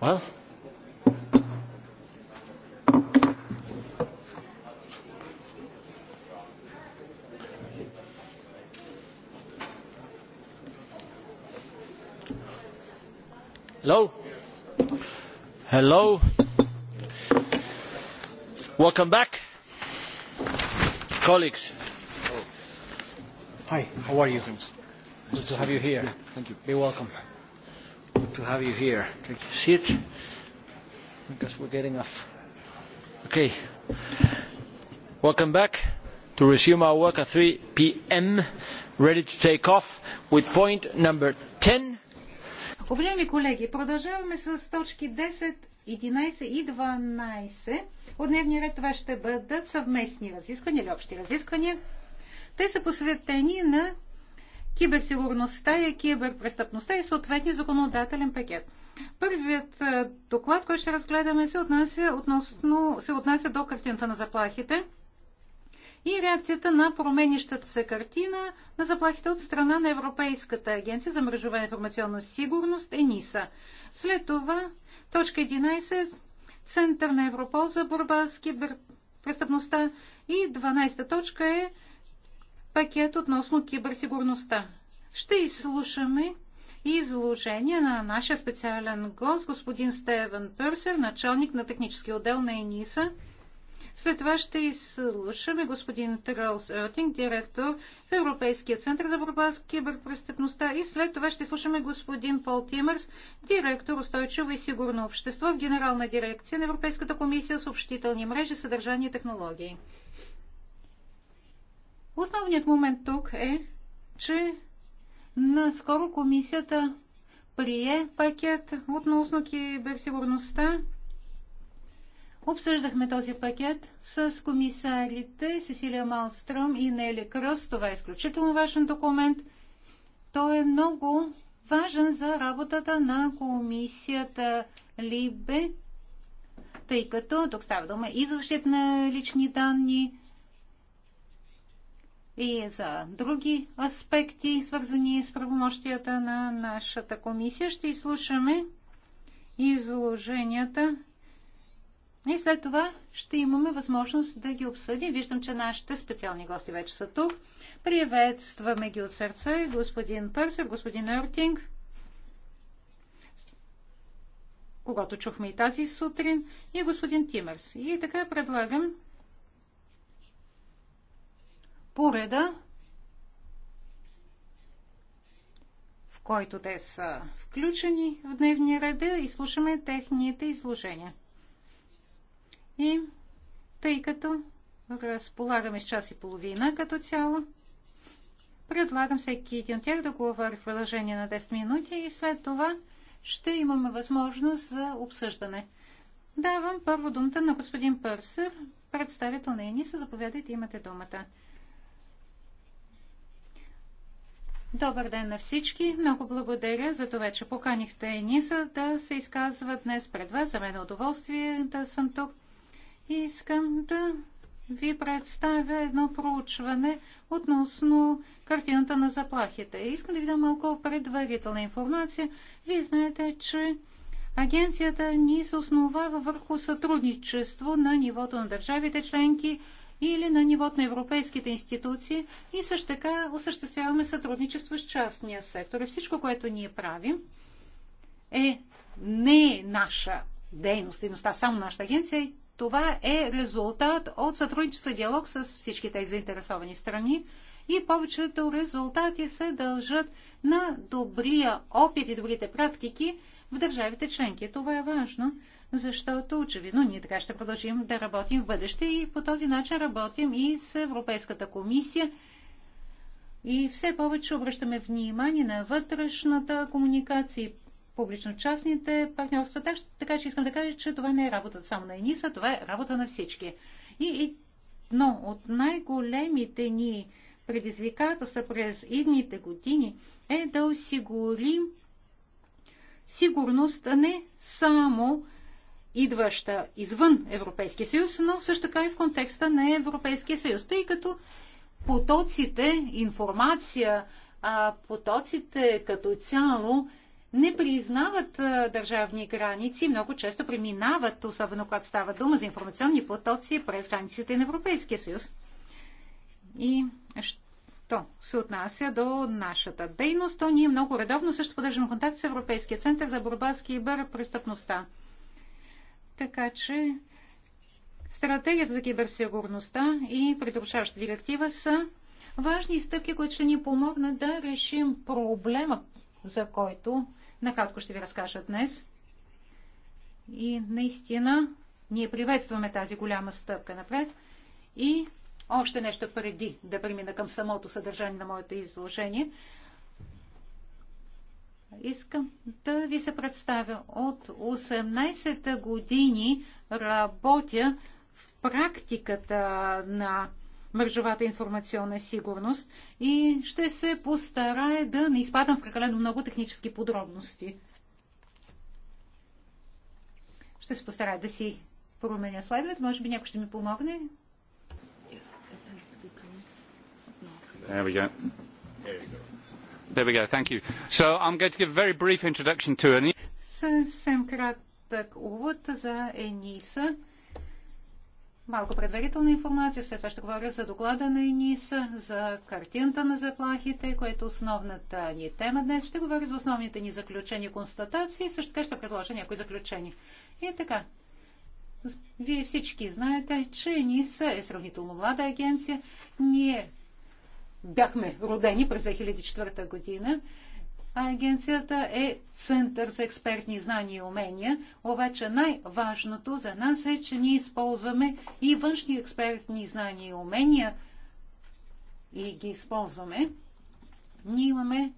Well, Hello. Hello. Welcome back, colleagues. Hi, how are you? Good to have you here. Thank you. Be welcome to have you here. Take a seat because we're getting off. Okay. Welcome back to resume our work at 3 p.m. Ready to take off with point number 10. Уважаеми колеги, продължаваме с точки 10, 11 и 12. От дневния ред това ще бъдат съвместни разисквания или общи разисквания. Те са посветени на киберсигурността и киберпрестъпността и съответния законодателен пакет. Първият е, доклад, който ще разгледаме, се отнася, относно, се отнася до картината на заплахите и реакцията на променищата се картина на заплахите от страна на Европейската агенция за мрежова информационна сигурност ЕНИСА. След това точка 11 Център на Европол за борба с киберпрестъпността и 12 точка е пакет относно киберсигурността. Ще изслушаме изложение на нашия специален гост, господин Стевен Пърсер, началник на технически отдел на ЕНИСА. След това ще изслушаме господин Тралс Ертинг, директор в Европейския център за борба с киберпрестъпността. И след това ще изслушаме господин Пол Тимърс, директор устойчиво и сигурно общество в Генерална дирекция на Европейската комисия съобщителни мрежи, съдържание и технологии. Основният момент тук е, че наскоро комисията прие пакет относно киберсигурността. Обсъждахме този пакет с комисарите Сесилия Малстром и Нели Кръс. Това е изключително важен документ. Той е много важен за работата на комисията Либе, тъй като тук става дума и за защита на лични данни, и за други аспекти, свързани с правомощията на нашата комисия. Ще изслушаме изложенията и след това ще имаме възможност да ги обсъдим. Виждам, че нашите специални гости вече са тук. Приветстваме ги от сърце, господин Пърсев, господин Ортинг, когато чухме и тази сутрин, и господин Тимърс. И така предлагам Пореда, в който те са включени в дневния ред и слушаме техните изложения. И тъй като разполагаме с час и половина като цяло, предлагам всеки един от тях да говори в продължение на 10 минути и след това ще имаме възможност за обсъждане. Давам първо думата на господин Пърсър, представител на ЕНИСА. Заповядайте, имате думата. Добър ден на всички. Много благодаря за това, че поканихте Ениса да се изказва днес пред вас. За мен е удоволствие да съм тук. Искам да ви представя едно проучване относно картината на заплахите. Искам да ви дам малко предварителна информация. Вие знаете, че агенцията ни се основава върху сътрудничество на нивото на държавите членки – или на нивото на европейските институции и също така осъществяваме сътрудничество с частния сектор. И всичко, което ние правим, е не е наша дейност, дейността само нашата агенция, това е резултат от сътрудничество и диалог с всички тези заинтересовани страни и повечето резултати се дължат на добрия опит и добрите практики в държавите членки. Това е важно, защото очевидно ние така ще продължим да работим в бъдеще и по този начин работим и с Европейската комисия. И все повече обръщаме внимание на вътрешната комуникация публично-частните партньорства. Така че искам да кажа, че това не е работа само на ЕНИСА, това е работа на всички. И, и но от най-големите ни предизвикателства през идните години е да осигурим сигурност не само идваща извън Европейския съюз, но също така и в контекста на Европейския съюз, тъй като потоците, информация, а потоците като цяло не признават държавни граници, много често преминават, особено когато става дума за информационни потоци през границите на Европейския съюз. И то се отнася до нашата дейност, то ние много редовно също поддържаме контакт с Европейския център за борба с киберпрестъпността. престъпността така че стратегията за киберсигурността и придружаваща директива са важни стъпки, които ще ни помогнат да решим проблема, за който накратко ще ви разкажа днес. И наистина ние приветстваме тази голяма стъпка напред. И още нещо преди да премина към самото съдържание на моето изложение. Искам да ви се представя. От 18 години работя в практиката на мрежовата информационна сигурност и ще се постарая да не изпадам в прекалено много технически подробности. Ще се постарая да си променя слайдовете. Може би някой ще ми помогне. Yes, it has to be There we go. There we go. Съвсем кратък увод за ЕНИСА. Малко предварителна информация, след това ще говоря за доклада на ЕНИСА, за картината на заплахите, което е основната ни тема днес. Ще говоря за основните ни заключения и констатации, също така ще предложа някои заключения. И така, вие всички знаете, че ЕНИСА е сравнително млада агенция. Ние бяхме родени през 2004 година. Агенцията е център за експертни знания и умения, обаче най-важното за нас е, че ние използваме и външни експертни знания и умения и ги използваме. Ние имаме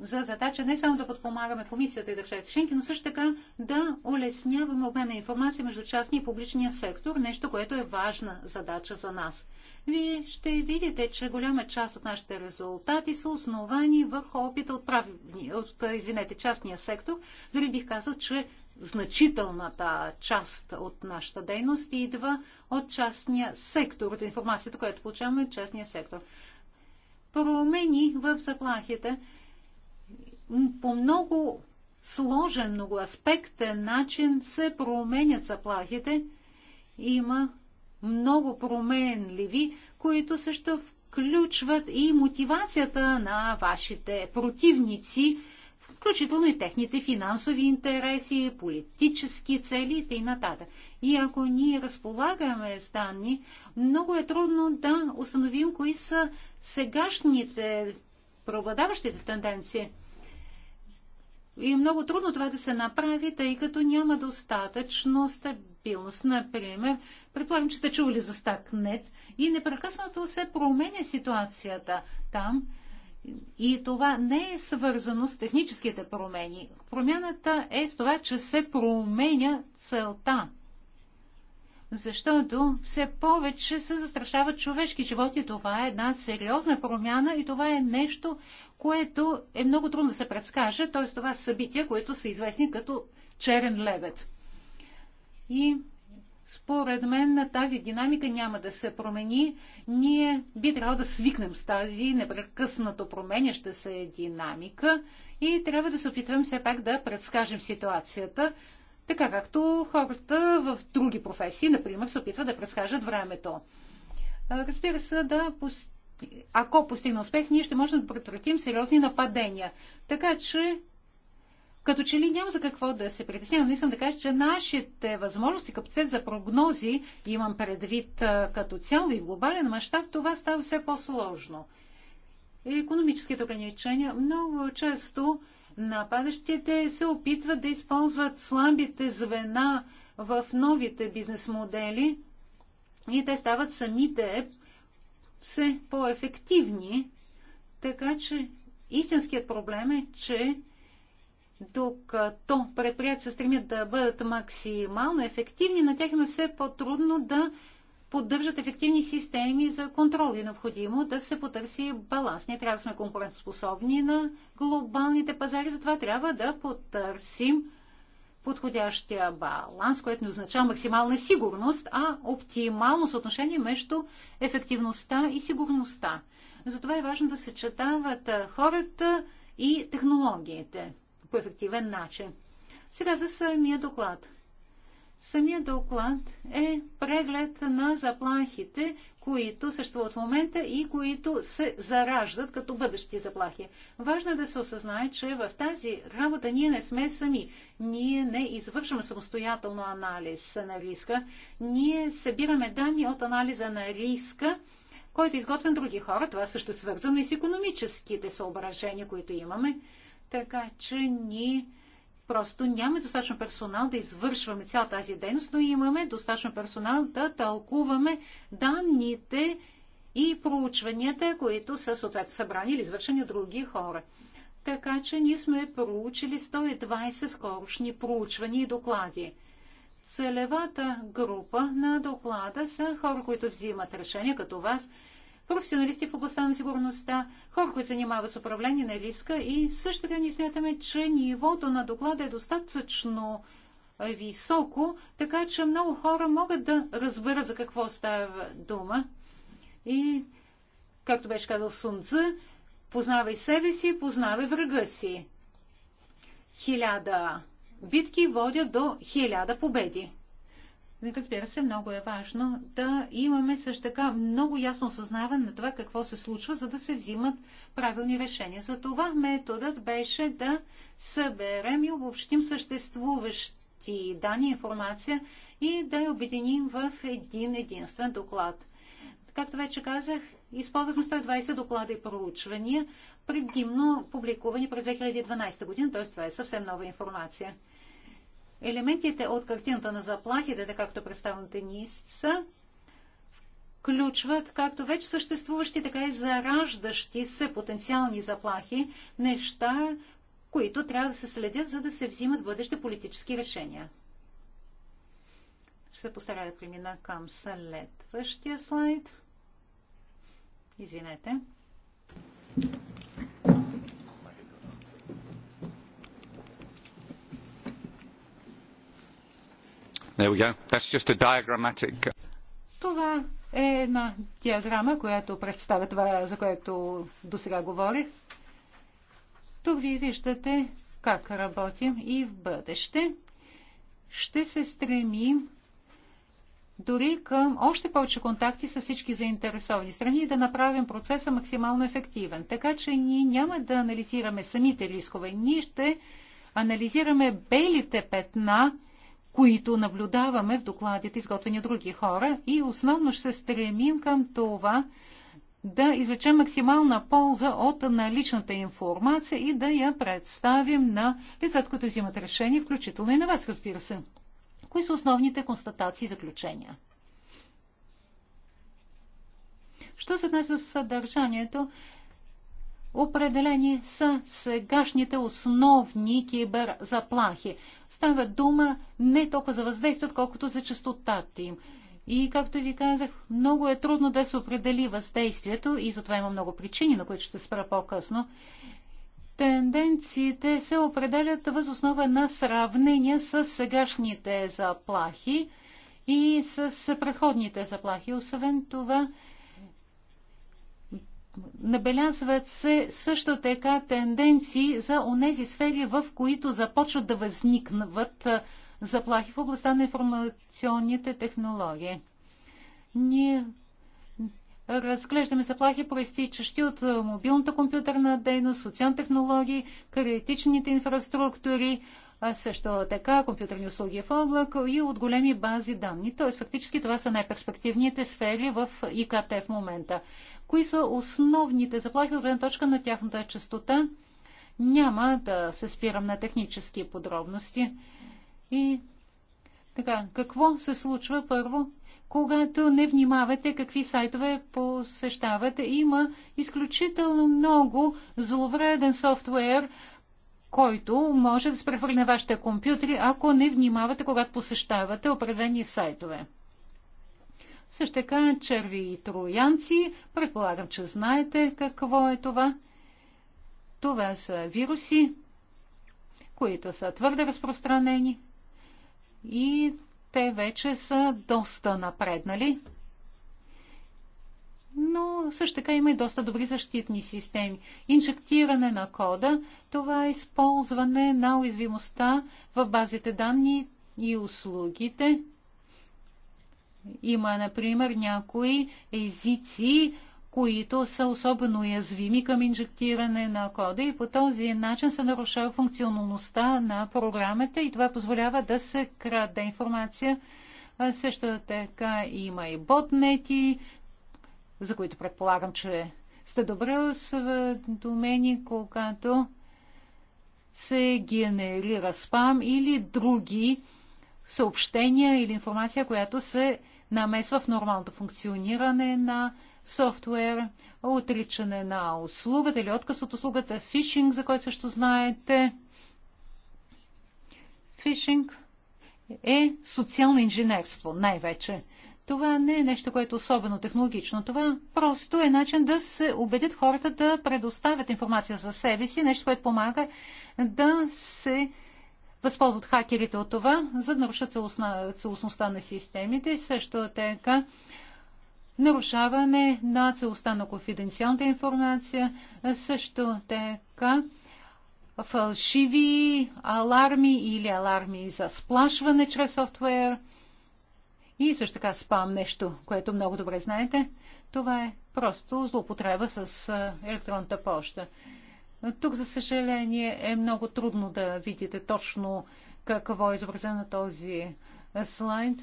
за задача не само да подпомагаме комисията и държавите членки, но също така да улесняваме обмен на информация между частния и публичния сектор, нещо, което е важна задача за нас – вие ще видите, че голяма част от нашите резултати са основани върху опита от, прав... от извинете, частния сектор. Дори бих казал, че значителната част от нашата дейност идва от частния сектор, от информацията, която получаваме от частния сектор. Промени в заплахите по много сложен, многоаспектен начин се променят заплахите. Има много променливи, които също включват и мотивацията на вашите противници, включително и техните финансови интереси, политически цели и нататък. И ако ние разполагаме с данни, много е трудно да установим кои са сегашните преобладаващите тенденции. И е много трудно това да се направи, тъй като няма достатъчно стабилност стабилност. Например, предполагам, че сте чували за Стакнет и непрекъснато се променя ситуацията там. И това не е свързано с техническите промени. Промяната е с това, че се променя целта. Защото все повече се застрашават човешки животи. Това е една сериозна промяна и това е нещо, което е много трудно да се предскаже. Т.е. това са събития, които са известни като черен лебед. И според мен тази динамика няма да се промени. Ние би трябвало да свикнем с тази непрекъснато променяща се динамика и трябва да се опитваме все пак да предскажем ситуацията, така както хората в други професии, например, се опитват да предскажат времето. Разбира се, да ако постигна успех, ние ще можем да предотвратим сериозни нападения. Така че като че ли няма за какво да се притеснявам. Но искам да кажа, че нашите възможности, капацитет за прогнози, имам предвид като цяло и в глобален мащаб, това става все по-сложно. Економическите ограничения много често нападащите се опитват да използват слабите звена в новите бизнес модели и те стават самите все по-ефективни. Така че истинският проблем е, че докато предприятията се стремят да бъдат максимално ефективни, на тях им е все по-трудно да поддържат ефективни системи за контрол и е необходимо да се потърси баланс. Ние трябва да сме конкурентоспособни на глобалните пазари, затова трябва да потърсим подходящия баланс, което не означава максимална сигурност, а оптимално съотношение между ефективността и сигурността. Затова е важно да съчетават хората и технологиите по ефективен начин. Сега за самия доклад. Самия доклад е преглед на заплахите, които съществуват в момента и които се зараждат като бъдещи заплахи. Важно е да се осъзнае, че в тази работа ние не сме сами. Ние не извършваме самостоятелно анализ на риска. Ние събираме данни от анализа на риска, който е изготвен други хора. Това също е свързано и с економическите съображения, които имаме така че ние просто нямаме достатъчно персонал да извършваме цялата тази дейност, но имаме достатъчно персонал да тълкуваме данните и проучванията, които са съответно събрани или извършени от други хора. Така че ние сме проучили 120 скорошни проучвания и доклади. Целевата група на доклада са хора, които взимат решения като вас – професионалисти в областта на сигурността, хора, които занимават с управление на риска и също така ние смятаме, че нивото на доклада е достатъчно високо, така че много хора могат да разберат за какво става дума. И, както беше казал Сунца, познавай себе си, познавай врага си. Хиляда битки водят до хиляда победи. Нали, разбира се, много е важно да имаме също така много ясно осъзнаване на това какво се случва, за да се взимат правилни решения. За това методът беше да съберем и обобщим съществуващи данни, информация и да я обединим в един единствен доклад. Както вече казах, използвахме 120 доклада и проучвания, предимно публикувани през 2012 година, т.е. това е съвсем нова информация елементите от картината на заплахите, така както представените ни са, включват както вече съществуващи, така и зараждащи се потенциални заплахи, неща, които трябва да се следят, за да се взимат бъдещи политически решения. Ще се постарая да премина към следващия слайд. Извинете. There we go. That's just a diagrammatic... Uh, това е една диаграма, която представя това, за което до сега говорих. Тук ви виждате как работим и в бъдеще. Ще се стремим дори към още повече контакти с всички заинтересовани страни и да направим процеса максимално ефективен. Така че ние няма да анализираме самите рискове. Ние ще анализираме белите петна, които наблюдаваме в докладите, изготвени от други хора. И основно ще се стремим към това да извлечем максимална полза от наличната информация и да я представим на лицата, които взимат решение, включително и на вас, разбира се. Кои са основните констатации и заключения? Що се отнася до съдържанието, определени са сегашните основни киберзаплахи. Става дума не толкова за въздействието, колкото за частотата им. И, както ви казах, много е трудно да се определи въздействието и затова има много причини, на които ще спра по-късно. Тенденциите се определят въз основа на сравнение с сегашните заплахи и с предходните заплахи. Освен това, Набелязват се също така тенденции за онези сфери, в които започват да възникнат заплахи в областта на информационните технологии. Ние разглеждаме заплахи, проистичащи от мобилната компютърна дейност, социални технологии, критичните инфраструктури, а също така компютърни услуги в облак и от големи бази данни. Т.е. фактически това са най-перспективните сфери в ИКТ в момента кои са основните заплахи от гледна точка на тяхната частота. Няма да се спирам на технически подробности. И така, какво се случва първо? Когато не внимавате какви сайтове посещавате, има изключително много зловреден софтуер, който може да се прехвърли на вашите компютри, ако не внимавате, когато посещавате определени сайтове. Също така черви и троянци. Предполагам, че знаете какво е това. Това са вируси, които са твърде разпространени и те вече са доста напреднали. Но също така има и доста добри защитни системи. Инжектиране на кода – това е използване на уязвимостта в базите данни и услугите има, например, някои езици, които са особено уязвими към инжектиране на кода и по този начин се нарушава функционалността на програмата и това позволява да се краде информация. Също така има и ботнети, за които предполагам, че сте добре осведомени, когато се генерира спам или други съобщения или информация, която се намесва в нормалното функциониране на софтуер, отричане на услугата или отказ от услугата, фишинг, за който също знаете. Фишинг е социално инженерство, най-вече. Това не е нещо, което е особено технологично. Това просто е начин да се убедят хората да предоставят информация за себе си, нещо, което помага да се възползват хакерите от това, за да нарушат целостността на системите. Също така нарушаване на целостта на конфиденциалната информация, също така фалшиви аларми или аларми за сплашване чрез софтуер и също така спам нещо, което много добре знаете. Това е просто злоупотреба с електронната почта. Тук, за съжаление, е много трудно да видите точно какво е изобразено на този слайд.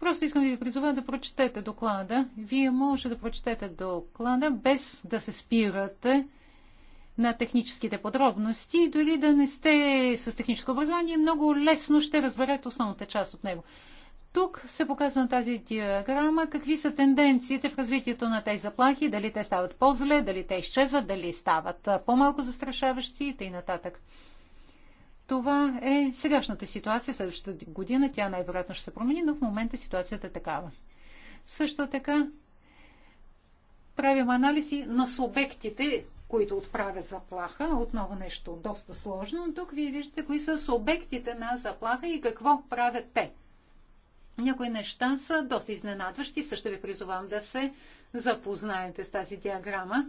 Просто искам да ви призова да прочетете доклада. Вие можете да прочетете доклада без да се спирате на техническите подробности, дори да не сте с техническо образование, много лесно ще разберете основната част от него. Тук се показва на тази диаграма какви са тенденциите в развитието на тези заплахи, дали те стават по-зле, дали те изчезват, дали стават по-малко застрашаващи и т.н. Това е сегашната ситуация. Следващата година тя най-вероятно ще се промени, но в момента ситуацията е такава. Също така правим анализи на субектите, които отправят заплаха. Отново нещо доста сложно, но тук вие виждате кои са субектите на заплаха и какво правят те. Някои неща са доста изненадващи. Също ви призовам да се запознаете с тази диаграма.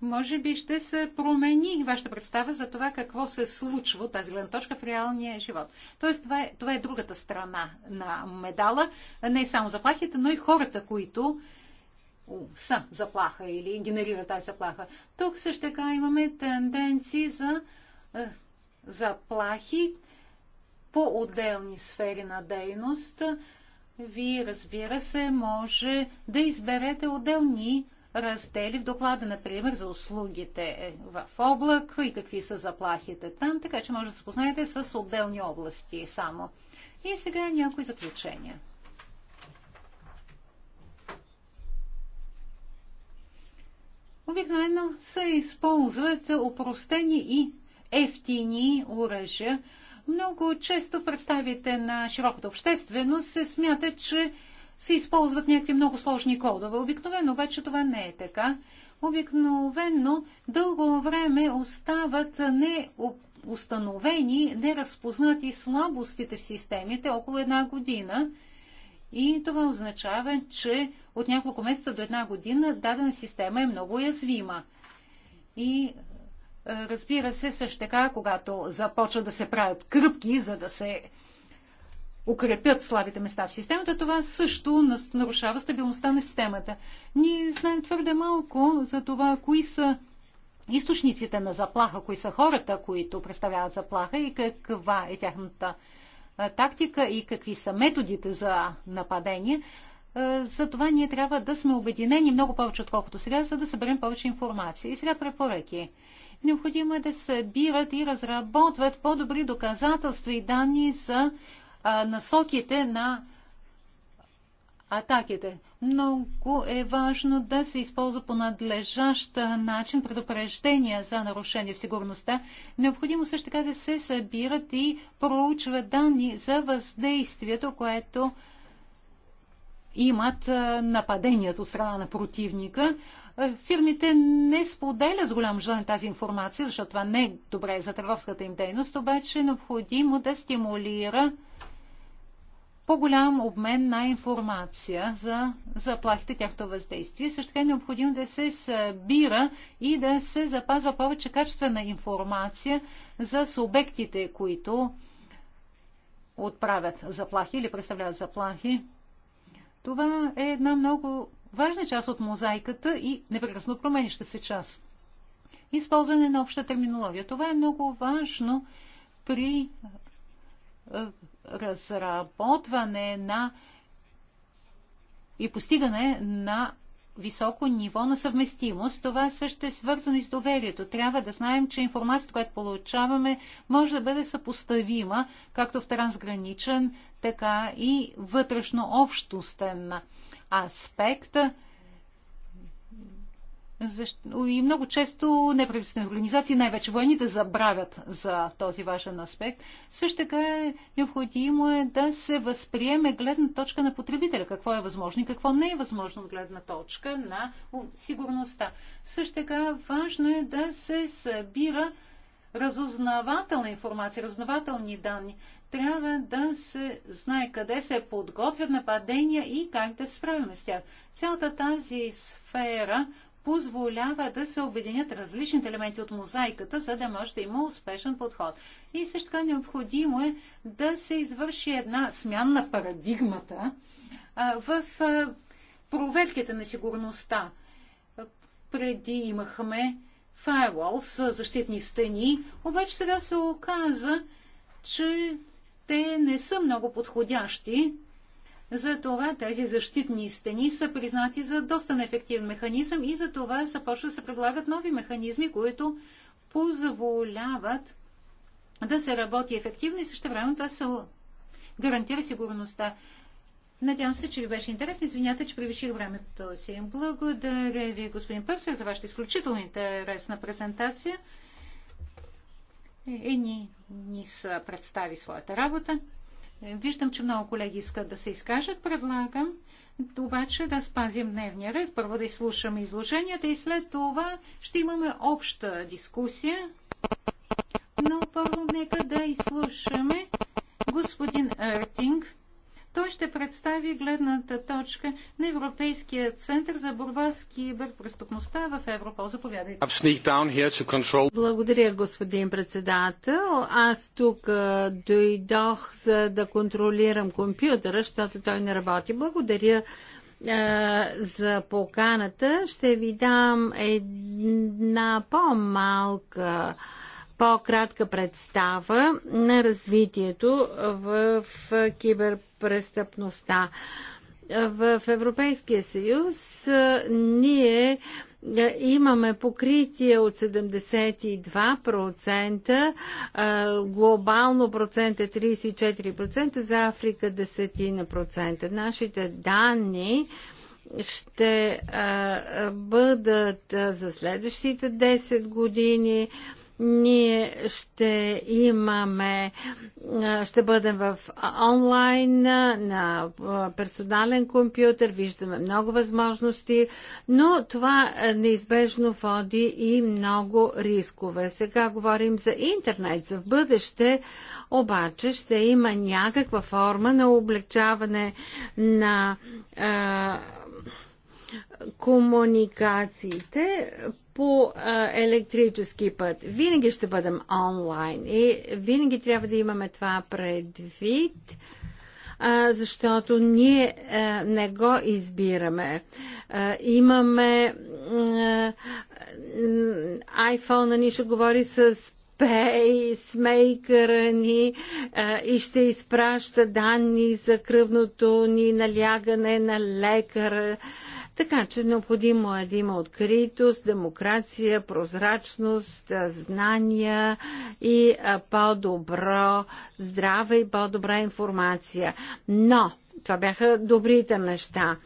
Може би ще се промени вашата представа за това какво се случва от тази гледна точка в реалния живот. Тоест, това е, това е другата страна на медала. Не само заплахите, но и хората, които са заплаха или генерират тази заплаха. Тук също така имаме тенденции за е, заплахи, по отделни сфери на дейност, вие, разбира се, може да изберете отделни раздели в доклада, например, за услугите в облак и какви са заплахите там, така че може да се познаете с отделни области само. И сега някои заключения. Обикновено се използват упростени и ефтини уръжия, много често в представите на широката общественост се смята, че се използват някакви много сложни кодове. Обикновено обаче това не е така. Обикновено дълго време остават не установени, неразпознати слабостите в системите около една година. И това означава, че от няколко месеца до една година дадена система е много уязвима. И е, разбира се, също така, когато започват да се правят кръпки, за да се укрепят слабите места в системата, това също нарушава стабилността на системата. Ние знаем твърде малко за това, кои са източниците на заплаха, кои са хората, които представляват заплаха и каква е тяхната е, тактика и какви са методите за нападение. Е, за това ние трябва да сме обединени много повече, отколкото сега, за да съберем повече информация. И сега препоръки. Необходимо е да събират и разработват по-добри доказателства и данни за а, насоките на атаките. Много е важно да се използва по надлежащ начин предупреждения за нарушение в сигурността. Необходимо също така да се събират и проучват данни за въздействието, което имат нападението от страна на противника, е, фирмите не споделят с голям желание тази информация, защото това не е добре за търговската им дейност, обаче е необходимо да стимулира по-голям обмен на информация за заплахите, тяхното въздействие. Също така е необходимо да се събира и да се запазва повече качествена информация за субектите, които отправят заплахи или представляват заплахи. Това е една много важна част от мозайката и непрекъсно променяща се част. Използване на обща терминология. Това е много важно при е, разработване на и постигане на високо ниво на съвместимост. Това е също е свързано и с доверието. Трябва да знаем, че информацията, която получаваме, може да бъде съпоставима както в трансграничен, така и вътрешно общностен аспект. Защо... И много често неправителствени организации, най-вече военните, забравят за този важен аспект. Също така е необходимо е да се възприеме гледна точка на потребителя, какво е възможно и какво не е възможно от гледна точка на сигурността. Също така важно е да се събира разузнавателна информация, разузнавателни данни трябва да се знае къде се подготвят нападения и как да се справим с тях. Цялата тази сфера позволява да се обединят различните елементи от мозайката, за да може да има успешен подход. И също така необходимо е да се извърши една смяна на парадигмата в проверките на сигурността. Преди имахме с защитни стени, обаче сега се оказа, че те не са много подходящи. Затова тези защитни стени са признати за доста неефективен механизъм и затова започва да се предлагат нови механизми, които позволяват да се работи ефективно и също време да се гарантира сигурността. Надявам се, че ви беше интересно. Извинявайте, че превиших времето си. Благодаря ви, господин Пърсер, за вашата изключително интересна презентация. Едни ни са представи своята работа. Виждам, че много колеги искат да се изкажат. Предлагам обаче да спазим дневния ред. Първо да изслушаме изложенията и след това ще имаме обща дискусия. Но първо нека да изслушаме господин Ертинг, той ще представи гледната точка на Европейския център за борба с киберпреступността в Европол. Заповядайте. Благодаря, господин председател. Аз тук дойдох за да контролирам компютъра, защото той не работи. Благодаря за поканата ще ви дам една по-малка по-кратка представа на развитието в киберпрестъпността. В Европейския съюз ние имаме покритие от 72%, глобално процент е 34%, за Африка 10%. Нашите данни ще бъдат за следващите 10 години ние ще имаме, ще бъдем в онлайн, на персонален компютър, виждаме много възможности, но това неизбежно води и много рискове. Сега говорим за интернет, за бъдеще, обаче ще има някаква форма на облегчаване на комуникациите по а, електрически път. Винаги ще бъдем онлайн и винаги трябва да имаме това предвид, а, защото ние а, не го избираме. А, имаме а, iPhone, ни ще говори с смейкъра, ни а, и ще изпраща данни за кръвното ни налягане на лекара. А, така че необходимо е да има откритост, демокрация, прозрачност, знания и по-добро здраве и по-добра информация. Но това бяха добрите неща.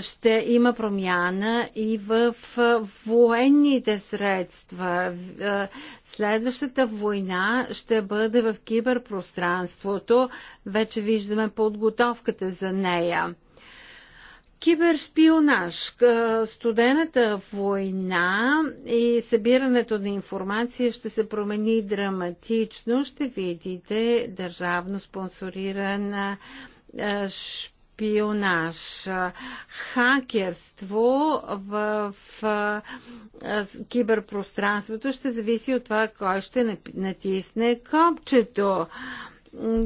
Ще има промяна и в военните средства. Следващата война ще бъде в киберпространството. Вече виждаме подготовката за нея. Киберспионаж. студената война и събирането на информация ще се промени драматично. Ще видите държавно спонсориран шпионаж, хакерство в киберпространството ще зависи от това кой ще натисне копчето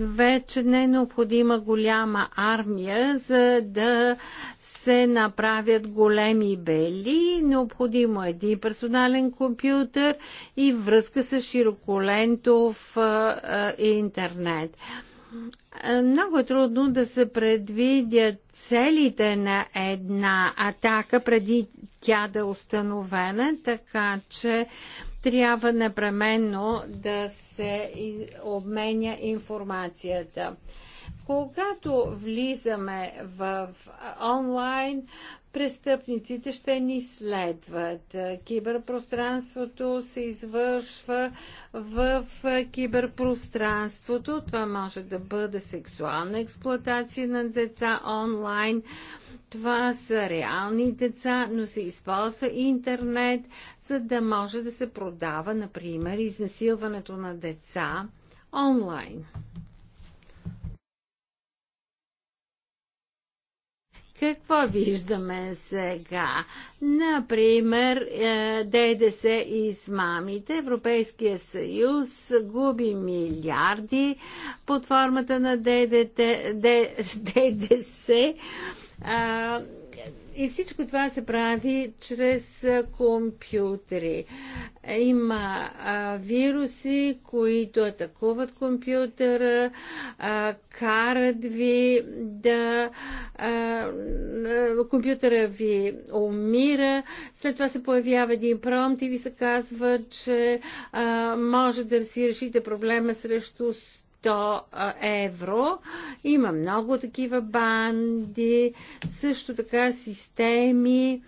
вече не е необходима голяма армия, за да се направят големи бели. Необходимо е един персонален компютър и връзка с широколентов интернет. Много е трудно да се предвидят целите на една атака преди тя да е установена, така че трябва непременно да се обменя информацията. Когато влизаме в онлайн, престъпниците ще ни следват. Киберпространството се извършва в киберпространството. Това може да бъде сексуална експлуатация на деца онлайн. Това са реални деца, но се използва интернет, за да може да се продава, например, изнасилването на деца онлайн. Какво виждаме сега? Например, е, ДДС и смамите, Европейския съюз губи милиарди под формата на ДДС а, и всичко това се прави чрез компютри. Има а, вируси, които атакуват компютъра, а, карат ви да. А, компютъра ви умира, след това се появява един промпт и ви се казва, че а, може да си решите проблема срещу 100 евро. Има много такива банди, също така системи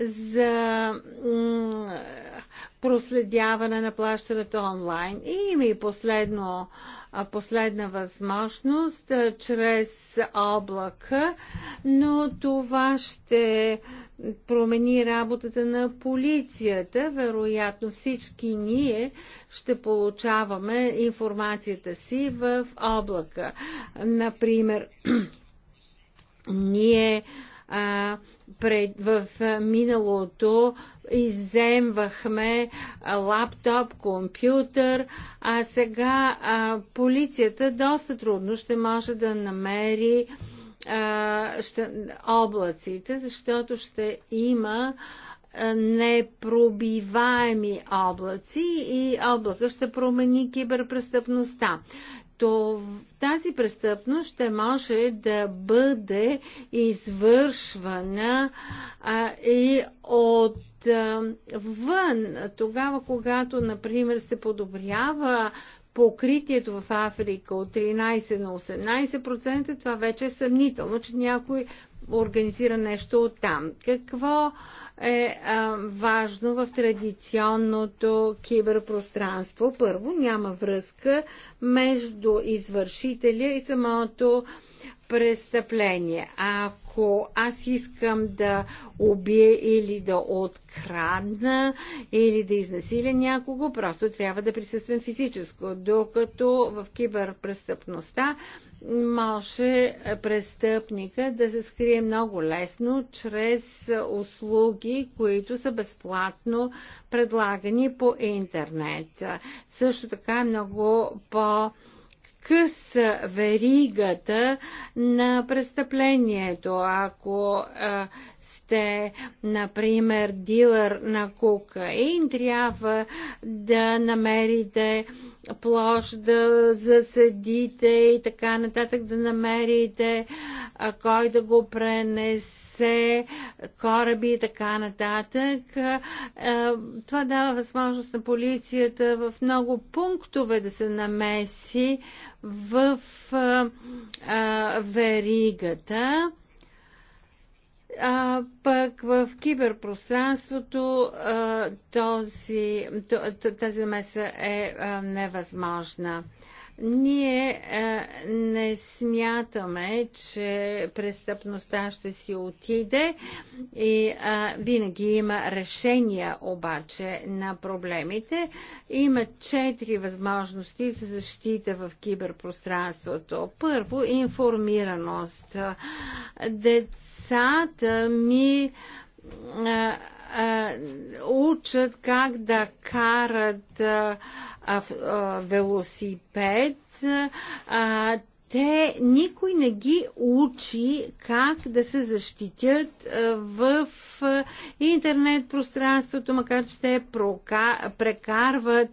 за проследяване на плащането онлайн. И има и последно последна възможност чрез облака, но това ще промени работата на полицията. Вероятно всички ние ще получаваме информацията си в облака. Например, ние а, пред, в миналото иземвахме лаптоп, компютър, а сега а, полицията доста трудно ще може да намери а, ще, облаците, защото ще има непробиваеми облаци и облака ще промени киберпрестъпността то тази престъпност ще може да бъде извършвана а, и от вън, тогава когато, например, се подобрява покритието в Африка от 13 на 18%, това вече е съмнително, че някой организира нещо от там. Какво е а, важно в традиционното киберпространство. Първо, няма връзка между извършителя и самото престъпление. Ако аз искам да убия или да открадна или да изнасиля някого, просто трябва да присъствам физическо. Докато в киберпрестъпността може престъпника да се скрие много лесно чрез услуги, които са безплатно предлагани по интернет. Също така е много по- къса веригата на престъплението. Ако а, сте, например, дилър на кокаин, трябва да намерите площ, да заседите и така нататък, да намерите кой да го пренесе, кораби и така нататък. Това дава възможност на полицията в много пунктове да се намеси в веригата а пък в киберпространството този, тази намеса е невъзможна. Ние а, е, не смятаме, че престъпността ще си отиде и а, е, винаги има решения обаче на проблемите. Има четири възможности за защита в киберпространството. Първо, информираност. Децата ми а, е, а, учат как да карат а, а, а, велосипед, а, те никой не ги учи как да се защитят в интернет пространството, макар че те прекарват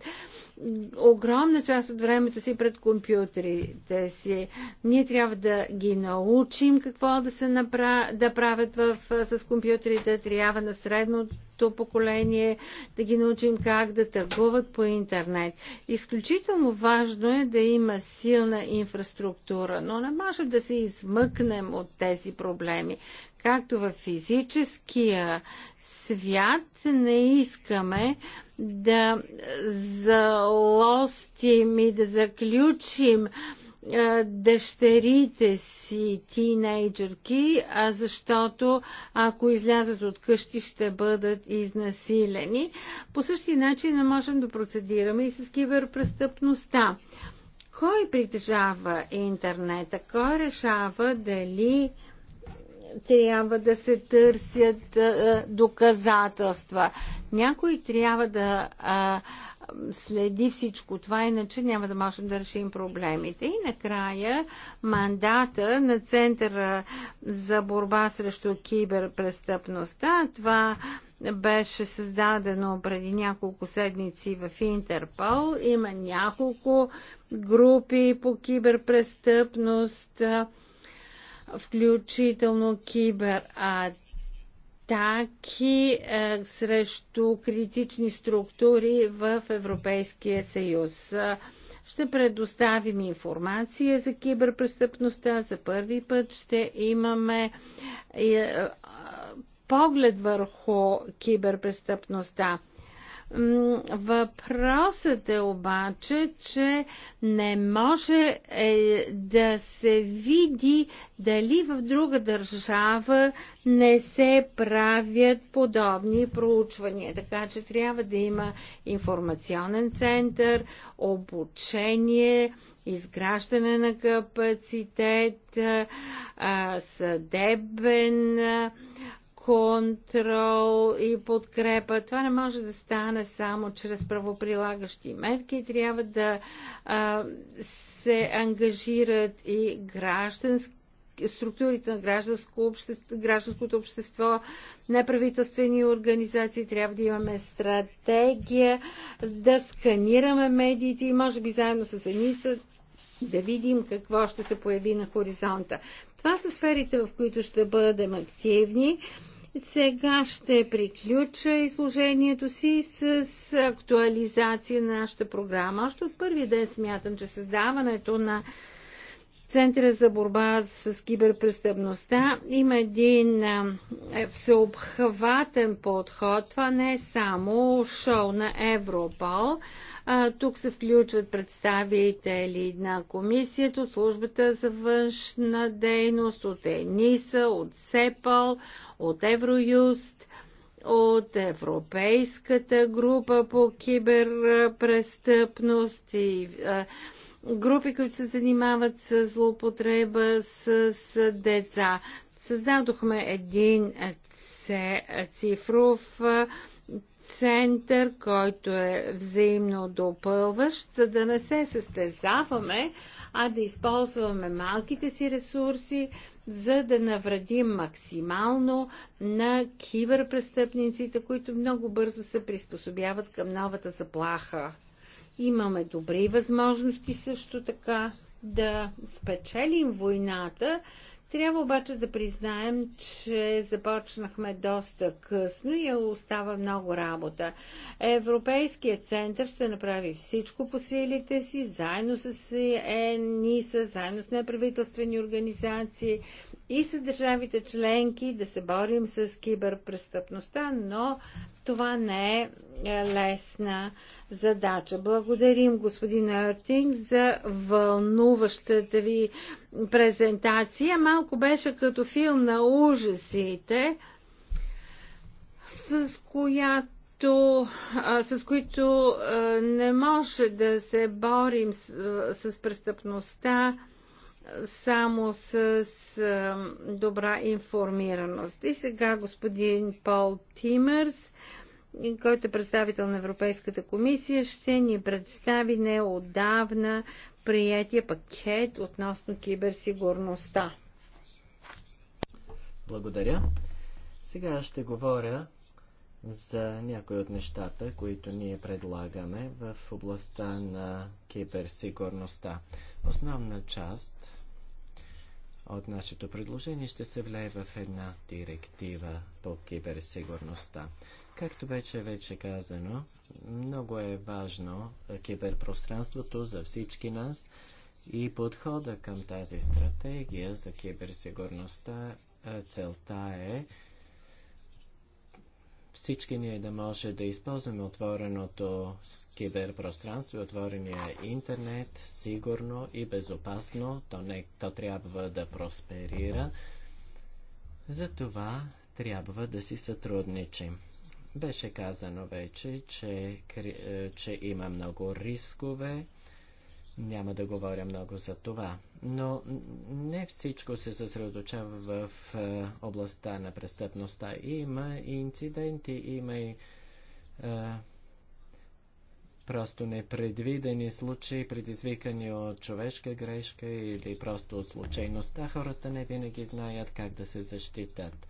огромна част от времето си пред компютрите си. Ние трябва да ги научим какво да, се направ... да правят в... с компютрите. Трябва на средното поколение да ги научим как да търгуват по интернет. Изключително важно е да има силна инфраструктура, но не може да се измъкнем от тези проблеми както в физическия свят не искаме да залостим и да заключим дъщерите си тинейджърки, а защото ако излязат от къщи ще бъдат изнасилени. По същия начин не можем да процедираме и с киберпрестъпността. Кой притежава интернета? Кой решава дали трябва да се търсят доказателства. Някой трябва да следи всичко това, иначе няма да можем да решим проблемите. И накрая мандата на Центъра за борба срещу киберпрестъпността. Това беше създадено преди няколко седмици в Интерпол. Има няколко групи по киберпрестъпност включително кибератаки е, срещу критични структури в Европейския съюз. Ще предоставим информация за киберпрестъпността. За първи път ще имаме е, е, поглед върху киберпрестъпността. Въпросът е обаче, че не може е, да се види дали в друга държава не се правят подобни проучвания. Така че трябва да има информационен център, обучение, изграждане на капацитет, съдебен контрол и подкрепа. Това не може да стане само чрез правоприлагащи мерки. Трябва да а, се ангажират и граждански структурите на гражданско общество, гражданското общество, неправителствени организации, трябва да имаме стратегия, да сканираме медиите и може би заедно с ЕНИСА да видим какво ще се появи на хоризонта. Това са сферите, в които ще бъдем активни. Сега ще приключа изложението си с актуализация на нашата програма. Още от първи ден смятам, че създаването на Центъра за борба с киберпрестъпността има един е, всеобхватен подход. Това не е само шоу на Европол. А, тук се включват представители на комисията, от службата за външна дейност, от ЕНИСА, от СЕПАЛ, от Евроюст, от Европейската група по киберпрестъпност и а, групи, които се занимават с злоупотреба с, с деца. Създадохме един цифров център, който е взаимно допълващ, за да не се състезаваме, а да използваме малките си ресурси, за да навредим максимално на киберпрестъпниците, които много бързо се приспособяват към новата заплаха. Имаме добри възможности също така да спечелим войната, трябва обаче да признаем, че започнахме доста късно и остава много работа. Европейският център ще направи всичко по силите си, заедно с ЕНИСА, заедно с неправителствени организации и с държавите членки да се борим с киберпрестъпността, но това не е, е лесна задача. Благодарим господин Артинг за вълнуващата ви презентация. Малко беше като филм на ужасите, с която които, а, с които а, не може да се борим с, с престъпността само с а, добра информираност. И сега господин Пол Тимърс който е представител на Европейската комисия, ще ни представи неодавна приятия пакет относно киберсигурността. Благодаря. Сега ще говоря за някои от нещата, които ние предлагаме в областта на киберсигурността. Основна част от нашето предложение ще се влее в една директива по киберсигурността. Както вече е вече казано, много е важно киберпространството за всички нас и подхода към тази стратегия за киберсигурността целта е всички ние да може да използваме отвореното киберпространство, отворения интернет, сигурно и безопасно. То, не, то трябва да просперира. Затова трябва да си сътрудничим. Беше казано вече, че, е, че има много рискове. Няма да говоря много за това. Но не всичко се съсредоточава в е, областта на престъпността. Има и инциденти, има и а, е, просто непредвидени случаи, предизвикани от човешка грешка или просто от случайността. Хората не винаги знаят как да се защитат.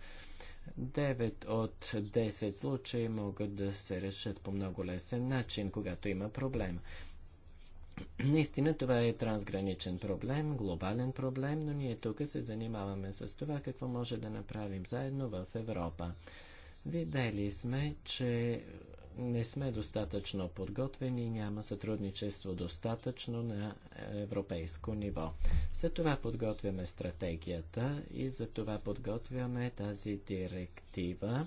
9 от 10 случаи могат да се решат по много лесен начин, когато има проблем. Наистина това е трансграничен проблем, глобален проблем, но ние тук се занимаваме с това какво може да направим заедно в Европа. Видели сме, че не сме достатъчно подготвени, няма сътрудничество достатъчно на европейско ниво. За това подготвяме стратегията и за това подготвяме тази директива,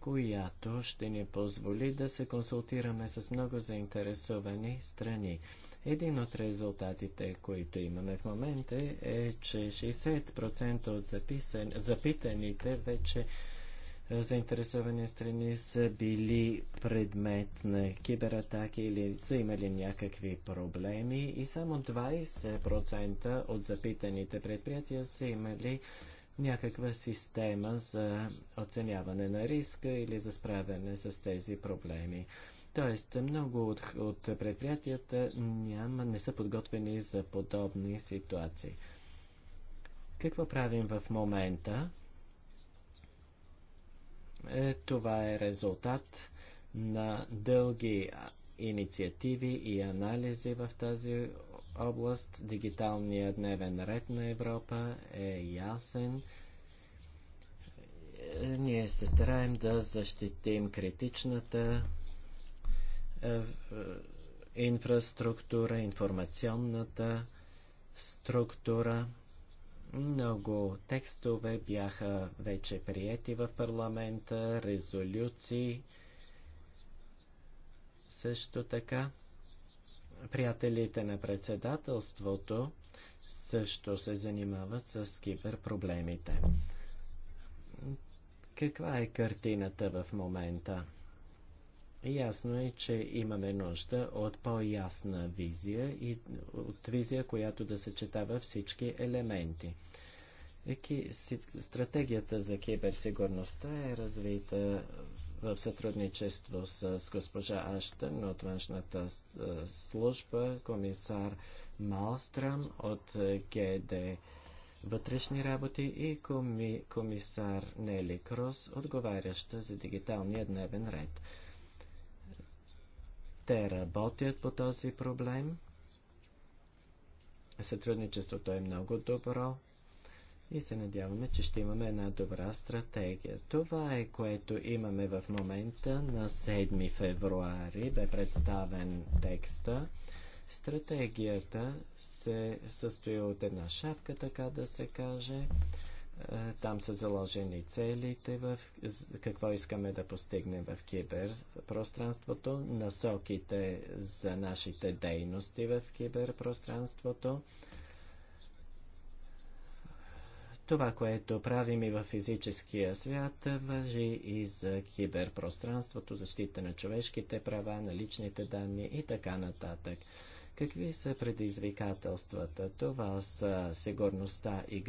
която ще ни позволи да се консултираме с много заинтересовани страни. Един от резултатите, които имаме в момента е, че 60% от записан... запитаните вече е, заинтересовани страни са били предмет на кибератаки или са имали някакви проблеми и само 20% от запитаните предприятия са имали някаква система за оценяване на риска или за справяне с тези проблеми. Тоест, много от, от предприятията няма, не са подготвени за подобни ситуации. Какво правим в момента? Е, това е резултат на дълги инициативи и анализи в тази област. Дигиталният дневен ред на Европа е ясен. Е, ние се стараем да защитим критичната е, инфраструктура, информационната структура. Много текстове бяха вече приети в парламента, резолюции също така. Приятелите на председателството също се занимават с киберпроблемите. Каква е картината в момента? Е, ясно е, че имаме нужда от по-ясна визия и от визия, която да съчетава всички елементи. Е, стратегията за киберсигурността е развита в сътрудничество с госпожа Аштън от външната е, служба, комисар Малстрам от ГД вътрешни работи и коми, комисар Нели Крос, отговаряща за дигиталния дневен ред. Те работят по този проблем. Сътрудничеството е много добро и се надяваме, че ще имаме една добра стратегия. Това е което имаме в момента. На 7 февруари бе представен текста. Стратегията се състои от една шапка, така да се каже. Е, там са заложени целите в какво искаме да постигнем в киберпространството, насоките за нашите дейности в киберпространството. Това, което правим и в физическия свят, въжи и за киберпространството, защита на човешките права, на личните данни и така нататък. Какви са предизвикателствата? Това са сигурността и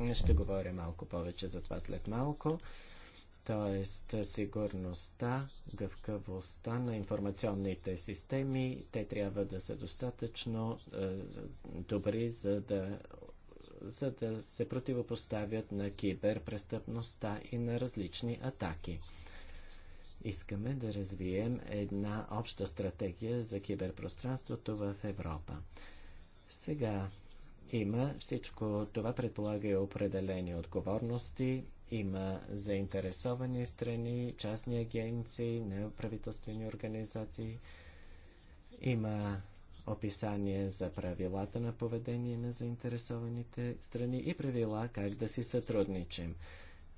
Не Ще говоря малко повече за това след малко. Тоест, сигурността, гъвкавостта на информационните системи, те трябва да са достатъчно е, добри, за да, за да се противопоставят на киберпрестъпността и на различни атаки. Искаме да развием една обща стратегия за киберпространството в Европа. Сега има всичко това предполага и определени отговорности, има заинтересовани страни, частни агенции, неправителствени организации, има описание за правилата на поведение на заинтересованите страни и правила как да си сътрудничим.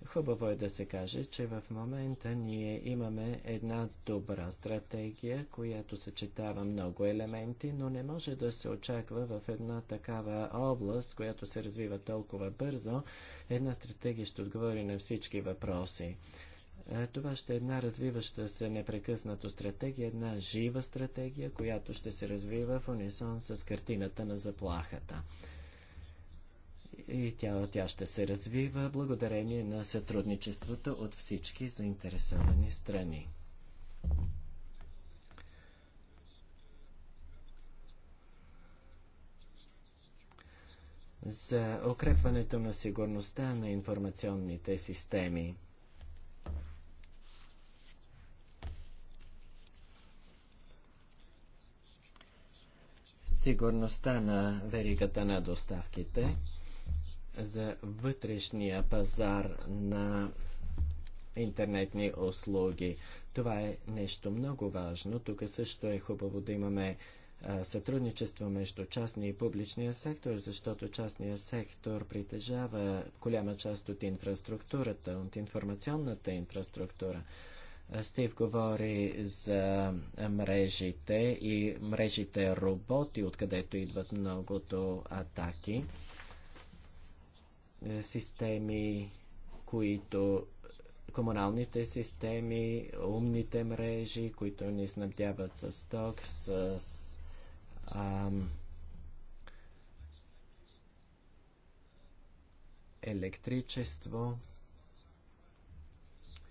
Хубаво е да се каже, че в момента ние имаме една добра стратегия, която съчетава много елементи, но не може да се очаква в една такава област, която се развива толкова бързо, една стратегия ще отговори на всички въпроси. Е, това ще е една развиваща се непрекъснато стратегия, една жива стратегия, която ще се развива в унисон с картината на заплахата и тя, тя ще се развива благодарение на сътрудничеството от всички заинтересовани страни. за укрепването на сигурността на информационните системи. Сигурността на веригата на доставките – за вътрешния пазар на интернетни услуги. Това е нещо много важно. Тук също е хубаво да имаме сътрудничество между частния и публичния сектор, защото частния сектор притежава голяма част от инфраструктурата, от информационната инфраструктура. Стив говори за мрежите и мрежите роботи, откъдето идват многото атаки. Е, системи, които комуналните системи, умните мрежи, които ни снабдяват с ток, с, ам, електричество.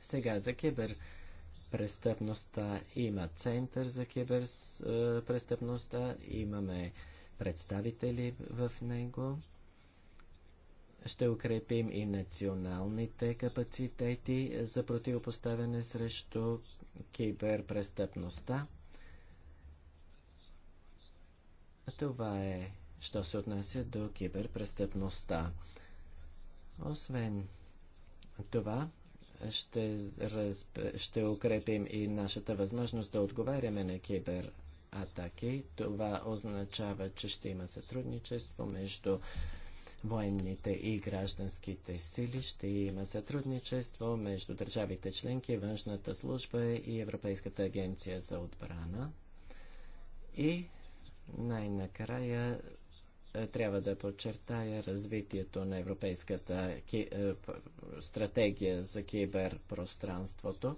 Сега за киберпрестъпността има център за кибер е, престъпността, имаме представители в него. Ще укрепим и националните капацитети за противопоставяне срещу киберпрестъпността. Това е, що се отнася до киберпрестъпността. Освен това, ще, разб... ще укрепим и нашата възможност да отговаряме на кибератаки. Това означава, че ще има сътрудничество между военните и гражданските сили. Ще има сътрудничество между държавите членки, външната служба и Европейската агенция за отбрана. И най-накрая е, трябва да подчертая развитието на Европейската ки... Е, стратегия за киберпространството.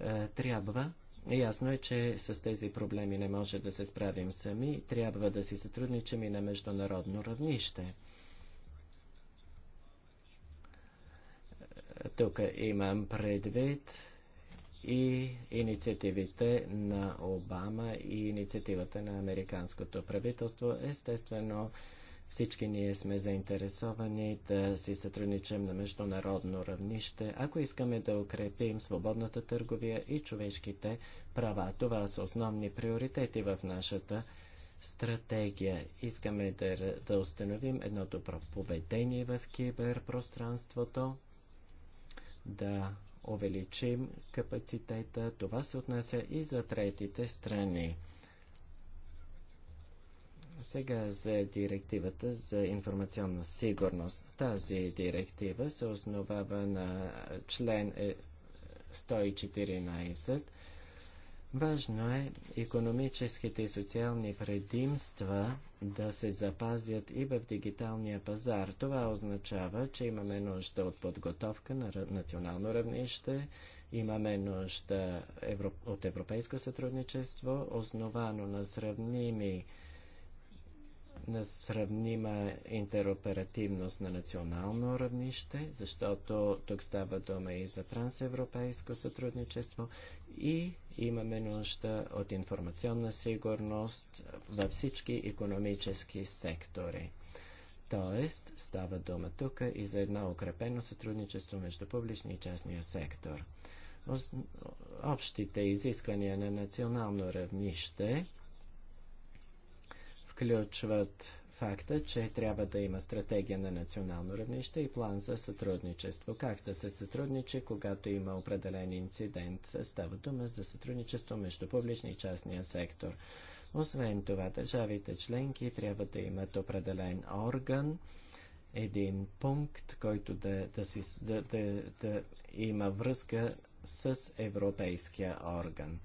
Е, трябва Ясно е, че с тези проблеми не може да се справим сами, трябва да си сътрудничим и на международно равнище. Тук имам предвид и инициативите на Обама и инициативата на американското правителство. Естествено, всички ние сме заинтересовани да си сътрудничим на международно равнище, ако искаме да укрепим свободната търговия и човешките права. Това са основни приоритети в нашата стратегия. Искаме да, да установим едно добро поведение в киберпространството да увеличим капацитета. Това се отнася и за третите страни. Сега за директивата за информационна сигурност. Тази директива се основава на член 114 е, Важно е економическите и социални предимства да се запазят и в дигиталния пазар. Това означава, че имаме нужда от подготовка на национално равнище, имаме нужда от европейско сътрудничество, основано на сравними на сравнима интероперативност на национално равнище, защото тук става дума и за трансевропейско сътрудничество и Имаме нужда от информационна сигурност във всички економически сектори. Тоест, става дума тук и за едно укрепено сътрудничество между публичния и частния сектор. Общите изисквания на национално равнище включват факта, че трябва да има стратегия на национално равнище и план за сътрудничество. Как да се сътрудничи, когато има определен инцидент? Става дума за сътрудничество между публичния и частния сектор. Освен това, държавите членки трябва да имат определен орган, един пункт, който да, да, си, да, да, да има връзка с европейския орган.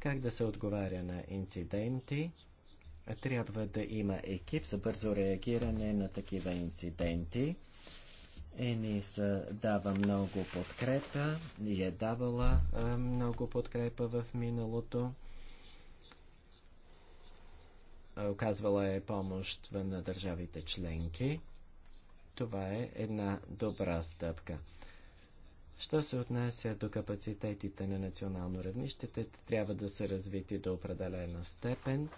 Как да се отговаря на инциденти? Трябва да има екип за бързо реагиране на такива инциденти. и се дава много подкрепа и е давала е, много подкрепа в миналото. Е, оказвала е помощ на държавите членки. Това е една добра стъпка. Що се отнася до капацитетите на национално равнище, те трябва да са развити до определена степен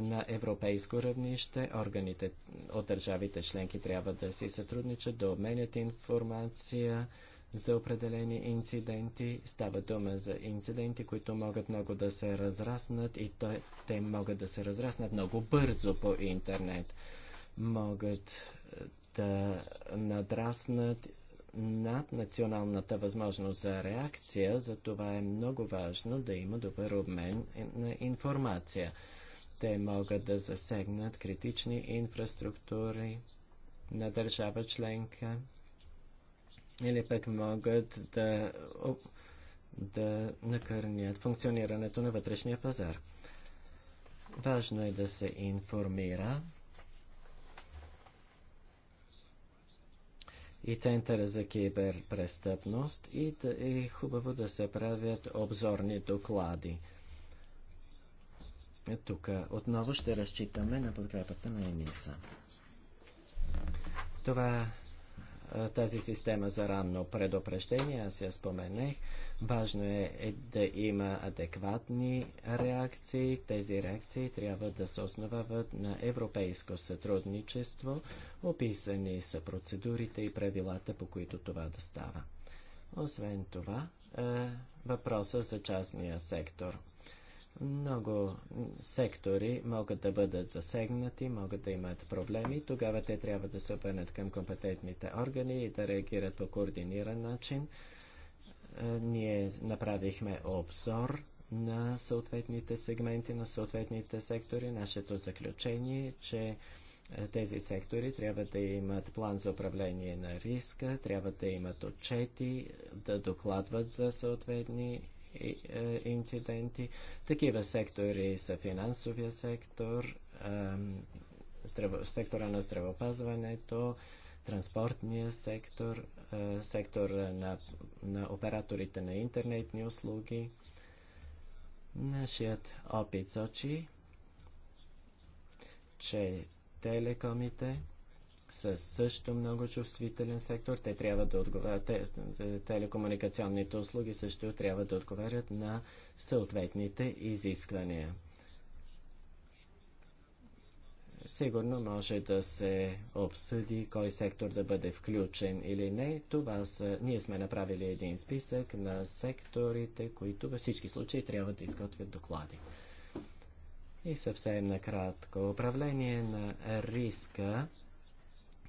на европейско равнище. Органите от държавите членки трябва да си сътрудничат, да обменят информация за определени инциденти. Става дума за инциденти, които могат много да се разраснат и то, те могат да се разраснат много бързо по интернет. Могат е, да надраснат над националната възможност за реакция, за това е много важно да има добър обмен на информация. Те могат да засегнат критични инфраструктури на държава членка или пък могат да, да накърнят функционирането на вътрешния пазар. Важно е да се информира и Центъра за киберпрестъпност и, да, и хубаво да се правят обзорни доклади. Тук отново ще разчитаме на подкрепата на ЕНИСА. Това тази система за ранно предупреждение, аз я споменех. Важно е, е да има адекватни реакции. Тези реакции трябва да се основават на европейско сътрудничество. Описани са процедурите и правилата, по които това да става. Освен това, е, въпроса за частния сектор. Много сектори могат да бъдат засегнати, могат да имат проблеми. Тогава те трябва да се обърнат към компетентните органи и да реагират по координиран начин. Е, ние направихме обзор на съответните сегменти, на съответните сектори. Нашето заключение е, че е, тези сектори трябва да имат план за управление на риска, трябва да имат отчети, да докладват за съответни е, инциденти. Такива сектори са финансовия сектор, сектора на здравеопазването, транспортния сектор, е, сектора на, на операторите на интернетни услуги. Нашият опит сочи, че телекомите с също много чувствителен сектор. Те трябва да отговарят, телекомуникационните услуги също трябва да отговарят на съответните изисквания. Сигурно може да се обсъди кой сектор да бъде включен или не. Това са... Ние сме направили един списък на секторите, които във всички случаи трябва да изготвят доклади. И съвсем накратко. Управление на риска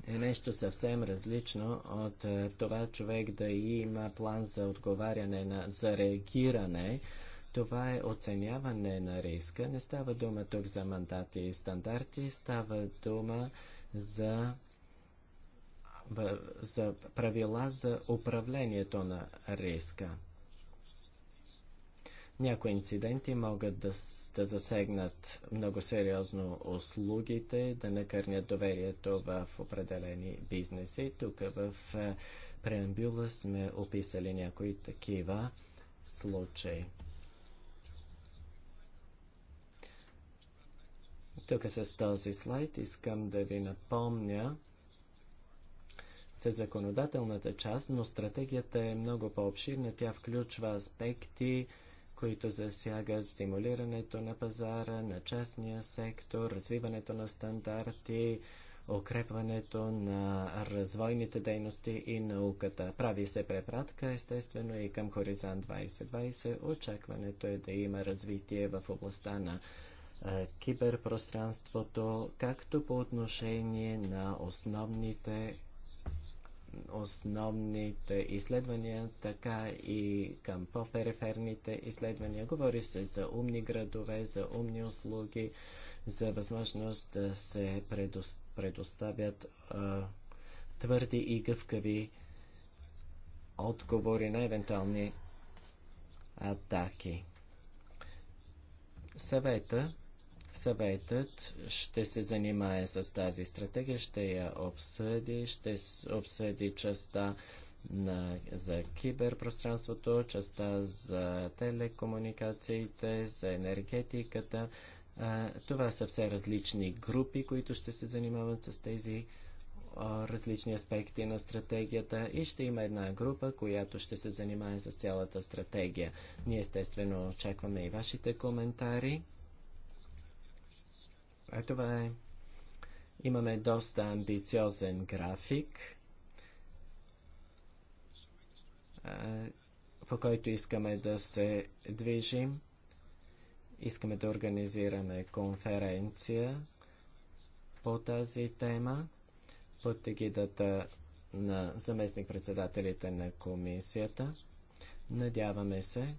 е нещо съвсем различно от е, това човек да има план за отговаряне, на, за реагиране. Това е оценяване на риска. Не става дума тук за мандати и стандарти, става дума за, за правила за управлението на риска. Някои инциденти могат да, да засегнат много сериозно услугите, да накърнят доверието в определени бизнеси. Тук в е, преамбюла сме описали някои такива случаи. Тук с този слайд искам да ви напомня за законодателната част, но стратегията е много по-обширна. Тя включва аспекти, които засягат стимулирането на пазара, на частния сектор, развиването на стандарти, укрепването на развойните дейности и науката. Прави се препратка, естествено, и към Хоризонт 2020. Очакването е да има развитие в областта на киберпространството, както по отношение на основните основните изследвания, така и към по-периферните изследвания. Говори се за умни градове, за умни услуги, за възможност да се предоставят а, твърди и гъвкави отговори на евентуални атаки. Съвета Съветът ще се занимае с тази стратегия, ще я обсъди, ще обсъди частта на, за киберпространството, частта за телекомуникациите, за енергетиката. А, това са все различни групи, които ще се занимават с тези а, различни аспекти на стратегията и ще има една група, която ще се занимае с цялата стратегия. Ние естествено очакваме и вашите коментари. Ето това е. Имаме доста амбициозен график, по който искаме да се движим. Искаме да организираме конференция по тази тема под егидата на заместник-председателите на комисията. Надяваме се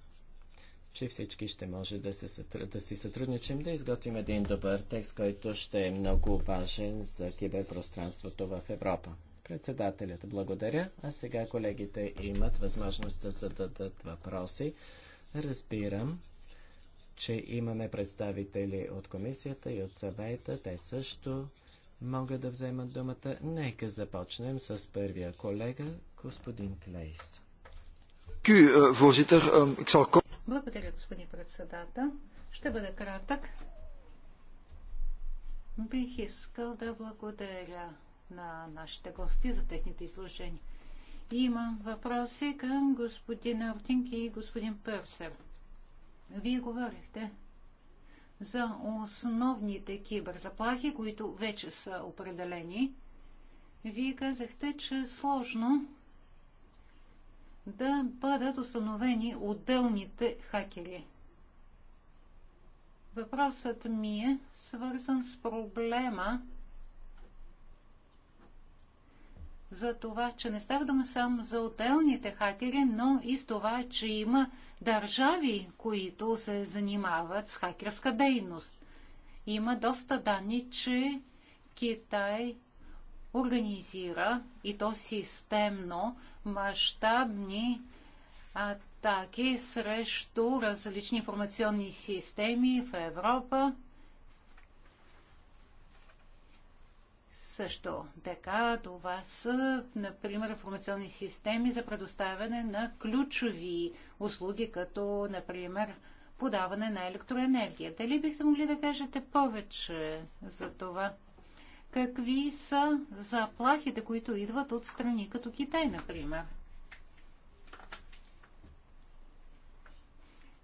че всички ще може да, се, да си сътрудничим, да изготвим един добър текст, който ще е много важен за киберпространството в Европа. Председателят, благодаря. А сега колегите имат възможност да зададат въпроси. Разбирам, че имаме представители от комисията и от съвета. Те също могат да вземат думата. Нека започнем с първия колега, господин Клейс. Ку, eh, voorzitter, ehm, ik zal благодаря, господин председател. Ще бъде кратък. Бих искал да благодаря на нашите гости за техните изложения. Имам въпроси към господин Артинг и господин Персер. Вие говорихте за основните киберзаплахи, които вече са определени. Вие казахте, че е сложно да бъдат установени отделните хакери. Въпросът ми е свързан с проблема за това, че не става дума само за отделните хакери, но и с това, че има държави, които се занимават с хакерска дейност. Има доста данни, че Китай организира и то системно мащабни атаки срещу различни информационни системи в Европа. Също така това са, например, информационни системи за предоставяне на ключови услуги, като, например, подаване на електроенергия. Дали бихте могли да кажете повече за това? какви са заплахите, които идват от страни като Китай, например.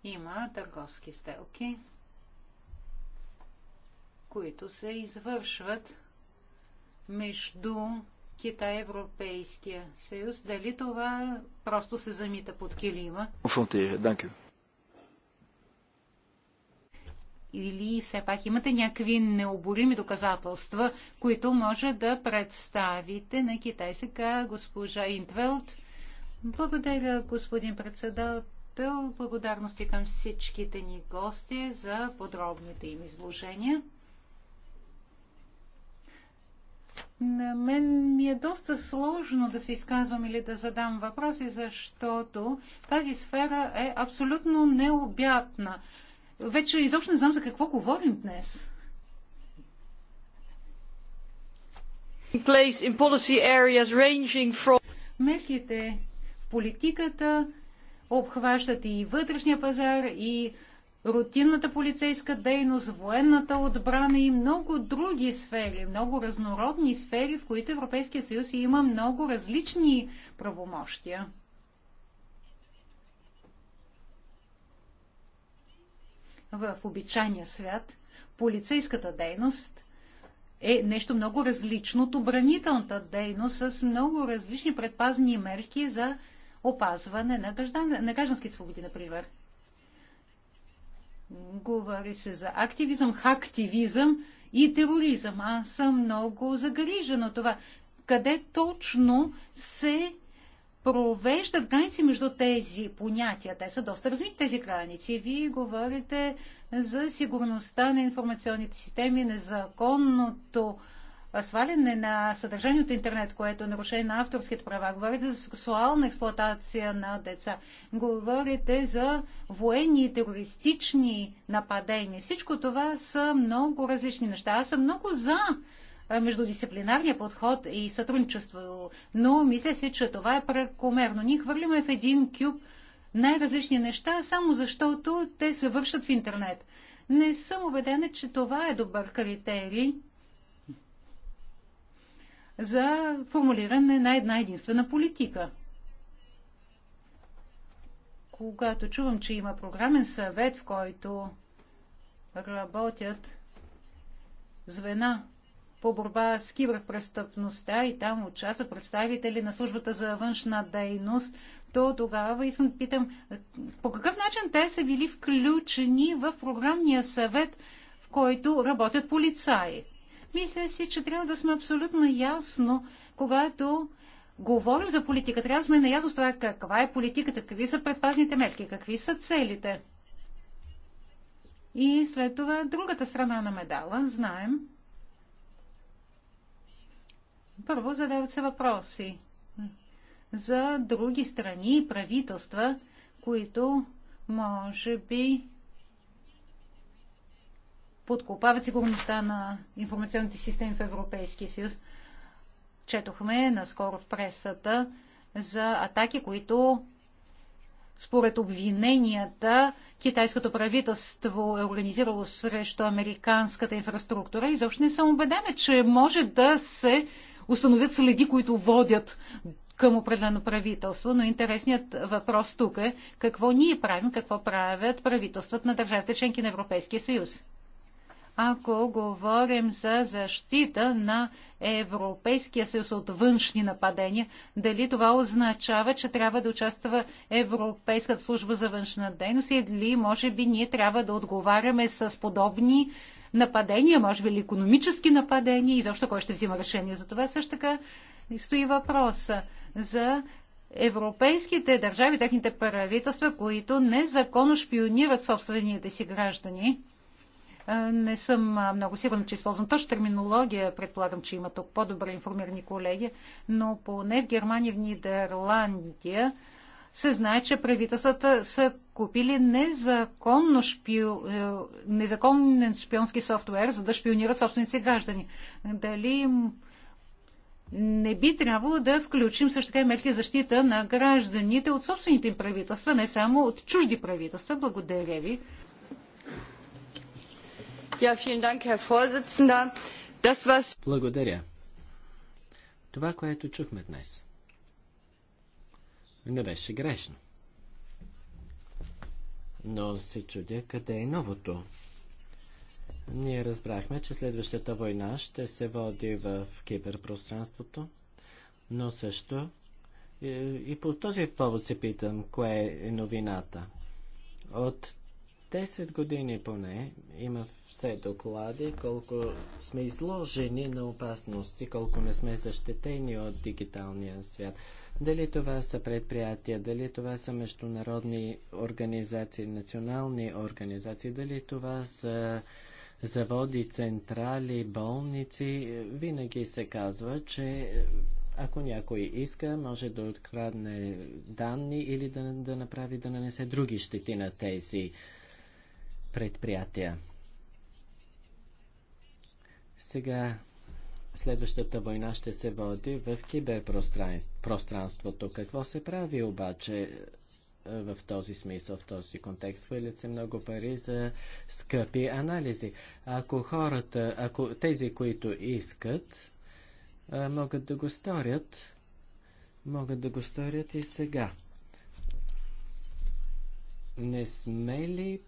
Има търговски сделки, които се извършват между Китай и Европейския съюз. Дали това просто се замита под килима? Фонтире, данкю. или все пак имате някакви необорими доказателства, които може да представите на китайска госпожа Интвелд. Благодаря, господин председател. Благодарности към всичките ни гости за подробните им изложения. На мен ми е доста сложно да се изказвам или да задам въпроси, защото тази сфера е абсолютно необятна. Вече изобщо не знам за какво говорим днес. Мерките в политиката обхващат и вътрешния пазар, и рутинната полицейска дейност, военната отбрана и много други сфери, много разнородни сфери, в които Европейския съюз има много различни правомощия. в обичайния свят полицейската дейност е нещо много различно от обранителната дейност с много различни предпазни мерки за опазване на, граждан, на гражданските свободи, например. Говори се за активизъм, хактивизъм и тероризъм. Аз съм много загрижена това. Къде точно се провеждат граници между тези понятия. Те са доста размити тези граници. Вие говорите за сигурността на информационните системи, незаконното сваляне на съдържание от интернет, което е нарушение на авторските права. Говорите за сексуална експлоатация на деца. Говорите за военни и терористични нападения. Всичко това са много различни неща. Аз съм много за междудисциплинарния подход и сътрудничество, но мисля си, че това е прекомерно. Ние хвърляме в един кюб най-различни неща, само защото те се вършат в интернет. Не съм убедена, че това е добър критерий за формулиране на една единствена политика. Когато чувам, че има програмен съвет, в който работят звена по борба с киберпрестъпността и там участват представители на службата за външна дейност, то тогава искам да питам по какъв начин те са били включени в програмния съвет, в който работят полицаи. Мисля си, че трябва да сме абсолютно ясно, когато говорим за политика, трябва да сме наясно с това каква е политиката, какви са предпазните мерки, какви са целите. И след това другата страна на медала, знаем, първо задават се въпроси за други страни и правителства, които може би подкопават сигурността на информационните системи в Европейския съюз. Четохме наскоро в пресата за атаки, които според обвиненията китайското правителство е организирало срещу американската инфраструктура. Изобщо не съм убедена, че може да се установят следи, които водят към определено правителство, но интересният въпрос тук е какво ние правим, какво правят правителствата на държавите членки на Европейския съюз. Ако говорим за защита на Европейския съюз от външни нападения, дали това означава, че трябва да участва Европейската служба за външна дейност или може би ние трябва да отговаряме с подобни нападения, може би ли економически нападения и защо кой ще взима решение за това. Също така стои въпрос за европейските държави, техните правителства, които незаконно шпионират собствените си граждани. Не съм много сигурна, че използвам точно терминология. Предполагам, че има тук по-добре информирани колеги, но поне в Германия, в Нидерландия се знае, че правителствата са купили незаконно шпи... Е, незаконен шпионски софтуер, за да шпионират собствените граждани. Дали не би трябвало да включим също така мерки защита на гражданите от собствените им правителства, не само от чужди правителства. Благодаря ви. Благодаря. Това, което чухме днес – не беше грешно. Но се чудя къде е новото. Ние разбрахме, че следващата война ще се води в киберпространството, но също и, и по този повод се питам, кое е новината. От 10 години поне има все доклади, колко сме изложени на опасности, колко не сме защитени от дигиталния свят. Дали това са предприятия, дали това са международни организации, национални организации, дали това са заводи, централи, болници, винаги се казва, че ако някой иска, може да открадне данни или да, да направи да нанесе други щети на тези предприятия. Сега следващата война ще се води в киберпространството. Какво се прави обаче е, в този смисъл, в този контекст? Хвърлят се много пари за скъпи анализи. Ако хората, ако тези, които искат, е, могат да го сторят, могат да го сторят и сега. Не сме ли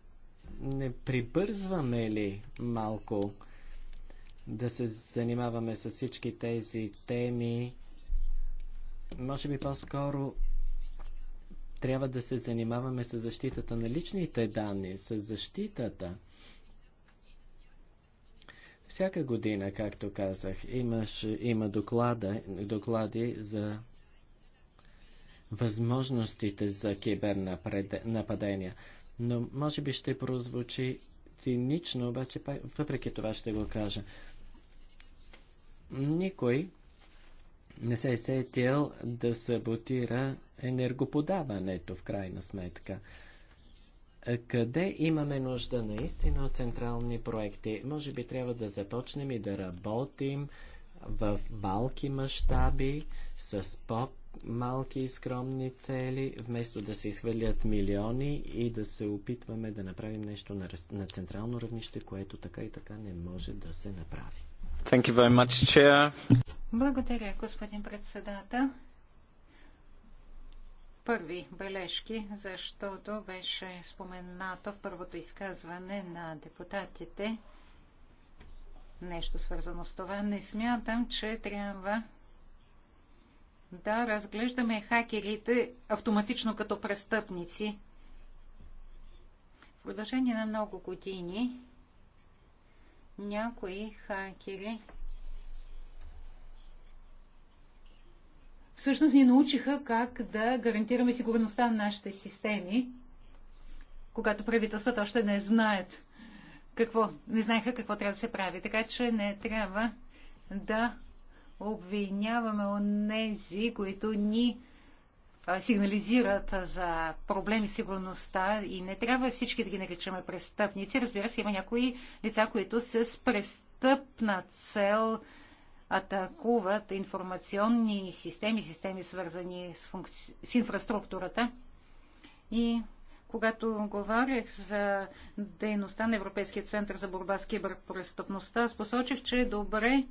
не прибързваме ли малко да се занимаваме с всички тези теми? Може би по-скоро трябва да се занимаваме с защитата на личните данни, с защитата. Всяка година, както казах, имаш, има доклада, доклади за възможностите за кибернападения но може би ще прозвучи цинично, обаче въпреки това ще го кажа. Никой не се е сетил да саботира енергоподаването в крайна сметка. Къде имаме нужда наистина от централни проекти? Може би трябва да започнем и да работим в малки мащаби с по малки и скромни цели, вместо да се изхвърлят милиони и да се опитваме да направим нещо на, на централно равнище, което така и така не може да се направи. Thank you very much, chair. Благодаря, господин председател. Първи бележки, защото беше споменато в първото изказване на депутатите нещо свързано с това. Не смятам, че трябва да разглеждаме хакерите автоматично като престъпници. В продължение на много години някои хакери всъщност ни научиха как да гарантираме сигурността на нашите системи, когато правителствата още не знаят какво, не знаеха какво трябва да се прави. Така че не трябва да обвиняваме онези, които ни сигнализират за проблеми с сигурността и не трябва всички да ги наричаме престъпници. Разбира се, има някои лица, които с престъпна цел атакуват информационни системи, системи свързани с, функци... с инфраструктурата. И когато говорих за дейността на Европейския център за борба с киберпрестъпността, посочих, че е добре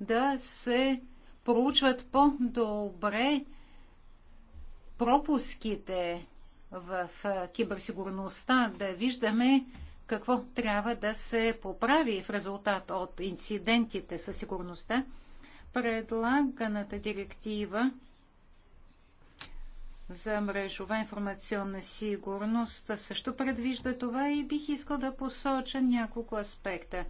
да се проучват по-добре пропуските в киберсигурността, да виждаме какво трябва да се поправи в резултат от инцидентите със сигурността. Предлаганата директива за мрежова информационна сигурност също предвижда това и бих искал да посоча няколко аспекта.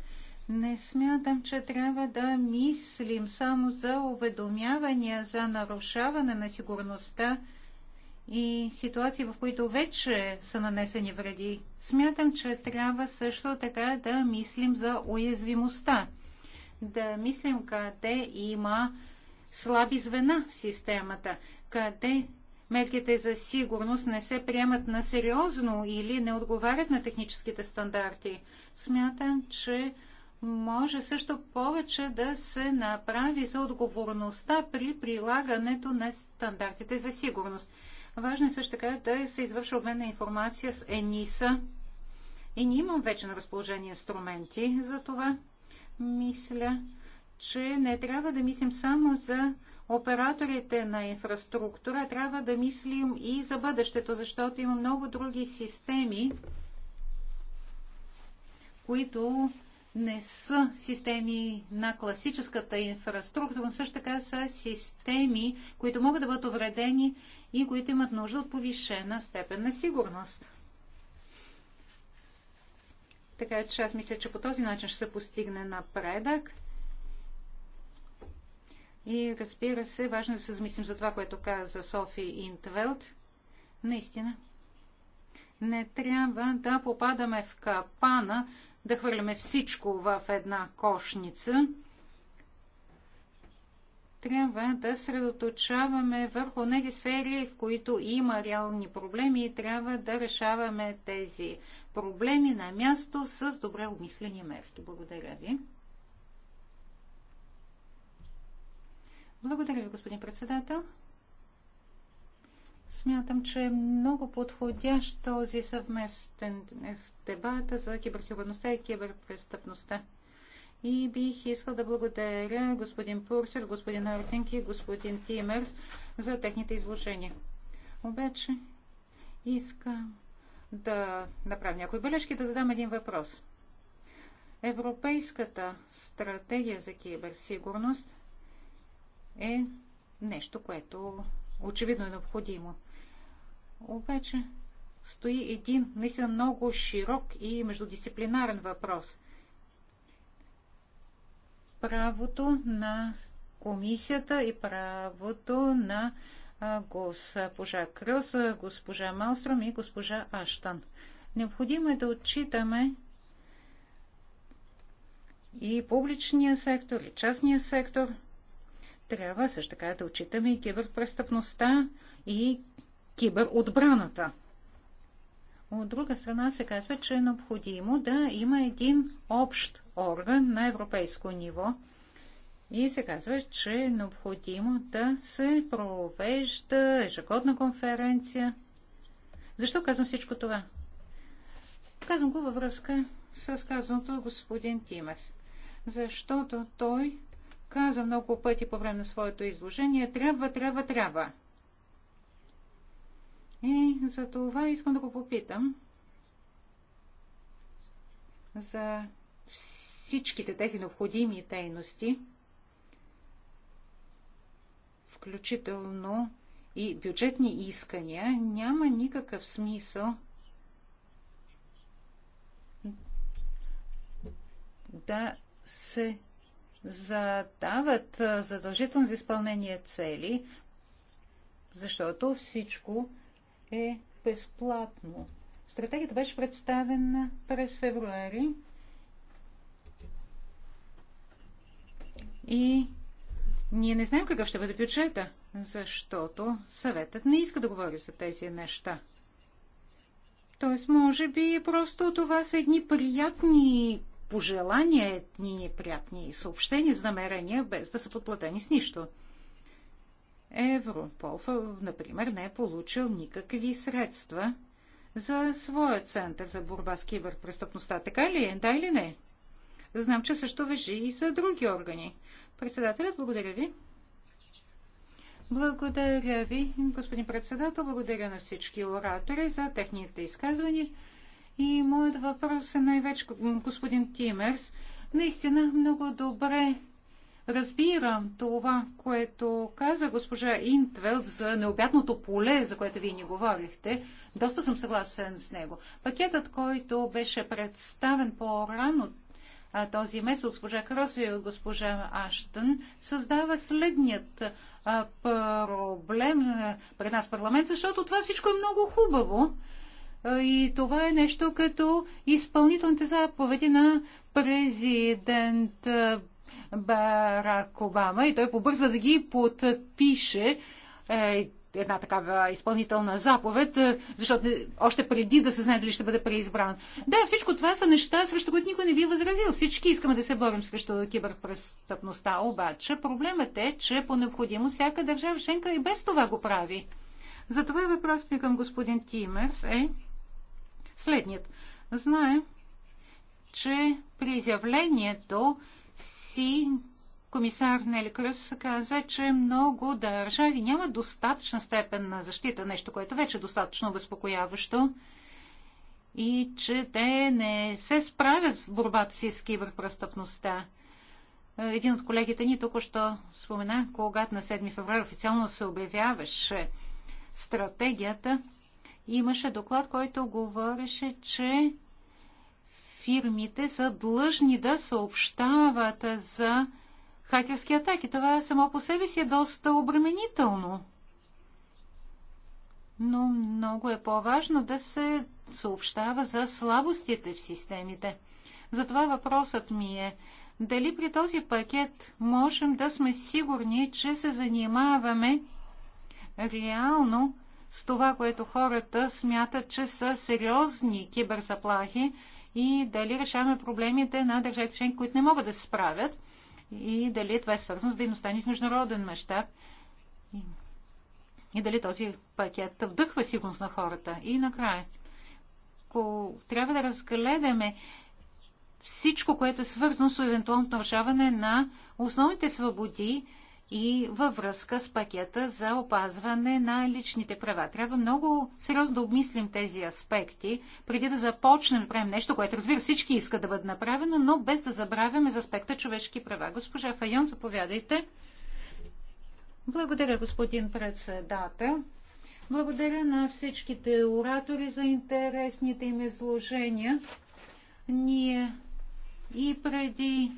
Не смятам, че трябва да мислим само за уведомявания за нарушаване на сигурността и ситуации, в които вече са нанесени вреди. Смятам, че трябва също така да мислим за уязвимостта. Да мислим къде има слаби звена в системата, къде мерките за сигурност не се приемат на сериозно или не отговарят на техническите стандарти. Смятам, че може също повече да се направи за отговорността при прилагането на стандартите за сигурност. Важно е също така да се извърши обмен на информация с ЕНИСА. И ние имам вече на разположение инструменти за това. Мисля, че не трябва да мислим само за операторите на инфраструктура, трябва да мислим и за бъдещето, защото има много други системи, които не са системи на класическата инфраструктура, но също така са системи, които могат да бъдат увредени и които имат нужда от повишена степен на сигурност. Така че аз мисля, че по този начин ще се постигне напредък. И разбира се, важно е да се замислим за това, което каза Софи Интвелд. Наистина. Не трябва да попадаме в капана да хвърляме всичко в една кошница. Трябва да средоточаваме върху тези сфери, в които има реални проблеми и трябва да решаваме тези проблеми на място с добре обмислени мерки. Благодаря ви. Благодаря ви, господин председател. Смятам, че е много подходящ този съвместен дебат за киберсигурността и киберпрестъпността. И бих искал да благодаря господин Пурсер, господин Артинг и господин Тимерс за техните изложения. Обаче искам да направя някои бележки, да задам един въпрос. Европейската стратегия за киберсигурност е нещо, което очевидно е необходимо. Обаче стои един наистина много широк и междудисциплинарен въпрос. Правото на комисията и правото на госпожа Крюс, госпожа Малстром и госпожа Аштан. Необходимо е да отчитаме и публичния сектор, и частния сектор. Трябва също така да отчитаме и киберпрестъпността и киберотбраната. От друга страна се казва, че е необходимо да има един общ орган на европейско ниво и се казва, че е необходимо да се провежда ежегодна конференция. Защо казвам всичко това? Казвам го във връзка с казаното господин Тимерс, защото той каза много пъти по време на своето изложение трябва, трябва, трябва. И за това искам да го попитам за всичките тези необходими дейности, включително и бюджетни искания, няма никакъв смисъл да се задават задължително за изпълнение цели, защото всичко е безплатно. Стратегията беше представена през февруари и ние не знаем какъв ще бъде бюджета, защото съветът не иска да говори за тези неща. Тоест, може би е просто това са едни приятни пожелания, едни неприятни съобщения за намерения, без да са подплатени с нищо. Европол, например, не е получил никакви средства за своя център за борба с киберпрестъпността. Така ли е? Да или не? Знам, че също въжи и за други органи. Председателят, благодаря ви. Благодаря ви, господин председател. Благодаря на всички оратори за техните изказвания. И моят въпрос е най-вече господин Тимерс. Наистина много добре Разбирам това, което каза госпожа Интвелд за необятното поле, за което вие ни говорихте. Доста съм съгласен с него. Пакетът, който беше представен по-рано този месец от госпожа Кросо и от госпожа Аштън, създава следният проблем пред нас парламент, защото това всичко е много хубаво. И това е нещо като изпълнителните заповеди на президент Барак Обама и той побърза да ги подпише е, една такава изпълнителна заповед, е, защото още преди да се знае дали ще бъде преизбран. Да, всичко това са неща, срещу които никой не би възразил. Всички искаме да се борим срещу киберпрестъпността, обаче проблемът е, че по необходимо всяка държава Шенка и без това го прави. Затова е въпросът ми към господин Тимерс е следният. Знаем, че при изявлението си комисар Нели Кръс каза, че много държави Няма достатъчна степен на защита, нещо, което вече е достатъчно обезпокояващо и че те не се справят в борбата си с киберпрестъпността. Един от колегите ни току-що спомена, когато на 7 феврар официално се обявяваше стратегията, имаше доклад, който говореше, че фирмите са длъжни да съобщават за хакерски атаки. Това само по себе си е доста обременително. Но много е по-важно да се съобщава за слабостите в системите. Затова въпросът ми е дали при този пакет можем да сме сигурни, че се занимаваме реално с това, което хората смятат, че са сериозни киберзаплахи, и дали решаваме проблемите на държавите членки, които не могат да се справят и дали това е свързано с дейността ни в международен мащаб и дали този пакет вдъхва сигурност на хората. И накрая, ако трябва да разгледаме всичко, което е свързано с евентуалното нарушаване на основните свободи, и във връзка с пакета за опазване на личните права. Трябва много сериозно да обмислим тези аспекти, преди да започнем да правим нещо, което разбира всички искат да бъде направено, но без да забравяме за аспекта човешки права. Госпожа Файон, заповядайте. Благодаря, господин председател. Благодаря на всичките оратори за интересните им изложения. Ние и преди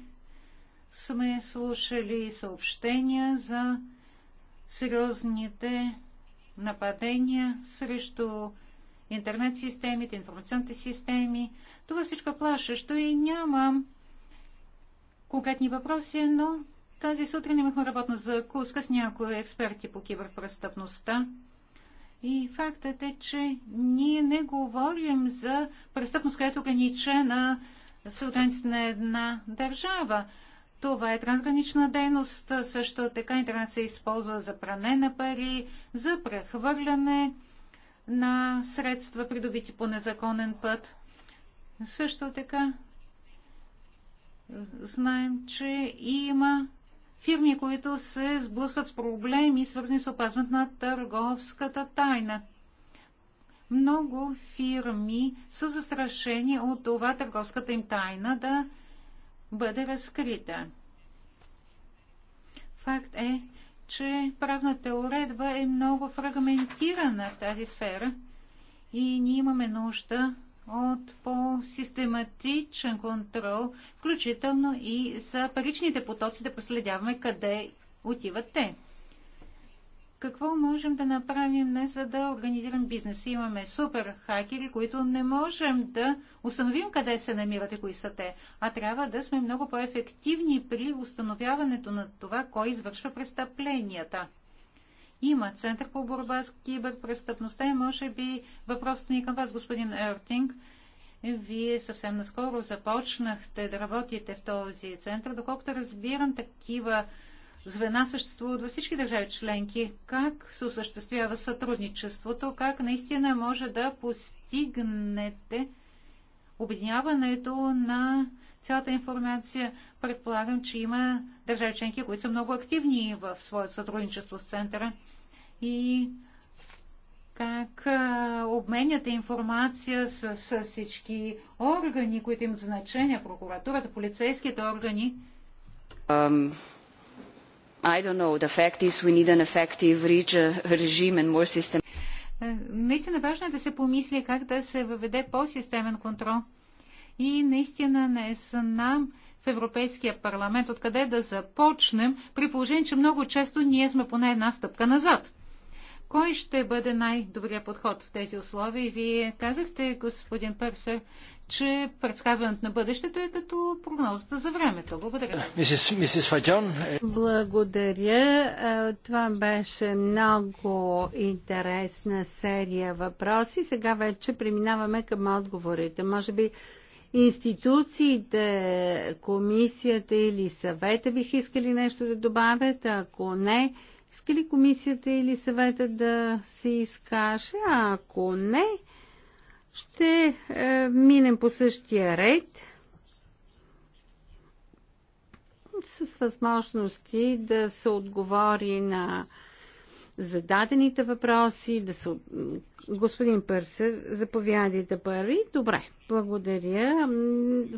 сме слушали съобщения за сериозните нападения срещу интернет системите, информационните системи. Това всичко е плашещо и няма конкретни въпроси, но тази сутрин имахме работна закуска с някои експерти по киберпрестъпността. И фактът е, че ние не говорим за престъпност, която е ограничена с границите на една държава. Това е трансгранична дейност, също така интернет се използва за пране на пари, за прехвърляне на средства, придобити по незаконен път. Също така знаем, че има фирми, които се сблъскват с проблеми, свързани с опазването на търговската тайна. Много фирми са застрашени от това търговската им тайна да бъде разкрита. Факт е, че правната уредба е много фрагментирана в тази сфера и ние имаме нужда от по-систематичен контрол, включително и за паричните потоци да проследяваме къде отиват те какво можем да направим не за да организирам бизнес. Имаме супер хакери, които не можем да установим къде се намират и кои са те, а трябва да сме много по-ефективни при установяването на това, кой извършва престъпленията. Има Център по борба с киберпрестъпността и може би въпросът ми е към вас, господин Ертинг, вие съвсем наскоро започнахте да работите в този център. Доколкото разбирам, такива звена съществуват във всички държави членки. Как се осъществява сътрудничеството? Как наистина може да постигнете обединяването на цялата информация? Предполагам, че има държави членки, които са много активни в своето сътрудничество с центъра. И как обменяте информация с, с всички органи, които имат значение, прокуратурата, полицейските органи? Um... I don't know. The fact is we need an effective regime and more system. Е, наистина важно е да се помисли как да се въведе по-системен контрол. И наистина не знам в Европейския парламент откъде да започнем, при положение, че много често ние сме поне една стъпка назад. Кой ще бъде най-добрият подход в тези условия? Вие казахте, господин Пърсер, че предсказването на бъдещето е като прогнозата за времето. Благодаря. Мисис Фаджон. Е- Благодаря. Е, това беше много интересна серия въпроси. Сега вече преминаваме към отговорите. Може би институциите, комисията или съвета бих искали нещо да добавят. Ако не, иска ли комисията или съвета да се изкаже? А ако не, ще е, минем по същия рейд с възможности да се отговори на зададените въпроси, да се... Господин Пърс, заповядайте първи. Добре, благодаря.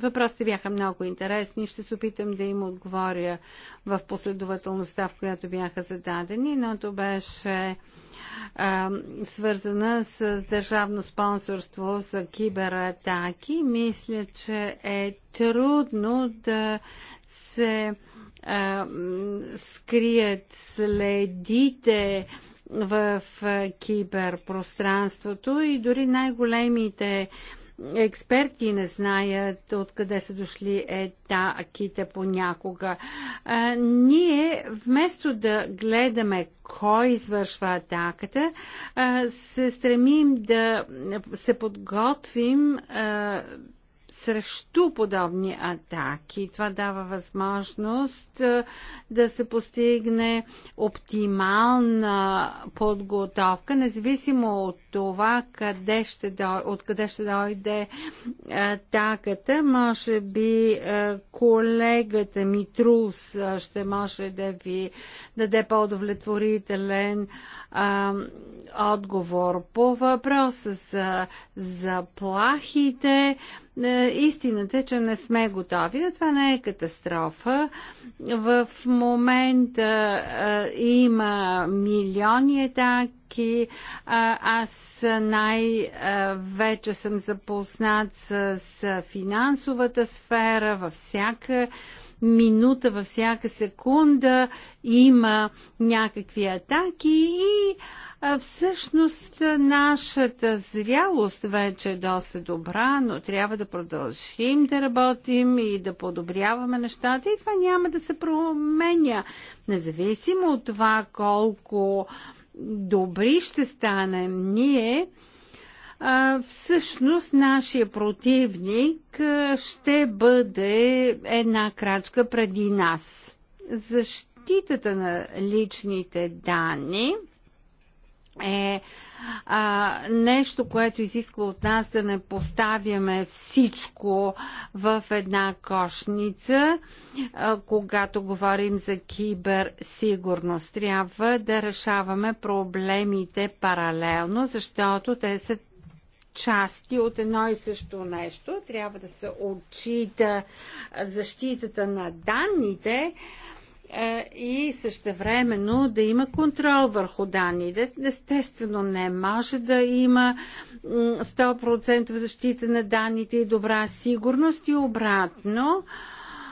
Въпросите бяха много интересни. Ще се опитам да им отговоря в последователността, в която бяха зададени. Едното беше а, свързана с държавно спонсорство за кибератаки. Мисля, че е трудно да се а, скрият следите в киберпространството и дори най-големите експерти не знаят откъде са дошли етаките понякога. А, ние, вместо да гледаме кой извършва атаката, а, се стремим да се подготвим а, срещу подобни атаки. Това дава възможност е, да се постигне оптимална подготовка, независимо от това къде ще дой, откъде ще дойде е, атаката. Може би е, колегата Митрус ще може да ви даде по-удовлетворителен а, отговор по въпроса за заплахите. Е, истината е, че не сме готови, но това не е катастрофа. В момента а, е, има милиони етаки. А, аз най-вече е, съм запознат с, с финансовата сфера във всяка минута, във всяка секунда има някакви атаки и всъщност нашата зрялост вече е доста добра, но трябва да продължим да работим и да подобряваме нещата и това няма да се променя. Независимо от това колко добри ще станем ние, всъщност нашия противник ще бъде една крачка преди нас. Защитата на личните данни е а, нещо, което изисква от нас да не поставяме всичко в една кошница, а, когато говорим за киберсигурност. Трябва да решаваме проблемите паралелно, защото те са части от едно и също нещо. Трябва да се отчита защитата на данните е, и същевременно да има контрол върху данните. Естествено, не може да има 100% защита на данните и добра сигурност и обратно.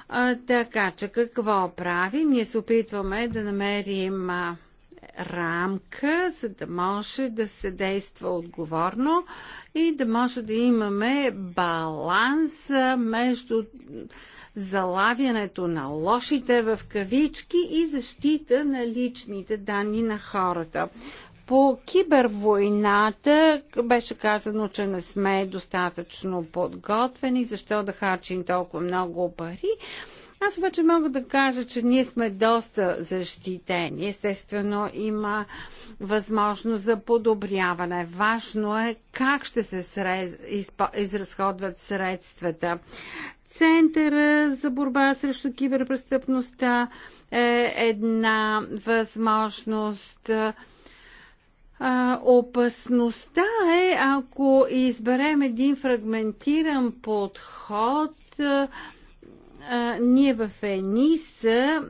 А, така че какво правим? Ние се опитваме да намерим а, рамка, за да може да се действа отговорно и да може да имаме баланс между залавянето на лошите в кавички и защита на личните данни на хората. По кибервойната беше казано, че не сме достатъчно подготвени, защо да харчим толкова много пари. Аз обаче мога да кажа, че ние сме доста защитени. Естествено, има възможност за подобряване. Важно е как ще се срез... изразходват средствата. Центъра за борба срещу киберпрестъпността е една възможност. А, опасността е, ако изберем един фрагментиран подход, а, а, ние в ЕНИСА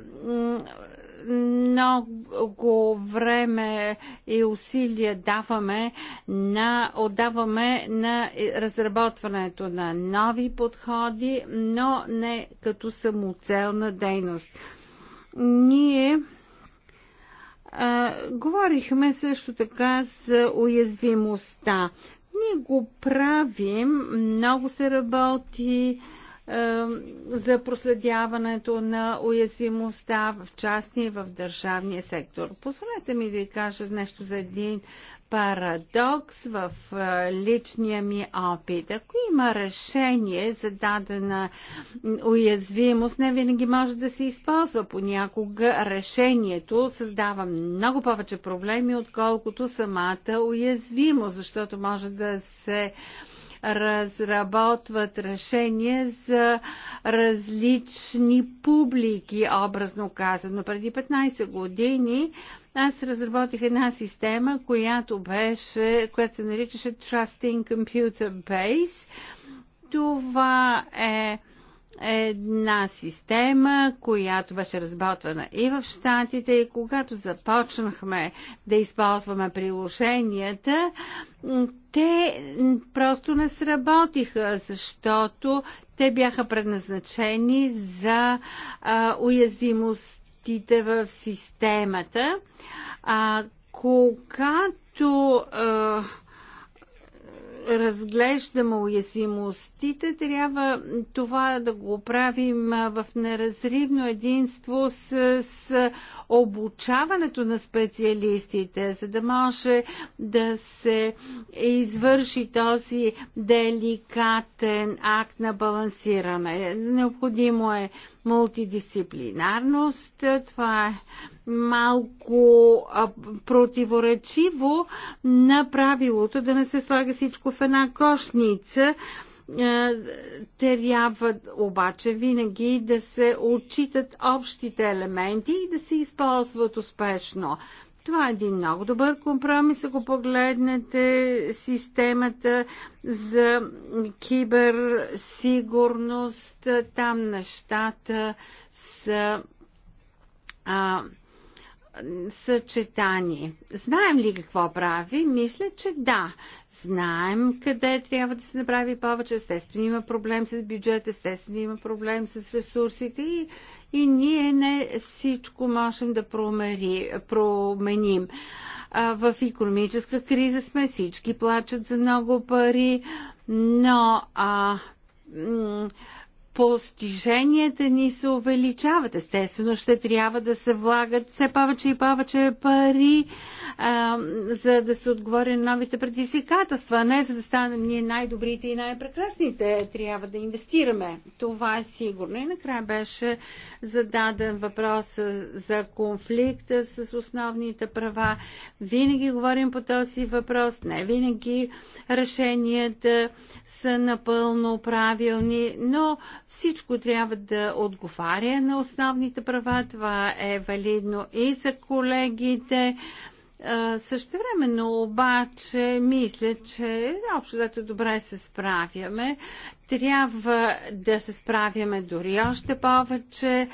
много време и усилия даваме на, отдаваме на разработването на нови подходи, но не като самоцелна дейност. Ние а, говорихме също така за уязвимостта. Ние го правим, много се работи, а, за проследяването на уязвимостта в частния и в държавния сектор. Позволете ми да ви кажа нещо за един парадокс в личния ми опит. Ако има решение за дадена уязвимост, не винаги може да се използва. Понякога решението създава много повече проблеми, отколкото самата уязвимост, защото може да се разработват решения за различни публики, образно казано. Преди 15 години аз разработих една система, която беше, която се наричаше Trusting Computer Base. Това е една система, която беше разработвана и в Штатите, и когато започнахме да използваме приложенията, те просто не сработиха, защото те бяха предназначени за а, уязвимостите в системата. А, когато а, разглеждаме уязвимостите, трябва това да го правим в неразривно единство с, с обучаването на специалистите, за да може да се извърши този деликатен акт на балансиране. Необходимо е мултидисциплинарност, това е малко а, противоречиво на правилото да не се слага всичко в една кошница. Трябва обаче винаги да се отчитат общите елементи и да се използват успешно. Това е един много добър компромис, ако погледнете системата за киберсигурност. Там нещата са а, съчетани. Знаем ли какво прави? Мисля, че да. Знаем къде трябва да се направи повече. Естествено има проблем с бюджет, естествено има проблем с ресурсите и, и ние не всичко можем да промери, променим. А, в економическа криза сме, всички плачат за много пари, но а, постиженията ни се увеличават. Естествено, ще трябва да се влагат все повече и повече пари, а, за да се отговори на новите предизвикателства, не за да станем ние най-добрите и най-прекрасните. Трябва да инвестираме. Това е сигурно. И накрая беше зададен въпрос за конфликта с основните права. Винаги говорим по този въпрос. Не винаги решенията са напълно правилни, но всичко трябва да отговаря на основните права. Това е валидно и за колегите. времено обаче мисля, че общо зато добре се справяме. Трябва да се справяме дори още повече,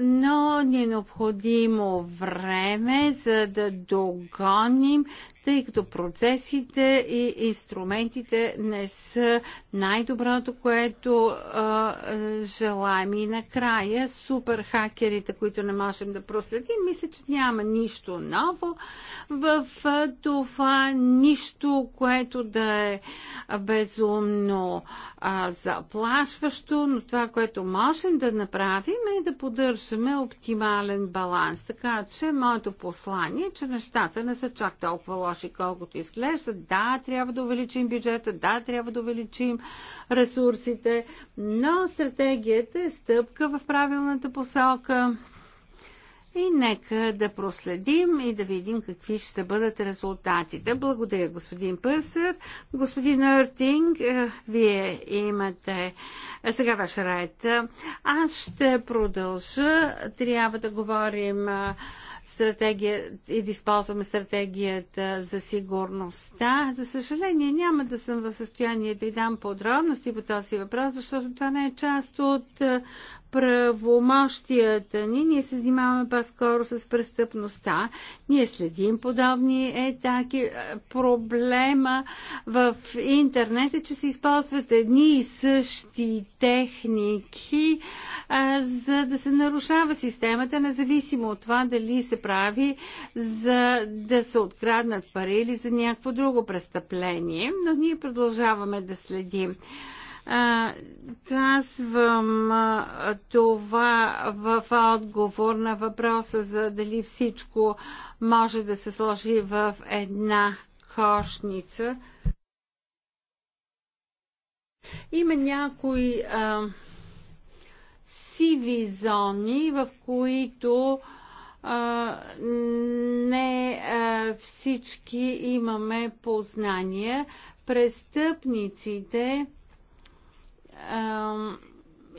но ни е необходимо време, за да догоним тъй като процесите и инструментите не са най-доброто, което а, желаем. И накрая суперхакерите, които не можем да проследим, мисля, че няма нищо ново в това, нищо, което да е безумно а, заплашващо, но това, което можем да направим е да поддържаме оптимален баланс. Така че моето послание е, че нещата не са чак толкова лоши, колкото изглеждат. Да, трябва да увеличим бюджета, да, трябва да увеличим ресурсите, но стратегията е стъпка в правилната посока. И нека да проследим и да видим какви ще бъдат резултатите. Благодаря, господин Пърсър. Господин Ертинг, е, вие имате е, сега ваш ред. Аз ще продължа. Трябва да говорим е, стратегия и да използваме стратегията за сигурността. За съжаление, няма да съм в състояние да ви дам подробности по този въпрос, защото това не е част от правомощията ни, ние се занимаваме по-скоро с престъпността. Ние следим подобни етаки. Проблема в интернет е, че се използват едни и същи техники, а, за да се нарушава системата, независимо от това дали се прави за да се откраднат пари или за някакво друго престъпление. Но ние продължаваме да следим казвам това в отговор на въпроса за дали всичко може да се сложи в една кошница. Има някои а, сиви зони, в които а, не а, всички имаме познания. Престъпниците,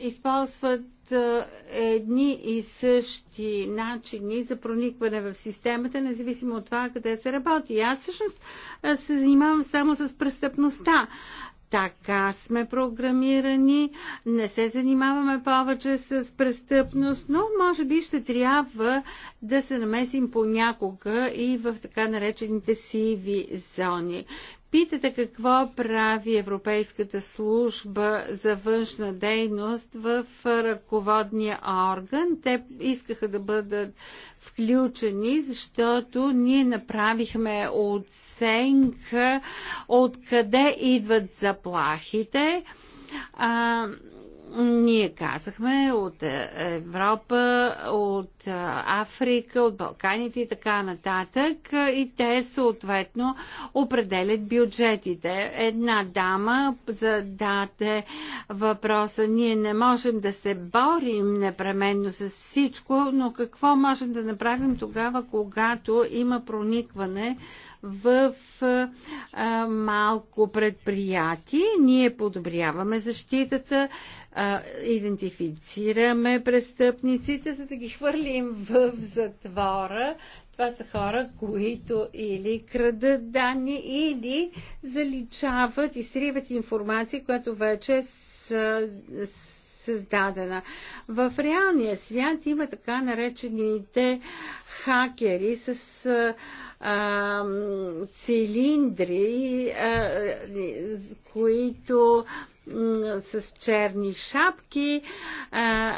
използват едни и същи начини за проникване в системата, независимо от това къде се работи. Аз всъщност се занимавам само с престъпността. Така сме програмирани, не се занимаваме повече с престъпност, но може би ще трябва да се намесим понякога и в така наречените сиви зони питате какво прави Европейската служба за външна дейност в ръководния орган. Те искаха да бъдат включени, защото ние направихме оценка откъде идват заплахите. А, ние казахме от е, Европа, от е, Африка, от Балканите и така нататък и те съответно определят бюджетите. Една дама зададе въпроса, ние не можем да се борим непременно с всичко, но какво можем да направим тогава, когато има проникване в а, малко предприятие. Ние подобряваме защитата, а, идентифицираме престъпниците, за да ги хвърлим в затвора. Това са хора, които или крадат данни, или заличават, и сриват информация, която вече с, с създадена. В реалния свят има така наречените хакери с а, цилиндри, а, които с черни шапки, а,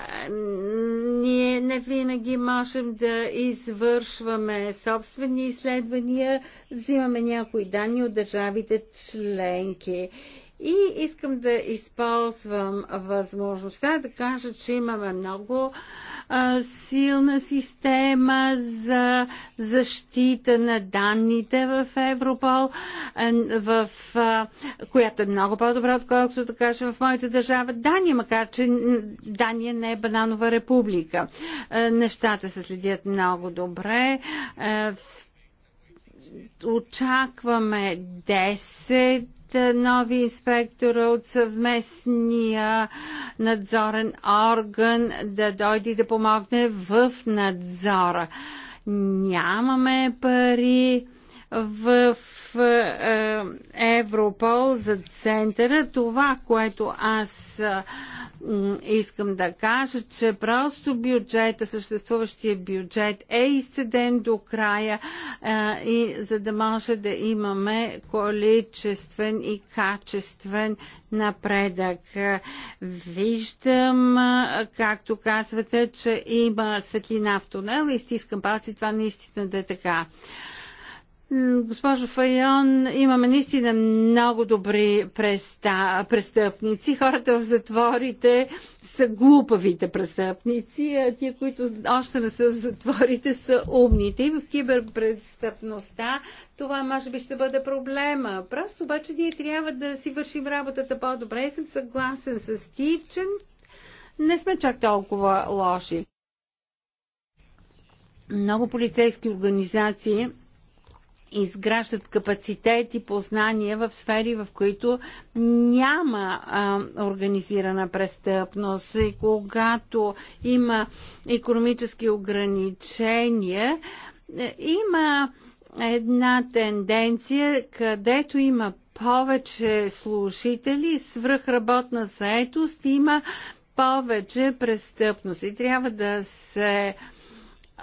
ние не винаги можем да извършваме собствени изследвания, взимаме някои данни от държавите членки и искам да използвам възможността да кажа, че имаме много а, силна система за защита на данните в Европол, в, а, която е много по-добра, отколкото да кажем в моята държава Дания, макар че Дания не е бананова република. А, нещата се следят много добре. А, очакваме 10 е, нови инспектора от съвместния надзорен орган да дойде да помогне в надзора. Нямаме пари в, в е, Европол за центъра. Това, което аз е, искам да кажа, че просто бюджета, съществуващия бюджет е изцеден до края е, и за да може да имаме количествен и качествен напредък. Виждам, е, както казвате, че има светлина в тунела и стискам палци. Това наистина да е така. Госпожо Файон, имаме наистина много добри престъпници. Хората в затворите са глупавите престъпници, а тия, които още не са в затворите, са умните. И в киберпрестъпността това може би ще бъде проблема. Просто обаче ние трябва да си вършим работата по-добре и съм съгласен с Тивчен. не сме чак толкова лоши. Много полицейски организации изграждат капацитет и познания в сфери, в които няма а, организирана престъпност. И когато има економически ограничения, има една тенденция, където има повече служители, свръхработна заетост, има повече престъпност. И трябва да се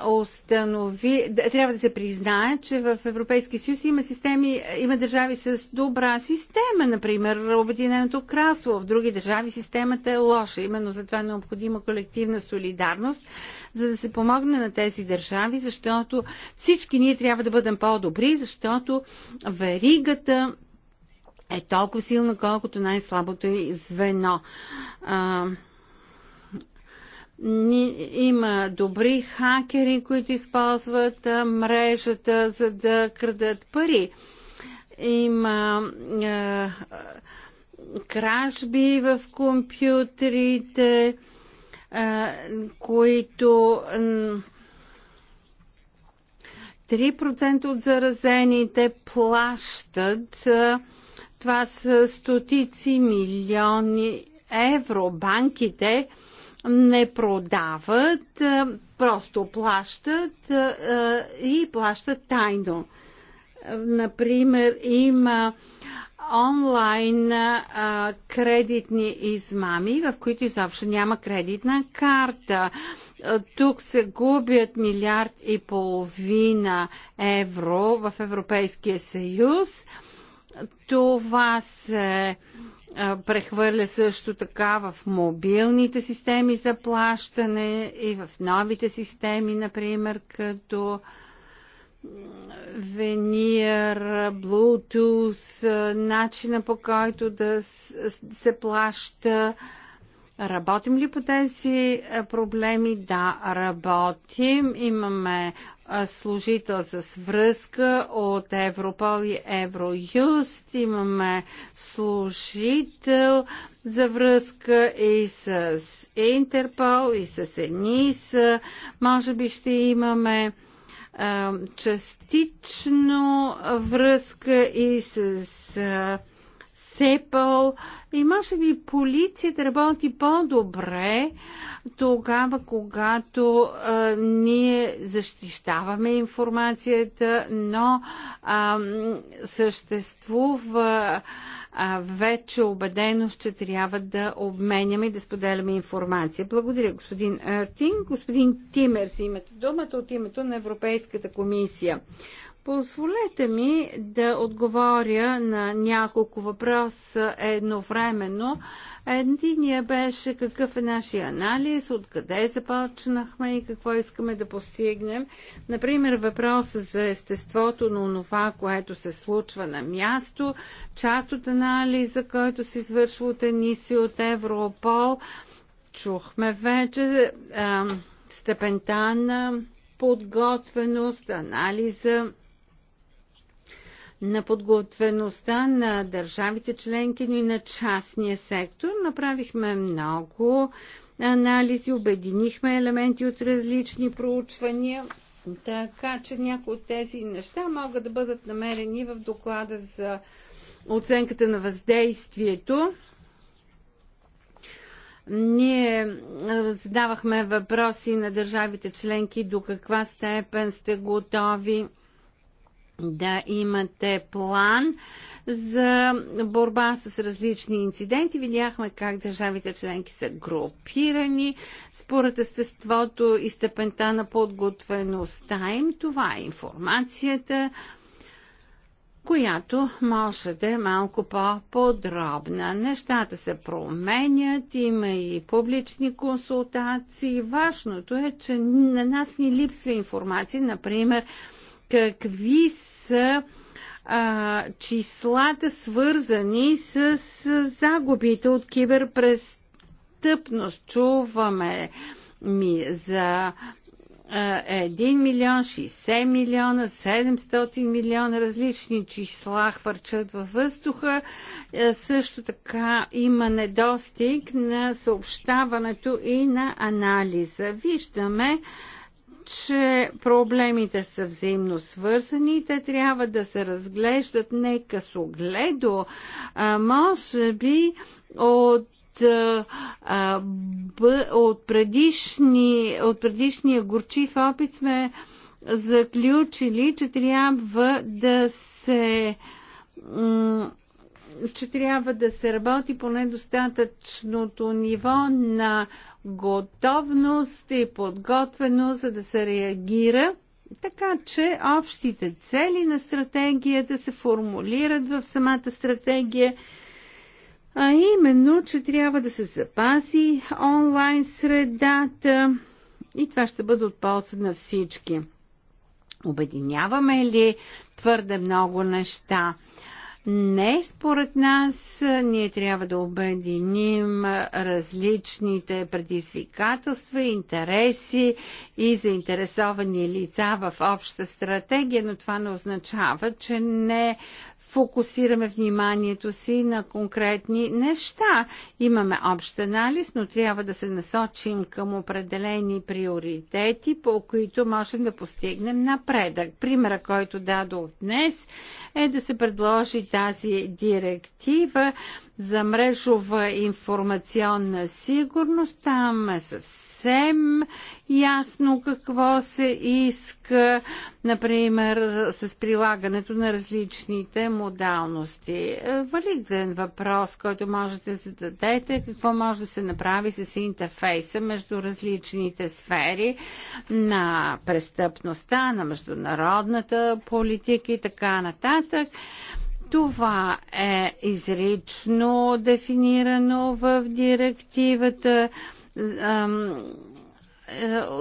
установи, трябва да се признае, че в Европейския съюз има системи, има държави с добра система, например Обединеното кралство, в други държави системата е лоша. Именно за това е необходима колективна солидарност, за да се помогне на тези държави, защото всички ние трябва да бъдем по-добри, защото веригата е толкова силна, колкото най-слабото е звено. Ни, има добри хакери, които използват а, мрежата, за да крадат пари. Има а, кражби в компютрите, а, които. 3% от заразените плащат. Това са стотици милиони евро. Банките а, не продават, просто плащат и плащат тайно. Например, има онлайн а, кредитни измами, в които изобщо няма кредитна карта. Тук се губят милиард и половина евро в Европейския съюз. Това се а, прехвърля също така в мобилните системи за плащане и в новите системи, например, като Венир, Bluetooth, начина по който да се плаща. Работим ли по тези проблеми? Да, работим. Имаме служител с връзка от Европол и Евроюст. Имаме служител за връзка и с Интерпол, и с ЕНИС. Може би ще имаме частично връзка и с сепъл и може би полицията работи по-добре тогава, когато а, ние защищаваме информацията, но а, съществува а, вече убеденост, че трябва да обменяме и да споделяме информация. Благодаря, господин Ертин. Господин Тимер си имате думата от името на Европейската комисия. Позволете ми да отговоря на няколко въпроса едновременно. Единия беше какъв е нашия анализ, откъде започнахме и какво искаме да постигнем. Например, въпроса за естеството на това, което се случва на място, част от анализа, който се извършва от Ениси от Европол. Чухме вече а, степента на подготвеност, анализа на подготвеността на държавите членки, но и на частния сектор. Направихме много анализи, обединихме елементи от различни проучвания, така че някои от тези неща могат да бъдат намерени в доклада за оценката на въздействието. Ние задавахме въпроси на държавите членки до каква степен сте готови да имате план за борба с различни инциденти. Видяхме как държавите членки са групирани според естеството и степента на подготвеността им. Това е информацията, която може да е малко по-подробна. Нещата се променят, има и публични консултации. Важното е, че на нас ни липсва информация, например, какви са а, числата свързани с, с загубите от киберпрестъпност. Чуваме ми за 1 милион, 60 милиона, 700 милиона различни числа хвърчат във въздуха. Е, също така има недостиг на съобщаването и на анализа. Виждаме, че проблемите са взаимно свързани и те трябва да се разглеждат не късогледо, а може би от от, предишни, от предишния горчив опит сме заключили, че трябва да се че трябва да се работи по недостатъчното ниво на готовност и подготвеност, за да се реагира, така че общите цели на стратегията се формулират в самата стратегия, а именно, че трябва да се запази онлайн средата и това ще бъде от полза на всички. Обединяваме ли твърде много неща? Не, според нас, ние трябва да обединим различните предизвикателства, интереси и заинтересовани лица в обща стратегия, но това не означава, че не фокусираме вниманието си на конкретни неща. Имаме общ анализ, но трябва да се насочим към определени приоритети, по които можем да постигнем напредък. Примера, който дадох днес, е да се предложи тази директива за мрежова информационна сигурност. Там е съвсем ясно какво се иска, например, с прилагането на различните модалности. Валиден въпрос, който можете да зададете, какво може да се направи с интерфейса между различните сфери на престъпността, на международната политика и така нататък. Това е изрично дефинирано в директивата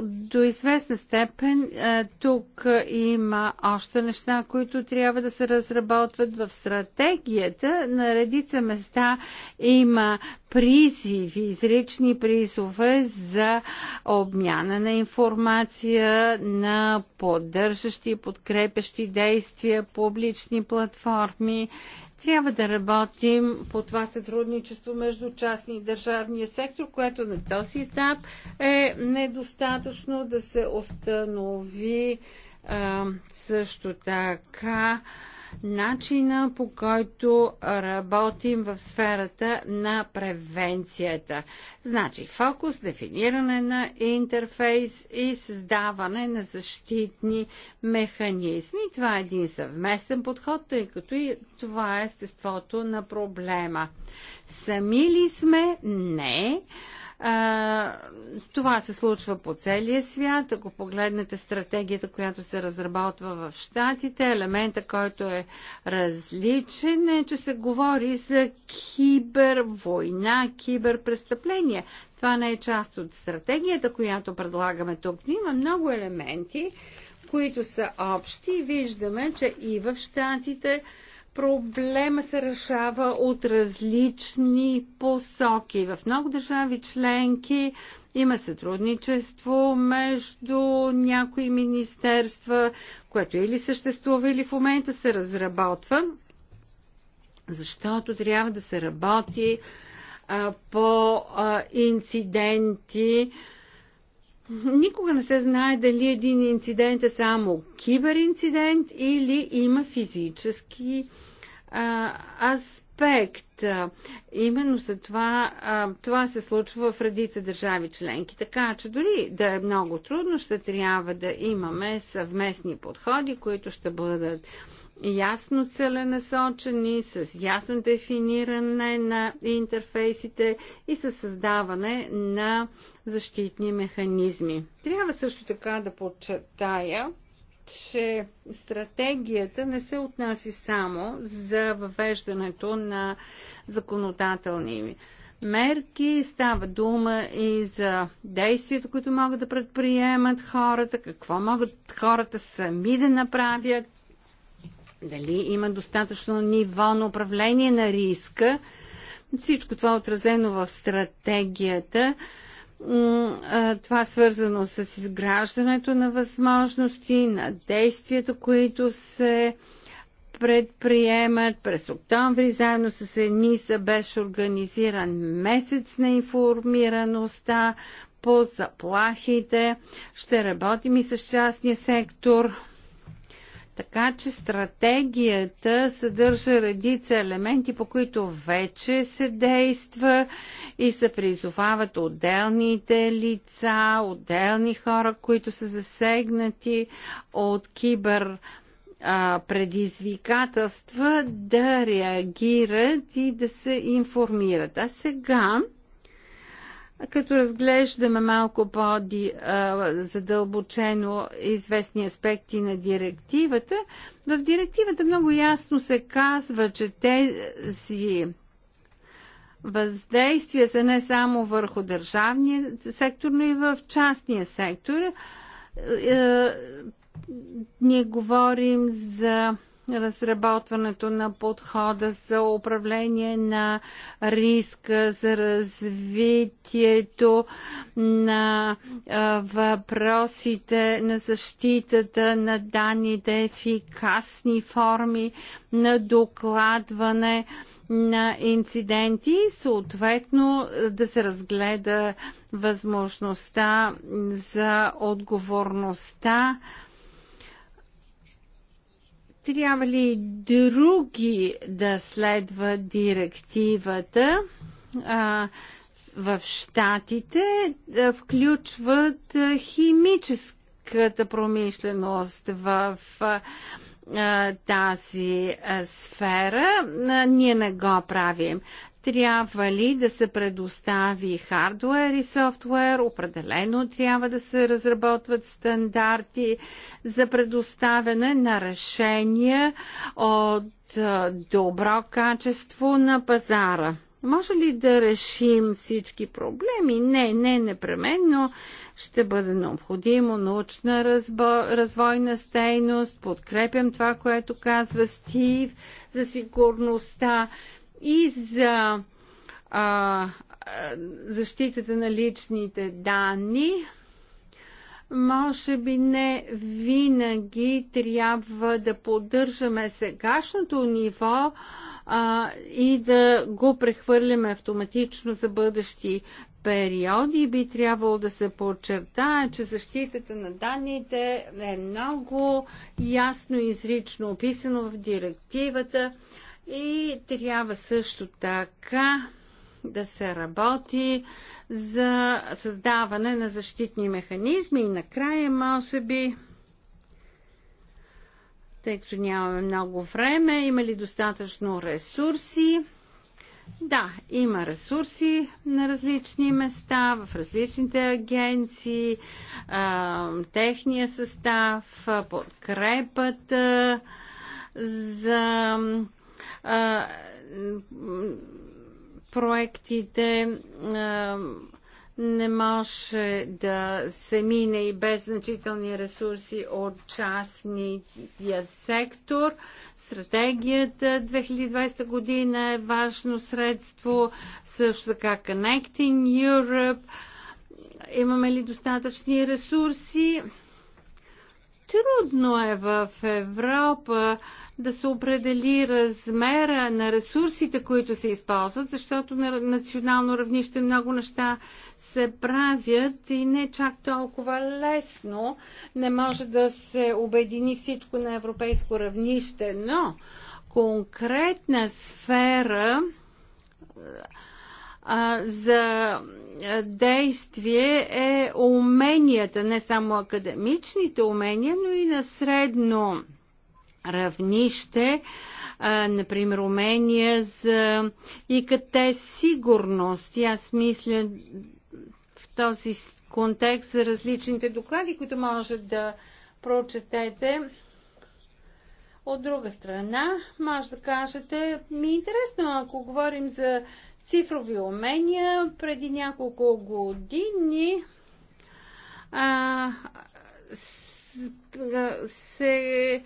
до известна степен е, тук има още неща, които трябва да се разработват в стратегията. На редица места има призиви, изрични призове за обмяна на информация, на поддържащи и подкрепящи действия, публични платформи трябва да работим по това сътрудничество между частния и държавния сектор, което на този етап е недостатъчно да се установи а, също така начина по който работим в сферата на превенцията. Значи фокус, дефиниране на интерфейс и създаване на защитни механизми. Това е един съвместен подход, тъй като и това е естеството на проблема. Сами ли сме? Не. А, това се случва по целия свят. Ако погледнете стратегията, която се разработва в Штатите, елемента, който е различен, е, че се говори за кибервойна, киберпрестъпление. Това не е част от стратегията, която предлагаме тук. Но има много елементи, които са общи и виждаме, че и в Штатите проблема се решава от различни посоки. В много държави членки има сътрудничество между някои министерства, което или съществува, или в момента се разработва, защото трябва да се работи а, по а, инциденти, а, Никога не се знае дали един инцидент е само киберинцидент или има физически а, аспект. Именно за това, а, това се случва в редица държави членки. Така че дори да е много трудно, ще трябва да имаме съвместни подходи, които ще бъдат ясно целенасочени, с ясно дефиниране на интерфейсите и със създаване на защитни механизми. Трябва също така да подчертая, че стратегията не се отнаси само за въвеждането на законодателни мерки, става дума и за действията, които могат да предприемат хората, какво могат хората сами да направят, дали има достатъчно ниво на управление на риска. Всичко това е отразено в стратегията това свързано с изграждането на възможности, на действията, които се предприемат. През октомври заедно с ЕНИСА беше организиран месец на информираността по заплахите. Ще работим и с частния сектор така че стратегията съдържа редица елементи, по които вече се действа и се призовават отделните лица, отделни хора, които са засегнати от кибер предизвикателства да реагират и да се информират. А сега като разглеждаме малко по-задълбочено известни аспекти на директивата, в директивата много ясно се казва, че тези въздействия са не само върху държавния сектор, но и в частния сектор. Е, е, ние говорим за разработването на подхода за управление на риска, за развитието на въпросите на защитата на данните, ефикасни форми на докладване на инциденти и съответно да се разгледа възможността за отговорността трябва ли други да следват директивата? А, в щатите включват химическата промишленост в тази сфера. Ние не го правим. Трябва ли да се предостави хардуер и софтуер? Определено трябва да се разработват стандарти за предоставяне на решения от добро качество на пазара. Може ли да решим всички проблеми? Не, не непременно. Ще бъде необходимо научна разбо... развойна стейност. Подкрепям това, което казва Стив за сигурността и за а, защитата на личните данни, може би не винаги трябва да поддържаме сегашното ниво а, и да го прехвърляме автоматично за бъдещи периоди. Би трябвало да се подчертае, че защитата на данните е много ясно и изрично описано в директивата и трябва също така да се работи за създаване на защитни механизми и накрая, може би, тъй като нямаме много време, има ли достатъчно ресурси? Да, има ресурси на различни места, в различните агенции, техния състав, подкрепата за проектите а, не може да се мине и без значителни ресурси от частния сектор. Стратегията 2020 година е важно средство, също така Connecting Europe. Имаме ли достатъчни ресурси? Трудно е в Европа да се определи размера на ресурсите, които се използват, защото на национално равнище много неща се правят и не чак толкова лесно. Не може да се обедини всичко на европейско равнище, но конкретна сфера а, за действие е уменията, не само академичните умения, но и на средно равнище, а, например, умения за ИКТ сигурност. И аз мисля в този контекст за различните доклади, които може да прочетете. От друга страна, може да кажете, ми е интересно, ако говорим за цифрови умения. Преди няколко години а, се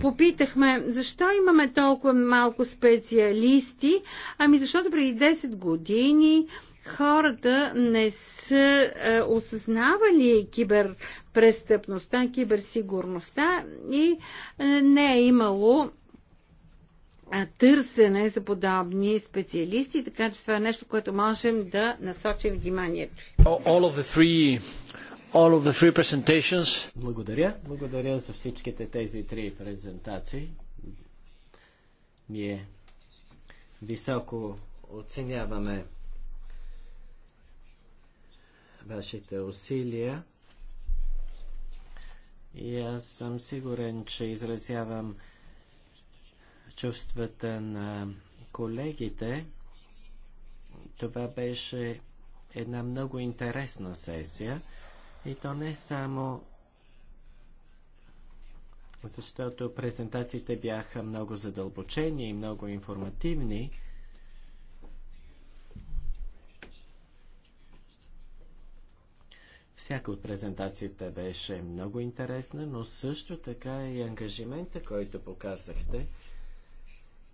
попитахме защо имаме толкова малко специалисти. Ами защото преди 10 години хората не са а, осъзнавали киберпрестъпността, киберсигурността и а, не е имало търсене за подобни специалисти, така че това е нещо, което можем да насочим вниманието. Three, благодаря. Благодаря за всичките тези три презентации. Ние високо оценяваме вашите усилия. И аз съм сигурен, че изразявам чувствата на колегите. Това беше една много интересна сесия и то не само защото презентациите бяха много задълбочени и много информативни. Всяка от презентациите беше много интересна, но също така и ангажимента, който показахте –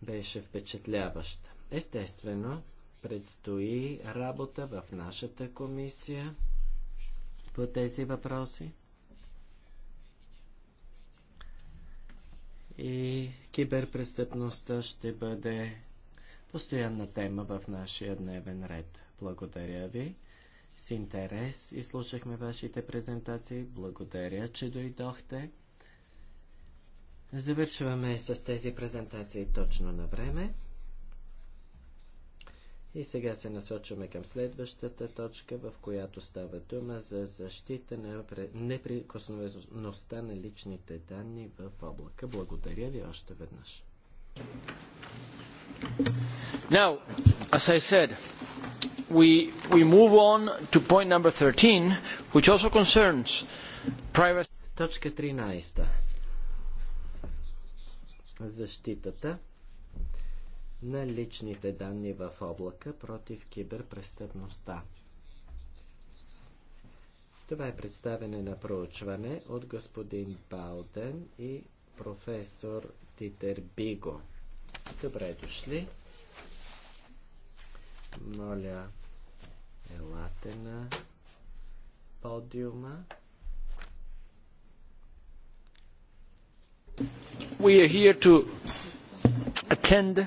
беше впечатляваща. Естествено, предстои работа в нашата комисия по тези въпроси. И киберпрестъпността ще бъде постоянна тема в нашия дневен ред. Благодаря ви. С интерес изслушахме вашите презентации. Благодаря, че дойдохте. Завършваме с тези презентации точно на време. И сега се насочваме към следващата точка, в която става дума за защита на неприкосновеността на личните данни в облака. Благодаря ви още веднъж. Now, as I said, we, we move on to point number 13, which also concerns privacy. Точка 13 защитата на личните данни в облака против киберпрестъпността. Това е представене на проучване от господин Бауден и професор Титер Биго. Добре дошли. Моля, елате на подиума. we are here to attend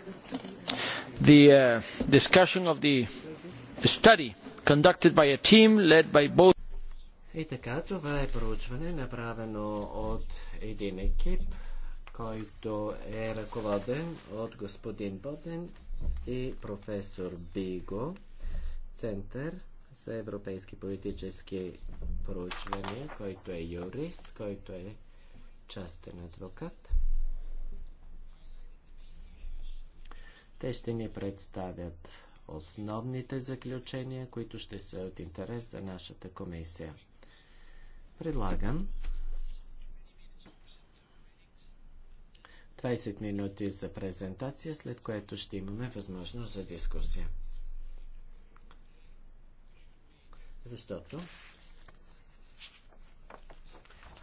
the uh, discussion of the study conducted by a team led by both И така, това е проучване, направено от един екип, който е ръководен от господин Боден и професор Биго, Център за европейски политически проучвания, който е юрист, който е частен адвокат. Те ще ни представят основните заключения, които ще са от интерес за нашата комисия. Предлагам 20 минути за презентация, след което ще имаме възможност за дискусия. Защото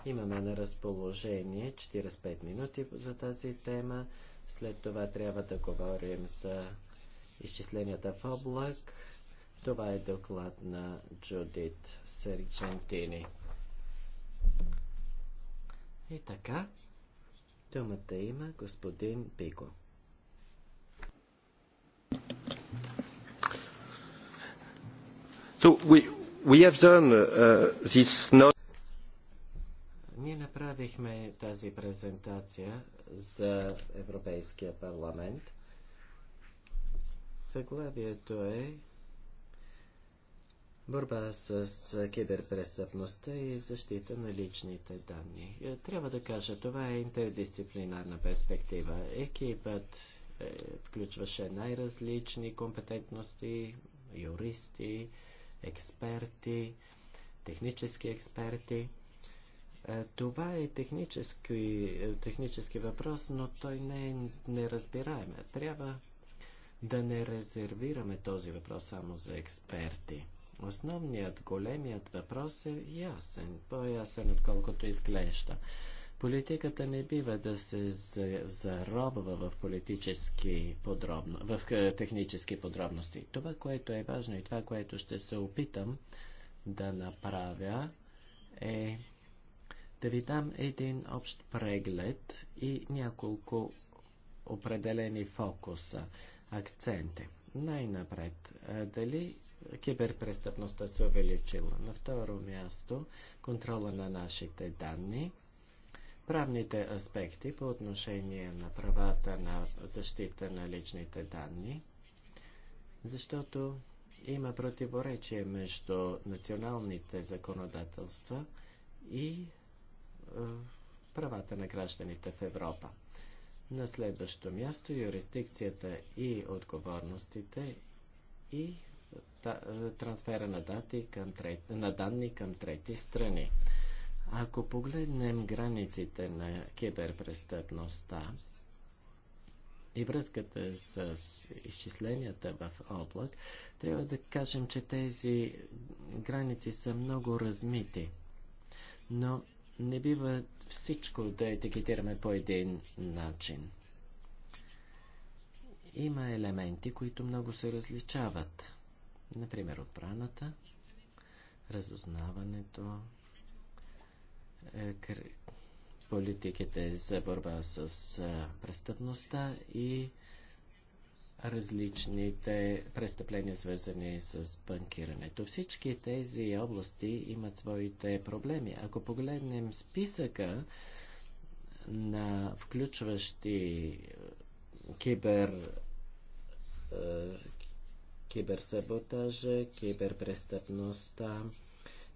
Имаме на разположение 45 минути за тази тема. След това трябва да говорим за изчисленията в облак. Това е доклад на Джудит Серджентини. И така, думата има господин Пико. So we, we have done uh, this not ние направихме тази презентация за Европейския парламент. Съглавието е борба с киберпрестъпността и защита на личните данни. Трябва да кажа, това е интердисциплинарна перспектива. Екипът е, включваше най-различни компетентности, юристи, експерти, технически експерти. Е, това е технически, е, технически въпрос, но той не е неразбираем. Трябва да не резервираме този въпрос само за експерти. Основният, големият въпрос е ясен, по-ясен отколкото изглежда. Политиката не бива да се заробва в политически подробно, в е, технически подробности. Това, което е важно и това, което ще се опитам да направя е да ви дам един общ преглед и няколко определени фокуса, акценти. Най-напред, дали киберпрестъпността се увеличила? На второ място, контрола на нашите данни, правните аспекти по отношение на правата на защита на личните данни, защото има противоречие между националните законодателства и правата на гражданите в Европа. На следващо място юрисдикцията и отговорностите и трансфера на, дати към трет, на данни към трети страни. Ако погледнем границите на киберпрестъпността и връзката с изчисленията в облак, трябва да кажем, че тези граници са много размити. Но не бива всичко да етикетираме по един начин. Има елементи, които много се различават. Например, отбраната, разузнаването, е, политиките за борба с е, престъпността и различните престъпления, свързани с банкирането. Всички тези области имат своите проблеми. Ако погледнем списъка на включващи е, кибер е, киберсаботажа, киберпрестъпността,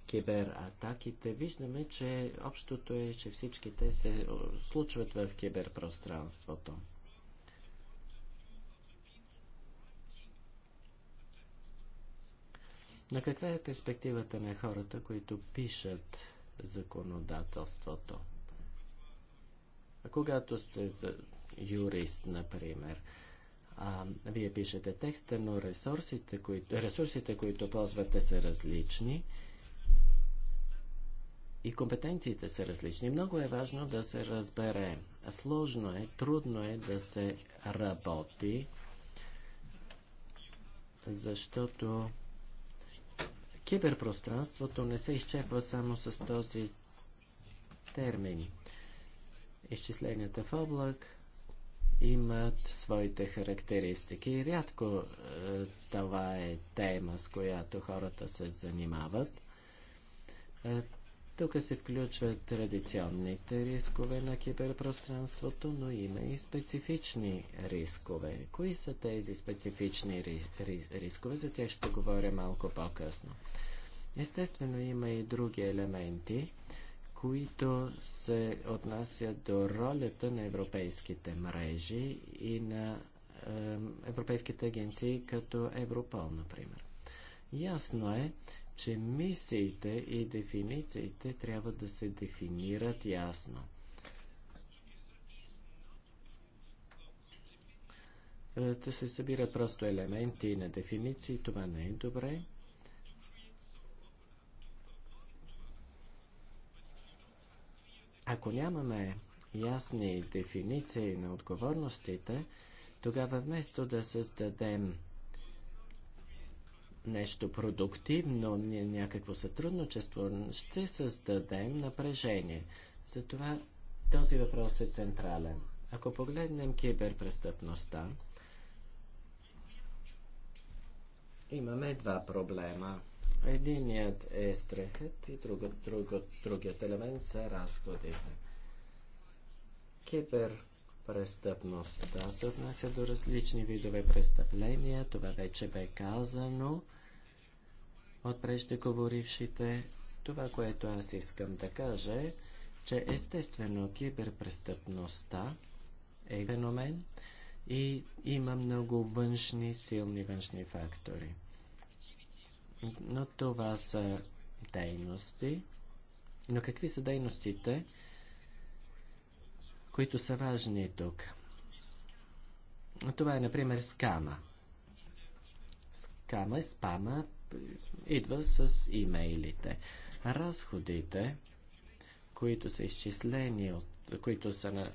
кибератаките, виждаме, че общото е, че всички те се е, случват в киберпространството. Но каква е перспективата на хората, които пишат законодателството? А когато сте за юрист, например, а, вие пишете текста, но ресурсите които, ресурсите, които ползвате, са различни и компетенциите са различни. Много е важно да се разбере. Сложно е, трудно е да се работи, защото Киберпространството не се изчерпва само с този термин. Изчисленията в облак имат своите характеристики. Рядко е, това е тема, с която хората се занимават. Е, тук се включват традиционните рискове на киберпространството, но има и специфични рискове. Кои са тези специфични рискове? За тях ще говоря малко по-късно. Естествено, има и други елементи, които се отнасят до ролята на европейските мрежи и на е, европейските агенции, като Европол, например. Ясно е, че мисиите и дефинициите трябва да се дефинират ясно. Да е, се събират просто елементи на дефиниции, това не е добре. Ако нямаме ясни дефиниции на отговорностите, тогава вместо да създадем нещо продуктивно, някакво сътрудничество, ще създадем напрежение. Затова този въпрос е централен. Ако погледнем киберпрестъпността, имаме два проблема. Единият е страхът и друго, друго, другият елемент са разходите. Киберпрестъпността се отнася до различни видове престъпления, това вече бе казано от преждеговорившите. Това, което аз искам да кажа е, че естествено киберпрестъпността е феномен и има много външни, силни външни фактори. Но това са дейности. Но какви са дейностите, които са важни тук? Това е, например, скама. Скама, е спама, идва с имейлите. Разходите, които са изчислени, от, които са на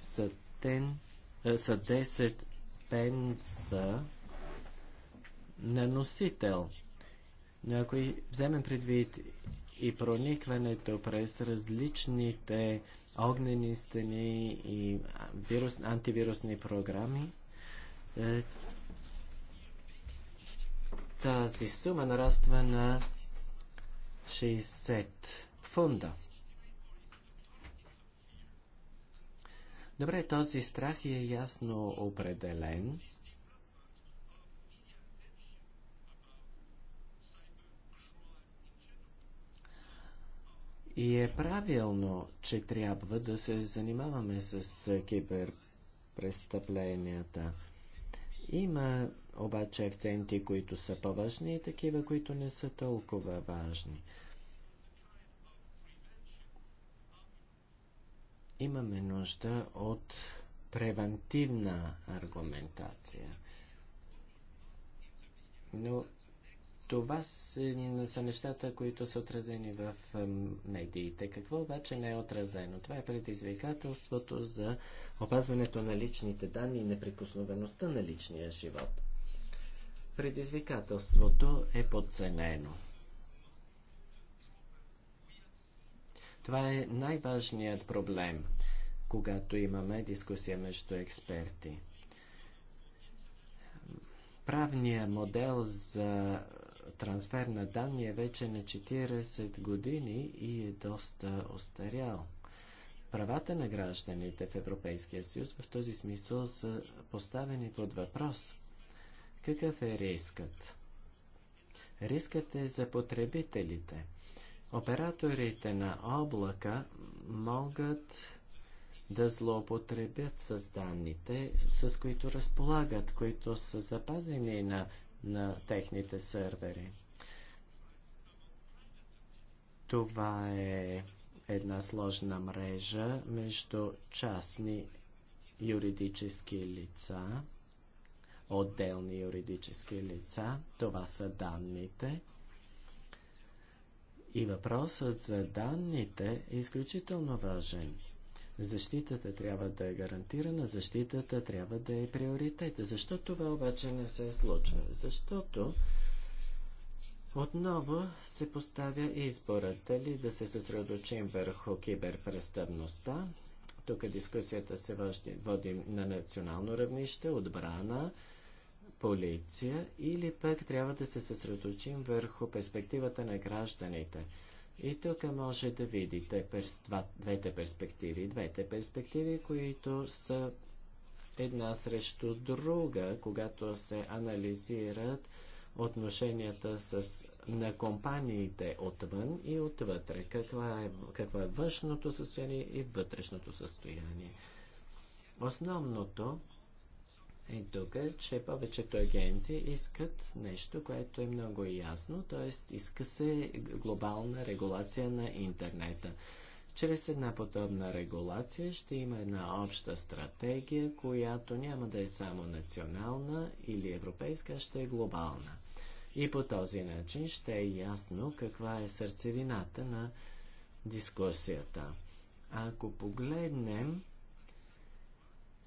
са, тен, е, са 10 пенса на носител. Но ако вземем предвид и проникването през различните огнени стени и вирус, антивирусни програми, е, тази сума нараства на 60 фунда. Добре, този страх е ясно определен. И е правилно, че трябва да се занимаваме с киберпрестъпленията. Има обаче акценти, които са по-важни и такива, които не са толкова важни. Имаме нужда от превентивна аргументация. Но това са нещата, които са отразени в медиите. Какво обаче не е отразено? Това е предизвикателството за опазването на личните данни и неприкосновеността на личния живот. Предизвикателството е подценено. Това е най-важният проблем, когато имаме дискусия между експерти. Правният модел за трансфер на данни е вече на 40 години и е доста остарял. Правата на гражданите в Европейския съюз в този смисъл са поставени под въпрос. Какъв е рискът? Рискът е за потребителите. Операторите на облака могат да злоупотребят с данните, с които разполагат, които са запазени на, на техните сървъри. Това е една сложна мрежа между частни юридически лица, отделни юридически лица. Това са данните. И въпросът за данните е изключително важен. Защитата трябва да е гарантирана, защитата трябва да е приоритет. Защо това обаче не се случва? Защото отново се поставя избора дали да се съсредоточим върху киберпрестъпността. Тук дискусията се води на национално равнище, отбрана, полиция или пък трябва да се съсредоточим върху перспективата на гражданите. И тук може да видите перс, два, двете перспективи, двете перспективи, които са една срещу друга, когато се анализират отношенията с, на компаниите отвън и отвътре. Каква е, какво е външното състояние и вътрешното състояние. Основното е тук, че повечето агенции искат нещо, което е много ясно, т.е. иска се глобална регулация на интернета. Чрез една подобна регулация ще има една обща стратегия, която няма да е само национална или европейска, ще е глобална. И по този начин ще е ясно каква е сърцевината на дискусията. Ако погледнем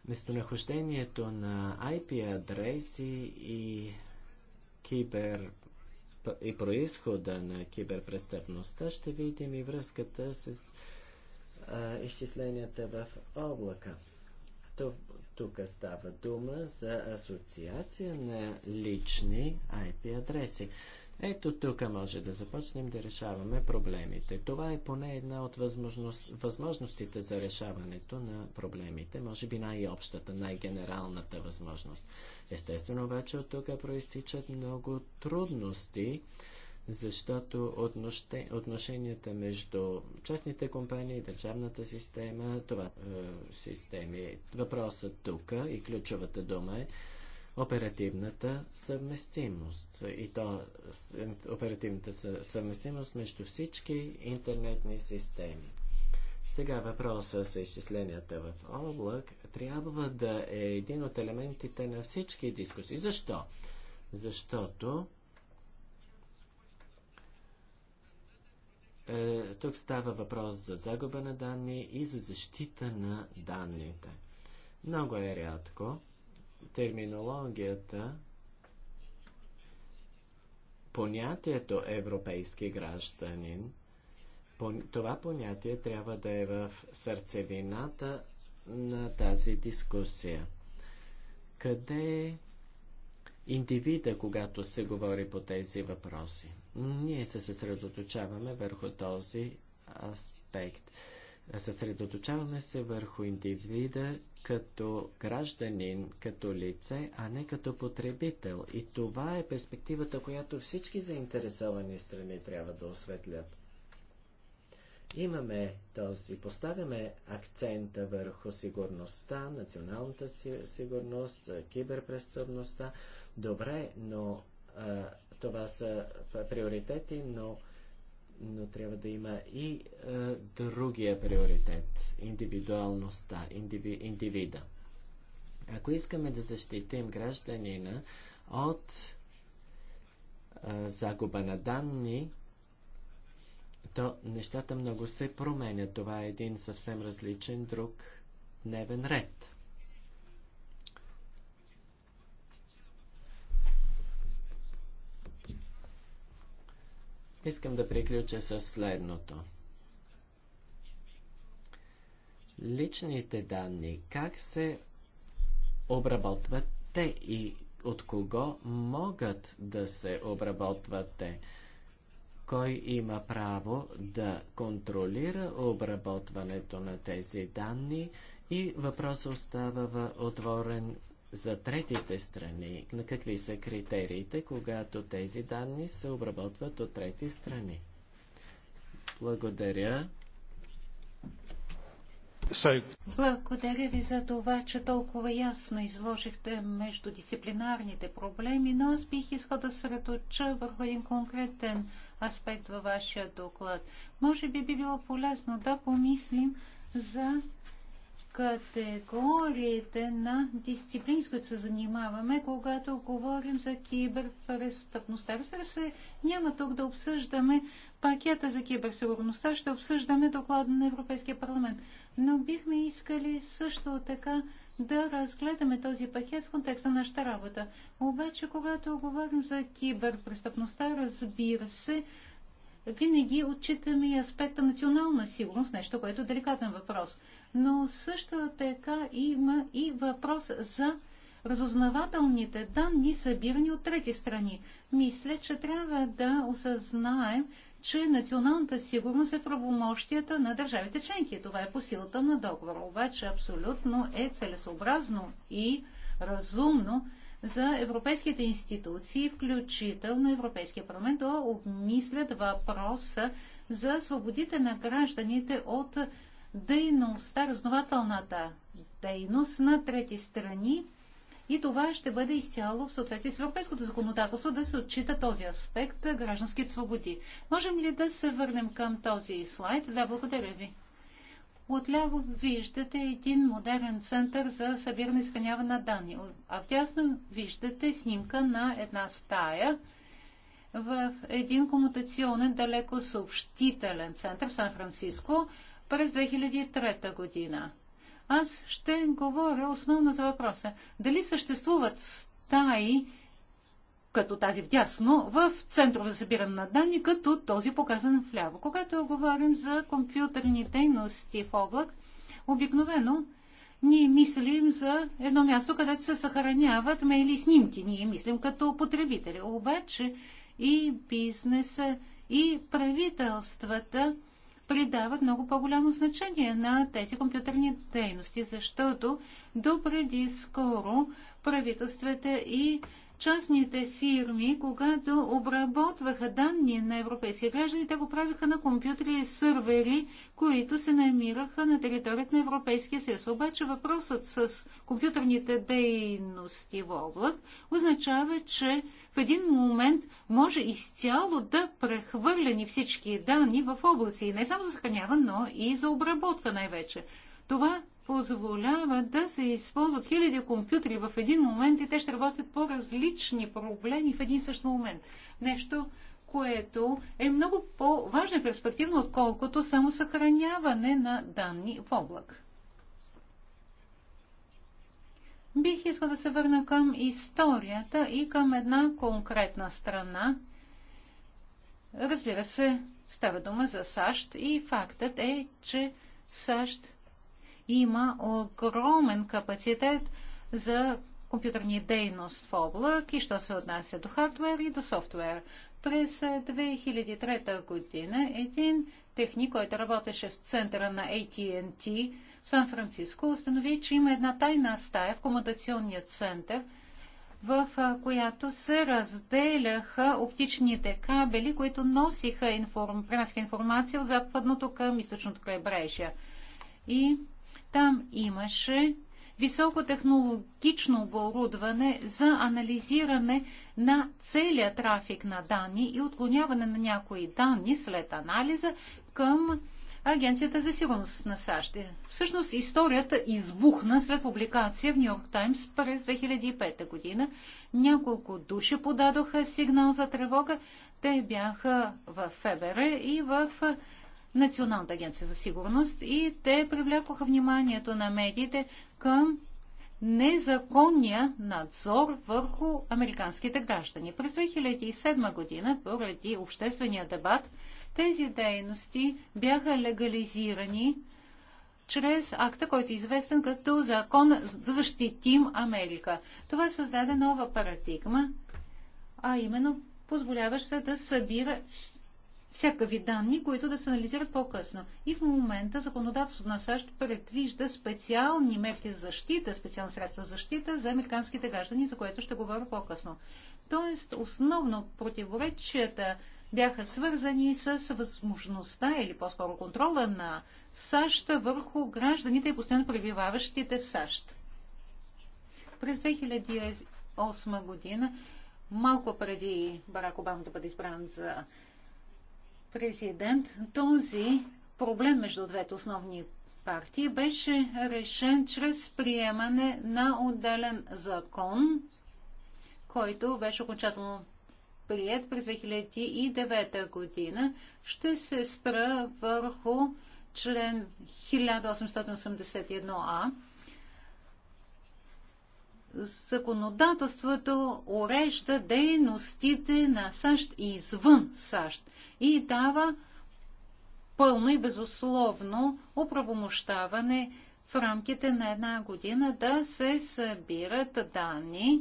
местонахождението на IP адреси и кибер и происхода на киберпрестъпността ще видим и връзката с а, изчисленията в облака. Тук става дума за асоциация на лични IP адреси. Ето тук може да започнем да решаваме проблемите. Това е поне една от възможност, възможностите за решаването на проблемите, може би най-общата, най-генералната възможност. Естествено обаче от тук проистичат много трудности, защото отношенията между частните компании държавната система, това е, системи, въпросът тук и ключовата дума е оперативната съвместимост и то оперативната съвместимост между всички интернетни системи. Сега въпроса с изчисленията в облак трябва да е един от елементите на всички дискусии. Защо? Защото е, тук става въпрос за загуба на данни и за защита на данните. Много е рядко терминологията, понятието европейски гражданин, това понятие трябва да е в сърцевината на тази дискусия. Къде е индивида, когато се говори по тези въпроси? Ние се съсредоточаваме върху този аспект. Съсредоточаваме се върху индивида като гражданин, като лице, а не като потребител. И това е перспективата, която всички заинтересовани страни трябва да осветлят. Имаме този, поставяме акцента върху сигурността, националната сигурност, киберпрестъпността. Добре, но а, това са приоритети, но но трябва да има и е, другия приоритет индивидуалността, индиви, индивида. Ако искаме да защитим гражданина от е, загуба на данни, то нещата много се променят. Това е един съвсем различен друг дневен ред. Искам да приключа с следното. Личните данни, как се обработват те и от кого могат да се обработват те? Кой има право да контролира обработването на тези данни? И въпрос остава отворен за третите страни, на какви са критериите, когато тези данни се обработват от трети страни. Благодаря. So... Благодаря ви за това, че толкова ясно изложихте междудисциплинарните проблеми, но аз бих искал да средоча върху един конкретен аспект във вашия доклад. Може би би било полезно да помислим за категориите на дисциплини, с които се занимаваме, когато говорим за киберпрестъпността. Разбира се, няма тук да обсъждаме пакета за киберсигурността, ще обсъждаме доклада на Европейския парламент. Но бихме искали също така да разгледаме този пакет в контекста на нашата работа. Обаче, когато говорим за киберпрестъпността, разбира се, винаги отчитаме и аспекта национална сигурност, нещо, което е деликатен въпрос. Но също така има и въпрос за разузнавателните данни, събирани от трети страни. Мисля, че трябва да осъзнаем, че националната сигурност е правомощията на държавите членки. Това е по силата на договора. Обаче абсолютно е целесообразно и разумно за европейските институции, включително Европейския парламент, да обмислят въпроса за свободите на гражданите от дейността, разнователната дейност на трети страни. И това ще бъде изцяло в съответствие с европейското законодателство да се отчита този аспект гражданските свободи. Можем ли да се върнем към този слайд? Да, благодаря ви. Отляво виждате един модерен център за събиране и съхраняване на данни, а в дясно виждате снимка на една стая в един комутационен далеко съобщителен център в Сан-Франциско през 2003 година. Аз ще говоря основно за въпроса. Дали съществуват стаи, като тази дясно, в центрове за събиране на данни, като този показан ляво. Когато говорим за компютърни дейности в облак, обикновено ние мислим за едно място, където се съхраняват мейли снимки. Ние мислим като потребители. Обаче и бизнеса, и правителствата придават много по-голямо значение на тези компютърни дейности, защото допреди скоро правителствата и частните фирми, когато обработваха данни на европейски граждани, те го правиха на компютри и сървери, които се намираха на територията на Европейския съюз. Обаче въпросът с компютърните дейности в облак означава, че в един момент може изцяло да прехвърляни всички данни в облаци, не само за съхранява, но и за обработка най-вече. Това позволява да се използват хиляди компютри в един момент и те ще работят по различни проблеми в един същ момент. Нещо, което е много по-важно и перспективно, отколкото само съхраняване на данни в облак. Бих искал да се върна към историята и към една конкретна страна. Разбира се, става дума за САЩ и фактът е, че САЩ има огромен капацитет за компютърни дейност в облак и що се отнася до хардвер и до софтуер. През 2003 година един техник, който работеше в центъра на AT&T в Сан-Франциско, установи, че има една тайна стая в комутационния център, в която се разделяха оптичните кабели, които носиха информ... информация от западното към източното крайбрежие. И там имаше високотехнологично оборудване за анализиране на целия трафик на данни и отклоняване на някои данни след анализа към Агенцията за сигурност на САЩ. Всъщност историята избухна след публикация в Нью Йорк Таймс през 2005 година. Няколко души подадоха сигнал за тревога. Те бяха в ФБР и в Националната агенция за сигурност и те привлякоха вниманието на медиите към незаконния надзор върху американските граждани. През 2007 година, поради обществения дебат, тези дейности бяха легализирани чрез акта, който е известен като закон да защитим Америка. Това създаде нова парадигма, а именно позволяваща да събира всякакви данни, които да се анализират по-късно. И в момента законодателството на САЩ предвижда специални мерки за защита, специални средства за защита за американските граждани, за което ще говоря по-късно. Тоест, основно противоречията бяха свързани с възможността или по-скоро контрола на САЩ върху гражданите и постоянно пребиваващите в САЩ. През 2008 година, малко преди Барак Обама да бъде избран за президент, този проблем между двете основни партии беше решен чрез приемане на отделен закон, който беше окончателно прият през 2009 година. Ще се спра върху член 1881а законодателството урежда дейностите на САЩ и извън САЩ и дава пълно и безусловно оправомощаване в рамките на една година да се събират данни,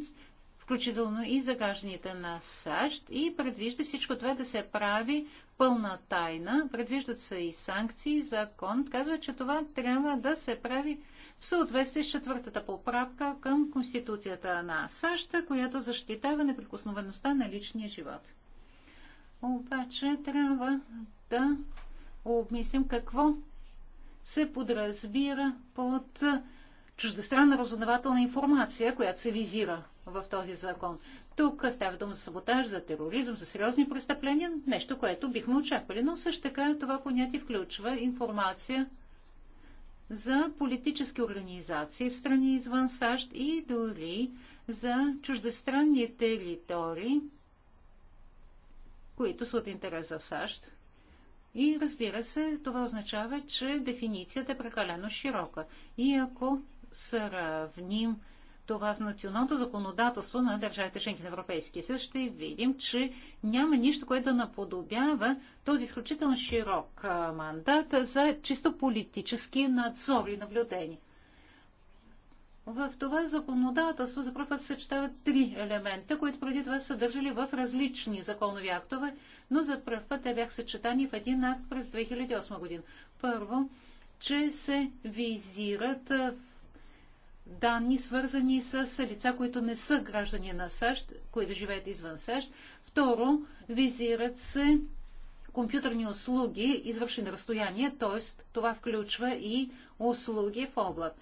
включително и за гражданите на САЩ и предвижда всичко това да се прави пълна тайна. Предвиждат се и санкции, закон. Казва, че това трябва да се прави в съответствие с четвъртата поправка към Конституцията на САЩ, която защитава неприкосновеността на личния живот. Обаче трябва да обмислим какво се подразбира под чуждестранна разузнавателна информация, която се визира в този закон. Тук става дума за саботаж, за тероризъм, за сериозни престъпления, нещо, което бихме очаквали. Но също така това понятие включва информация за политически организации в страни извън САЩ и дори за чуждестранни територии, които са от интерес за САЩ. И разбира се, това означава, че дефиницията е прекалено широка. И ако сравним това с националното законодателство на държавите членки на Европейския съюз, ще видим, че няма нищо, което да наподобява този изключително широк мандат за чисто политически надзор и наблюдение. В това законодателство за първ път съчетават три елемента, които преди това са съдържали в различни законови актове, но за първ път те бяха съчетани в един акт през 2008 година. Първо, че се визират данни, свързани с лица, които не са граждани на САЩ, които живеят извън САЩ. Второ, визират се компютърни услуги, извършени на разстояние, т.е. това включва и услуги в облак.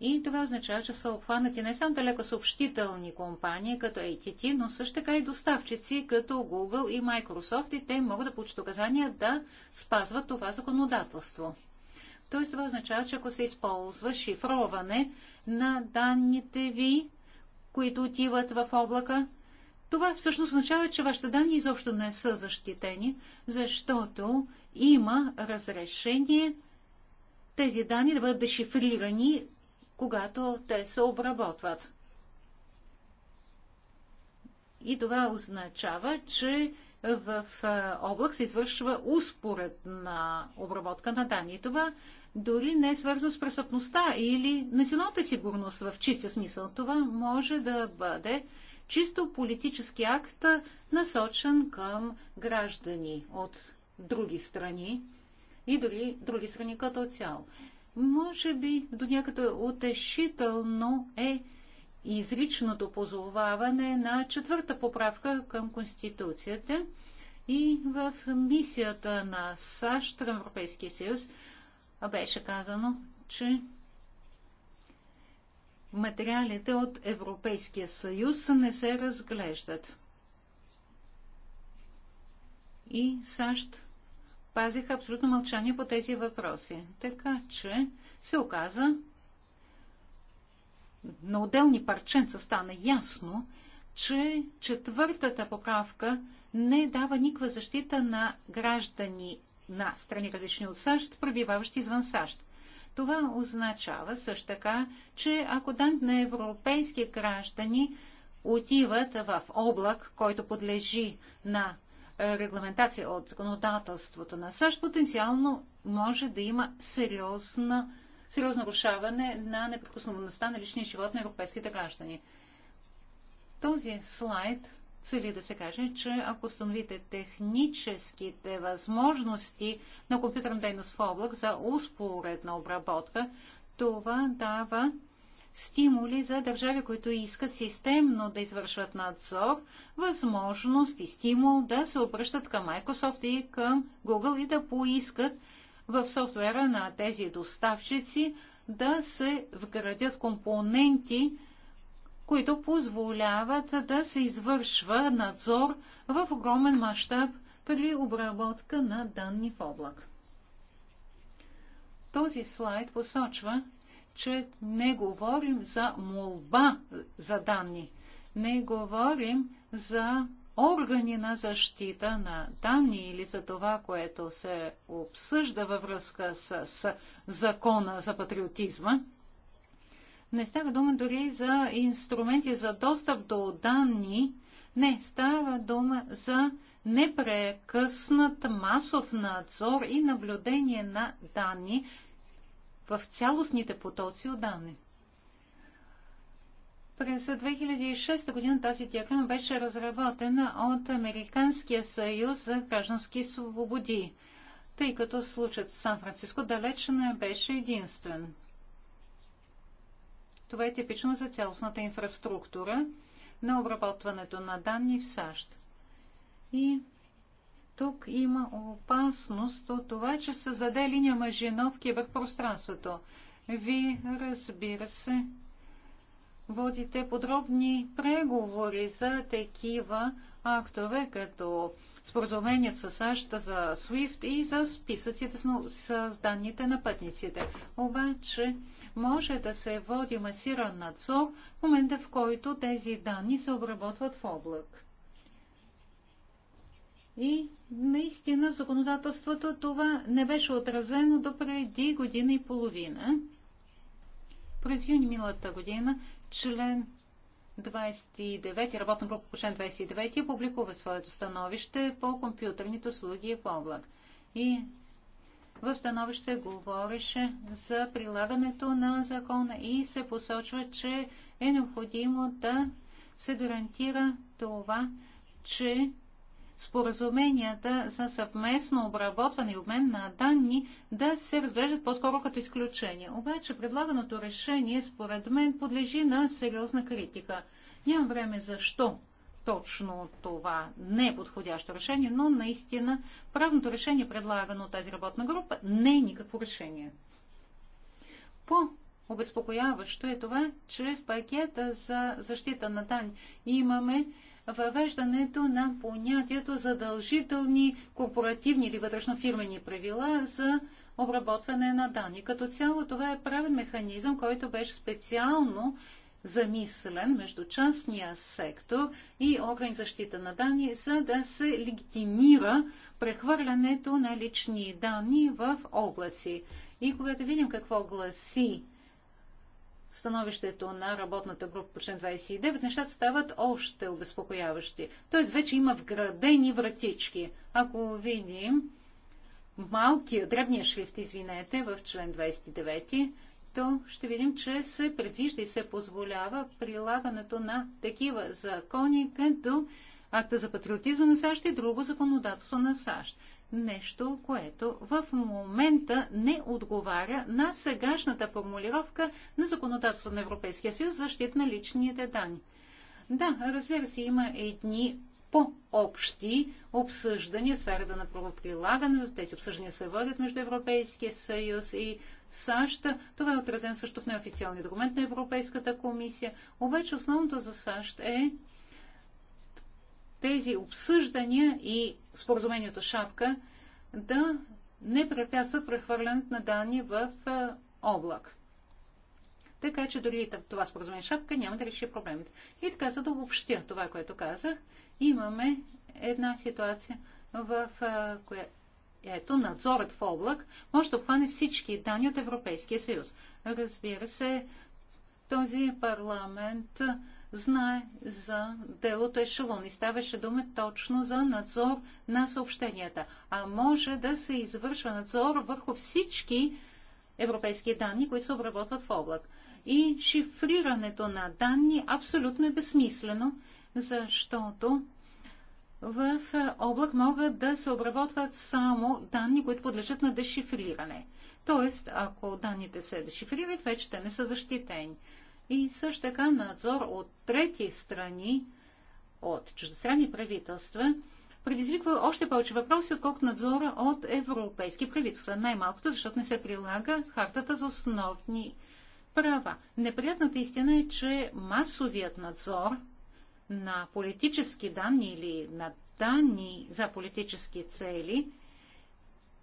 И това означава, че са обхванати не само далеко съобщителни компании, като ATT, но също така и доставчици, като Google и Microsoft, и те могат да получат указания да спазват това законодателство. Тоест това означава, че ако се използва шифроване, на данните ви, които отиват в облака. Това всъщност означава, че вашите данни изобщо не са защитени, защото има разрешение тези данни да бъдат дешифрирани, когато те се обработват. И това означава, че в облак се извършва успоредна обработка на данни. Това дори не е свързано с престъпността или националната сигурност в чистия смисъл. Това може да бъде чисто политически акт, насочен към граждани от други страни и дори други страни като цяло. Може би до някъде утешително е изричното позоваване на четвърта поправка към Конституцията и в мисията на САЩ към Европейския съюз – беше казано, че материалите от Европейския съюз не се разглеждат. И САЩ пазиха абсолютно мълчание по тези въпроси. Така че се оказа, на отделни парченца стана ясно, че четвъртата поправка не дава никаква защита на граждани на страни различни от САЩ, пребиваващи извън САЩ. Това означава също така, че ако дан на европейски граждани отиват в облак, който подлежи на регламентация от законодателството на САЩ, потенциално може да има сериозна, сериозно нарушаване на неприкосновеността на личния живот на европейските граждани. Този слайд цели да се каже, че ако установите техническите възможности на компютърна дейност в облак за успоредна обработка, това дава стимули за държави, които искат системно да извършват надзор, възможност и стимул да се обръщат към Microsoft и към Google и да поискат в софтуера на тези доставчици да се вградят компоненти, които позволяват да се извършва надзор в огромен мащаб при обработка на данни в облак. Този слайд посочва, че не говорим за молба за данни, не говорим за органи на защита на данни или за това, което се обсъжда във връзка с, с закона за патриотизма – не става дума дори за инструменти за достъп до данни. Не, става дума за непрекъснат масов надзор и наблюдение на данни в цялостните потоци от данни. През 2006 година тази диаграма беше разработена от Американския съюз за граждански свободи, тъй като случаят в Сан-Франциско далеч не беше единствен. Това е типично за цялостната инфраструктура на обработването на данни в САЩ. И тук има опасност от това, че създаде линия мъжино в киберпространството. Ви, разбира се, водите подробни преговори за такива актове, като споразумение с САЩ за SWIFT и за списъците с данните на пътниците. Обаче може да се води масиран надзор в момента, в който тези данни се обработват в облак. И наистина в законодателството това не беше отразено до преди година и половина. През юни миналата година член 29, работна група по член 29 публикува своето становище по компютърните услуги в облак. И в становище се говореше за прилагането на закона и се посочва, че е необходимо да се гарантира това, че споразуменията за съвместно обработване и обмен на данни да се разглеждат по-скоро като изключение. Обаче предлаганото решение, според мен, подлежи на сериозна критика. Нямам време защо точно това не е подходящо решение, но наистина правното решение, предлагано от тази работна група, не е никакво решение. По Обезпокояващо е това, че в пакета за защита на данни имаме въвеждането на понятието задължителни корпоративни или вътрешнофирмени правила за обработване на данни. Като цяло това е правен механизъм, който беше специално замислен между частния сектор и орган защита на данни, за да се легитимира прехвърлянето на лични данни в облаци. И когато видим какво гласи становището на работната група по член 29, нещата стават още обезпокояващи. Тоест вече има вградени вратички. Ако видим малкия, дребния шрифт, извинете, в член 29, то ще видим, че се предвижда и се позволява прилагането на такива закони, като акта за патриотизма на САЩ и друго законодателство на САЩ. Нещо, което в момента не отговаря на сегашната формулировка на законодателство на Европейския съюз защита на личните данни. Да, разбира се, има едни по-общи обсъждания в сферата на правоприлагане. Тези обсъждания се водят между Европейския съюз и САЩ. Това е отразено също в неофициалния документ на Европейската комисия. Обаче основното за САЩ е тези обсъждания и споразумението Шапка да не препятстват прехвърлянето на данни в облак. Така че дори това споразумение шапка няма да реши проблемите. И така, за да обобщя това, което казах, имаме една ситуация, в, която ето надзорът в облак може да обхване всички данни от Европейския съюз. Разбира се, този парламент знае за делото Ешелон и ставаше дума точно за надзор на съобщенията. А може да се извършва надзор върху всички европейски данни, които се обработват в облак. И шифрирането на данни абсолютно е безсмислено, защото в е, облак могат да се обработват само данни, които подлежат на дешифриране. Тоест, ако данните се дешифрират, вече те не са защитени. И също така надзор от трети страни, от чуждестранни правителства, предизвиква още повече въпроси, отколкото надзора от европейски правителства. Най-малкото, защото не се прилага хартата за основни права. Неприятната истина е, че масовият надзор на политически данни или на данни за политически цели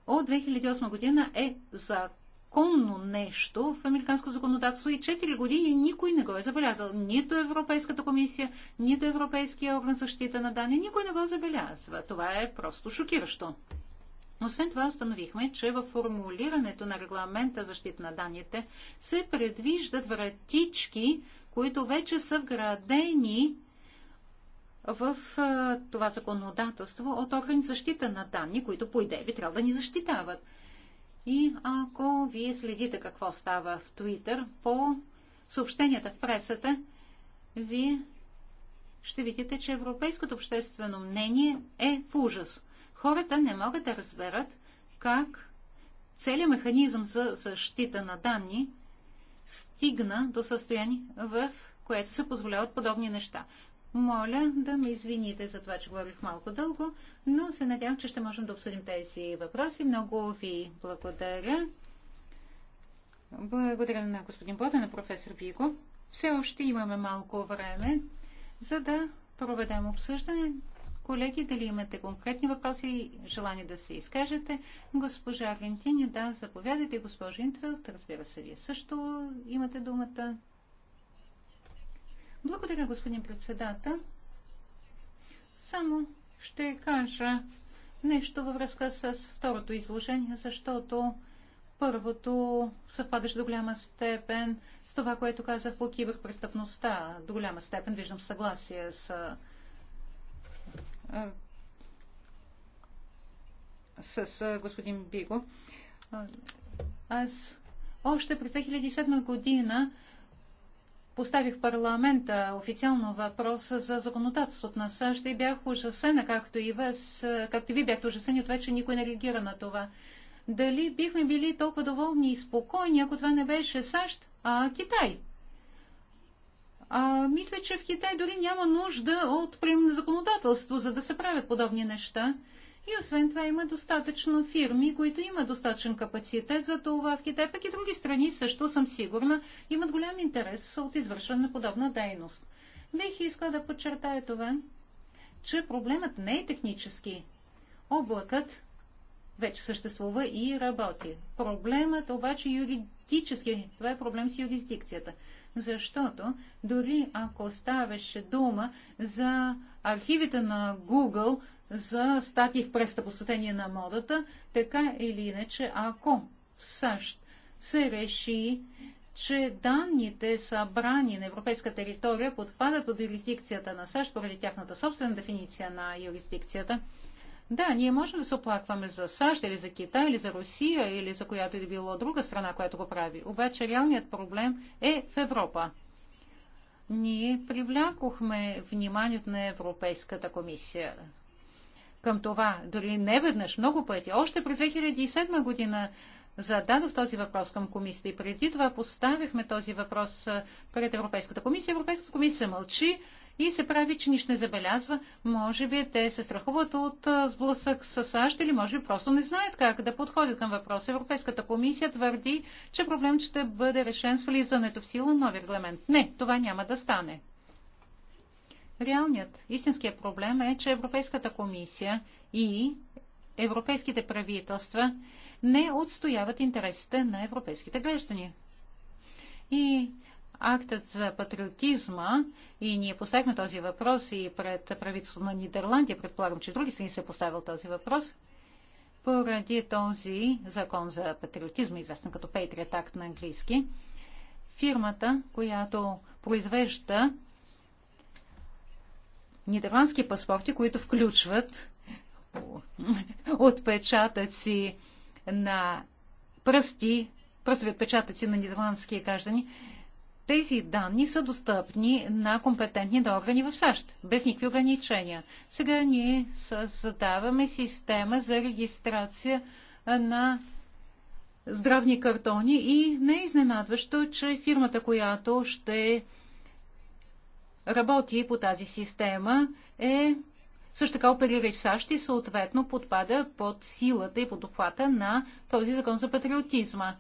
от 2008 година е законно нещо в американско законодателство и 4 години никой не го е забелязал. Нито Европейската комисия, нито Европейския орган защита на данни, никой не го забелязва. Това е просто шокиращо. Освен това установихме, че във формулирането на регламента защита на данните се предвиждат вратички, които вече са вградени в това законодателство от органи защита на данни, които по идея ви трябва да ни защитават. И ако вие следите какво става в Твитър, по съобщенията в пресата, вие ще видите, че европейското обществено мнение е в ужас. Хората не могат да разберат как целият механизъм за защита на данни стигна до състояние, в което се позволяват подобни неща. Моля да ме извините за това, че говорих малко дълго, но се надявам, че ще можем да обсъдим тези въпроси. Много ви благодаря. Благодаря на господин Бода, на професор Биго. Все още имаме малко време, за да проведем обсъждане. Колеги, дали имате конкретни въпроси и желание да се изкажете? Госпожа Аргентини, да, заповядайте. Госпожа Интрат, разбира се, вие също имате думата. Благодаря, господин председател. Само ще кажа нещо във връзка с второто изложение, защото първото съвпадаше до голяма степен с това, което казах по киберпрестъпността. До голяма степен виждам съгласие с с господин Биго. Аз още през 2007 година поставих парламента официално въпроса за законодателството на САЩ и бях ужасена, както и, вас, както и ви бяхте ужасени от това, че никой не реагира на това. Дали бихме били толкова доволни и спокойни, ако това не беше САЩ, а Китай? А, мисля, че в Китай дори няма нужда от приемно законодателство, за да се правят подобни неща. И освен това има достатъчно фирми, които имат достатъчен капацитет за това в Китай, пък и други страни също съм сигурна имат голям интерес от извършване на подобна дейност. Бих искала да подчертая това, че проблемът не е технически. Облакът вече съществува и работи. Проблемът обаче е юридически, това е проблем с юрисдикцията. Защото дори ако ставаше дума за архивите на Google, за статии в преста посветение на модата, така или иначе, ако в САЩ се реши, че данните събрани на европейска територия подпадат под юрисдикцията на САЩ поради тяхната собствена дефиниция на юрисдикцията, да, ние можем да се оплакваме за САЩ или за Китай или за Русия или за която и да било друга страна, която го прави. Обаче реалният проблем е в Европа. Ние привлякохме вниманието на Европейската комисия към това, дори не веднъж, много пъти. Още през 2007 година зададох този въпрос към комисията и преди това поставихме този въпрос пред Европейската комисия. Европейската комисия мълчи и се прави, че нищо не забелязва. Може би те се страхуват от сблъсък с САЩ или може би просто не знаят как да подходят към въпроса. Европейската комисия твърди, че проблем ще бъде решен с влизането в сила нови регламент. Не, това няма да стане. Реалният, истинският проблем е, че Европейската комисия и европейските правителства не отстояват интересите на европейските граждани. И актът за патриотизма, и ние поставихме този въпрос и пред правителството на Нидерландия, предполагам, че други страни се поставил този въпрос, поради този закон за патриотизма, известен като Patriot Act на английски, фирмата, която произвежда нидерландски паспорти, които включват отпечатъци на пръсти, пръстови отпечатъци на нидерландски граждани. Тези данни са достъпни на компетентните органи в САЩ, без никакви ограничения. Сега ние създаваме система за регистрация на здравни картони и не е изненадващо, че фирмата, която ще работи по тази система, е също така оперира в САЩ и съответно подпада под силата и под обхвата на този закон за патриотизма.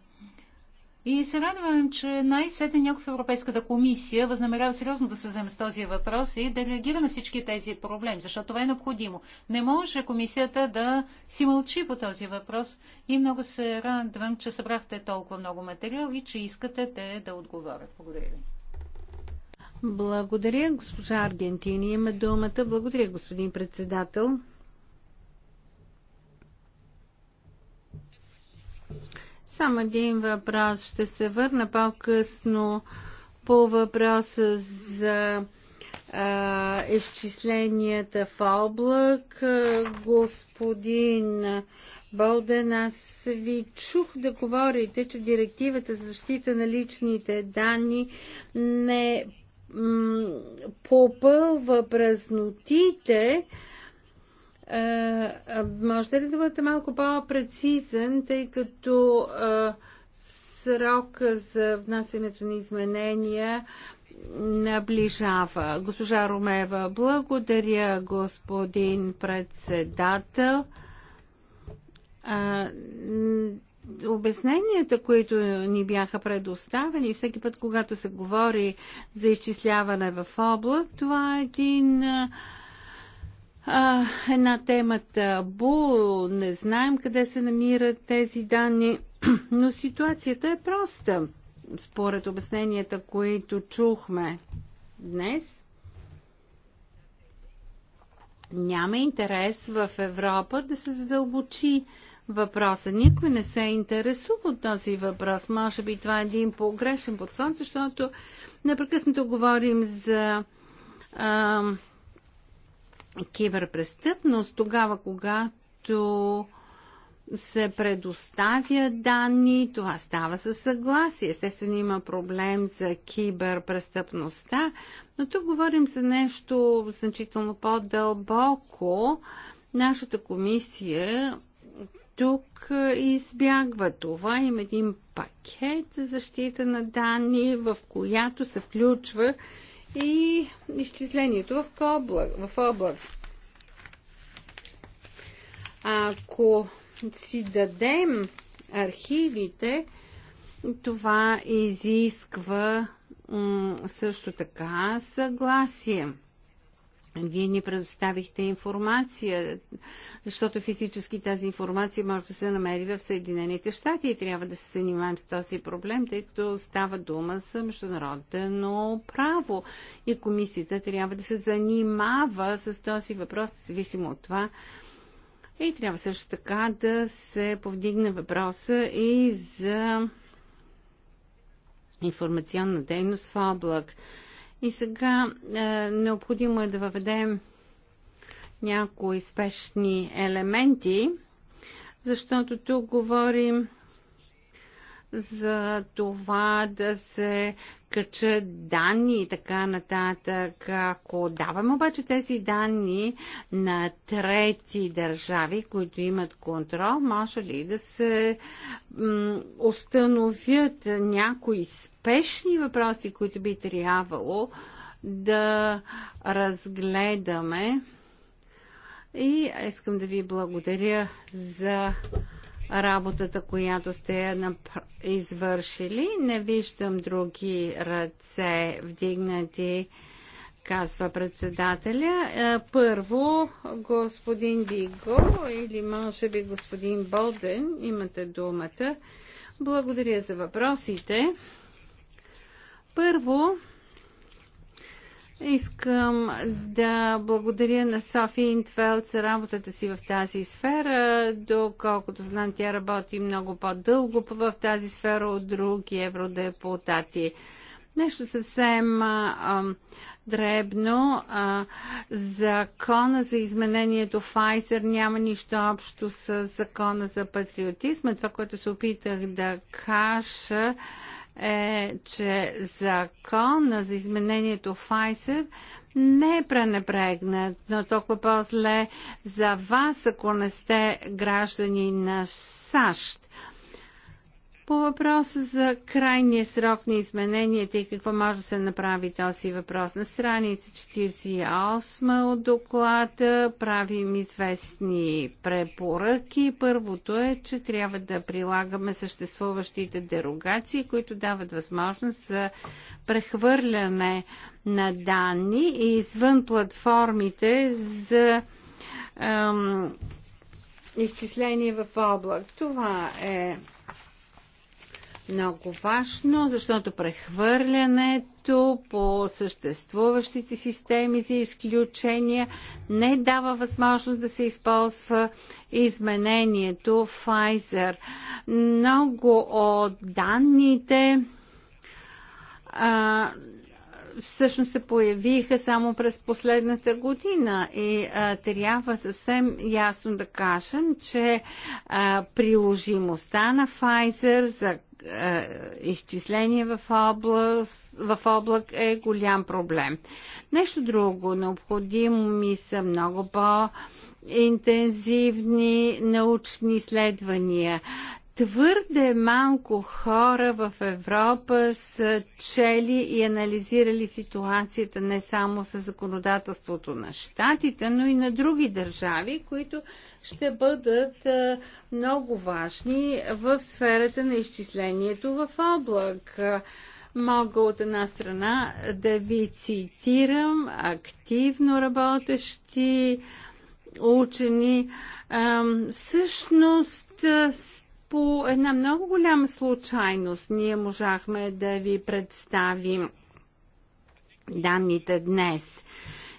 И се радвам, че най-сетне някой в Европейската комисия възнамерява сериозно да се вземе с този въпрос и да реагира на всички тези проблеми, защото това е необходимо. Не може комисията да си мълчи по този въпрос и много се радвам, че събрахте толкова много материал и че искате те да отговорят. Благодаря ви. Благодаря. Госпожа Аргентини има думата. Благодаря, господин председател. Само един въпрос. Ще се върна по-късно по въпроса за а, изчисленията в облак. Господин Болден, аз ви чух да говорите, че директивата за защита на личните данни не попълва празнотите, можете ли да бъдете малко по-прецизен, тъй като срок за внасянето на изменения наближава. Госпожа Ромева, благодаря, господин председател обясненията, които ни бяха предоставени, всеки път, когато се говори за изчисляване в облак, това е един една темата Бу, не знаем къде се намират тези данни, но ситуацията е проста, според обясненията, които чухме днес. Няма интерес в Европа да се задълбочи въпроса. Никой не се интересува от този въпрос. Може би това е един погрешен подход, защото непрекъснато говорим за а, киберпрестъпност тогава, когато се предоставя данни, това става със съгласие. Естествено има проблем за киберпрестъпността, но тук говорим за нещо значително по-дълбоко. Нашата комисия тук избягва това. Има е един пакет за защита на данни, в която се включва и изчислението в облак. В облак. Ако си дадем архивите, това изисква също така съгласие. Вие ни предоставихте информация, защото физически тази информация може да се намери в Съединените щати и трябва да се занимаем с този проблем, тъй като става дума за международно право и комисията трябва да се занимава с този въпрос, независимо от това. И трябва също така да се повдигне въпроса и за информационна дейност в облак. И сега е, необходимо е да въведем някои спешни елементи, защото тук говорим за това да се качат данни и така нататък. Ако давам обаче тези данни на трети държави, които имат контрол, може ли да се установят някои спешни въпроси, които би трябвало да разгледаме? И искам да ви благодаря за работата, която сте извършили. Не виждам други ръце вдигнати, казва председателя. Е, първо, господин Диго или може би господин Болден, имате думата. Благодаря за въпросите. Първо, Искам да благодаря на Софи Интфелд за работата си в тази сфера. Доколкото знам, тя работи много по-дълго в тази сфера от други евродепутати. Нещо съвсем а, а, дребно. А, закона за изменението Файзер няма нищо общо с закона за патриотизма. Това, което се опитах да кажа, е, че закона за изменението Файсер не е пренебрегнат, но толкова по-зле за вас, ако не сте граждани на САЩ. По въпроса за крайния срок на измененията и какво може да се направи този въпрос на страница 48 от доклада правим известни препоръки. Първото е, че трябва да прилагаме съществуващите дерогации, които дават възможност за прехвърляне на данни извън платформите за ем, изчисление в облак. Това е много важно, защото прехвърлянето по съществуващите системи за изключения не дава възможност да се използва изменението Pfizer. Много от данните а, всъщност се появиха само през последната година и а, трябва съвсем ясно да кажем, че а, приложимостта на Pfizer за изчисление в, облак, в облак е голям проблем. Нещо друго, необходимо ми са много по- интензивни научни изследвания. Твърде малко хора в Европа са чели и анализирали ситуацията не само с законодателството на щатите, но и на други държави, които ще бъдат много важни в сферата на изчислението в облак. Мога от една страна да ви цитирам активно работещи учени. Всъщност по една много голяма случайност ние можахме да ви представим данните днес.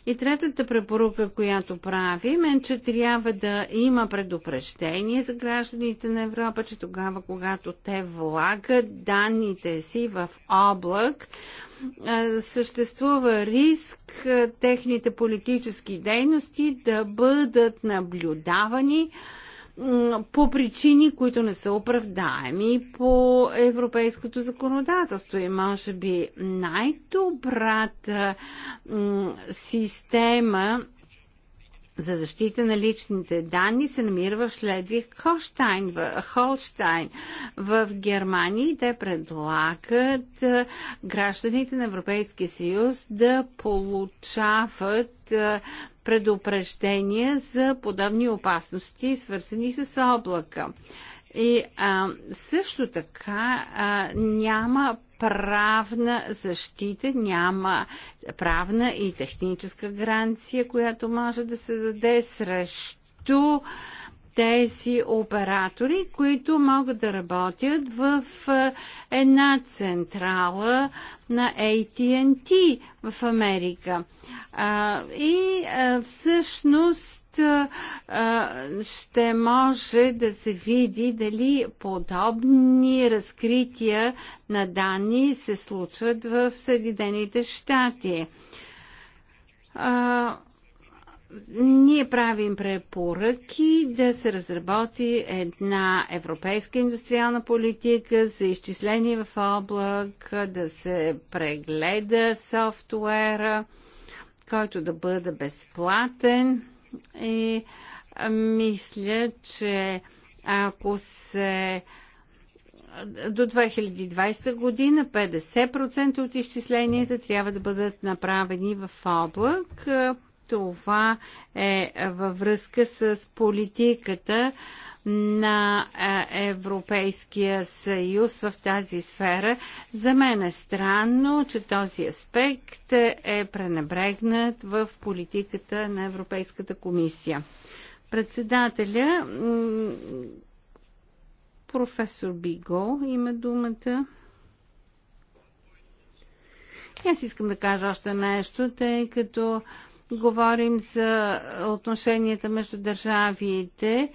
И третата препоръка, която правим е, че трябва да има предупреждение за гражданите на Европа, че тогава, когато те влагат данните си в облак, съществува риск техните политически дейности да бъдат наблюдавани по причини, които не са оправдаеми по европейското законодателство. И може би най-добрата система за защита на личните данни се намира в Шледвих Холштайн, в, Холштайн, в Германия и те предлагат гражданите на Европейския съюз да получават предупреждения за подобни опасности, свързани с облака. И а, също така а, няма правна защита, няма правна и техническа гаранция, която може да се даде срещу тези оператори, които могат да работят в една централа на AT&T в Америка. И всъщност ще може да се види дали подобни разкрития на данни се случват в Съединените щати ние правим препоръки да се разработи една европейска индустриална политика за изчисление в облак, да се прегледа софтуера, който да бъде безплатен и мисля, че ако се до 2020 година 50% от изчисленията трябва да бъдат направени в облак. Това е във връзка с политиката на е, Европейския съюз в тази сфера. За мен е странно, че този аспект е пренебрегнат в политиката на Европейската комисия. Председателя професор Биго има думата. И аз искам да кажа още нещо, тъй като говорим за отношенията между държавите,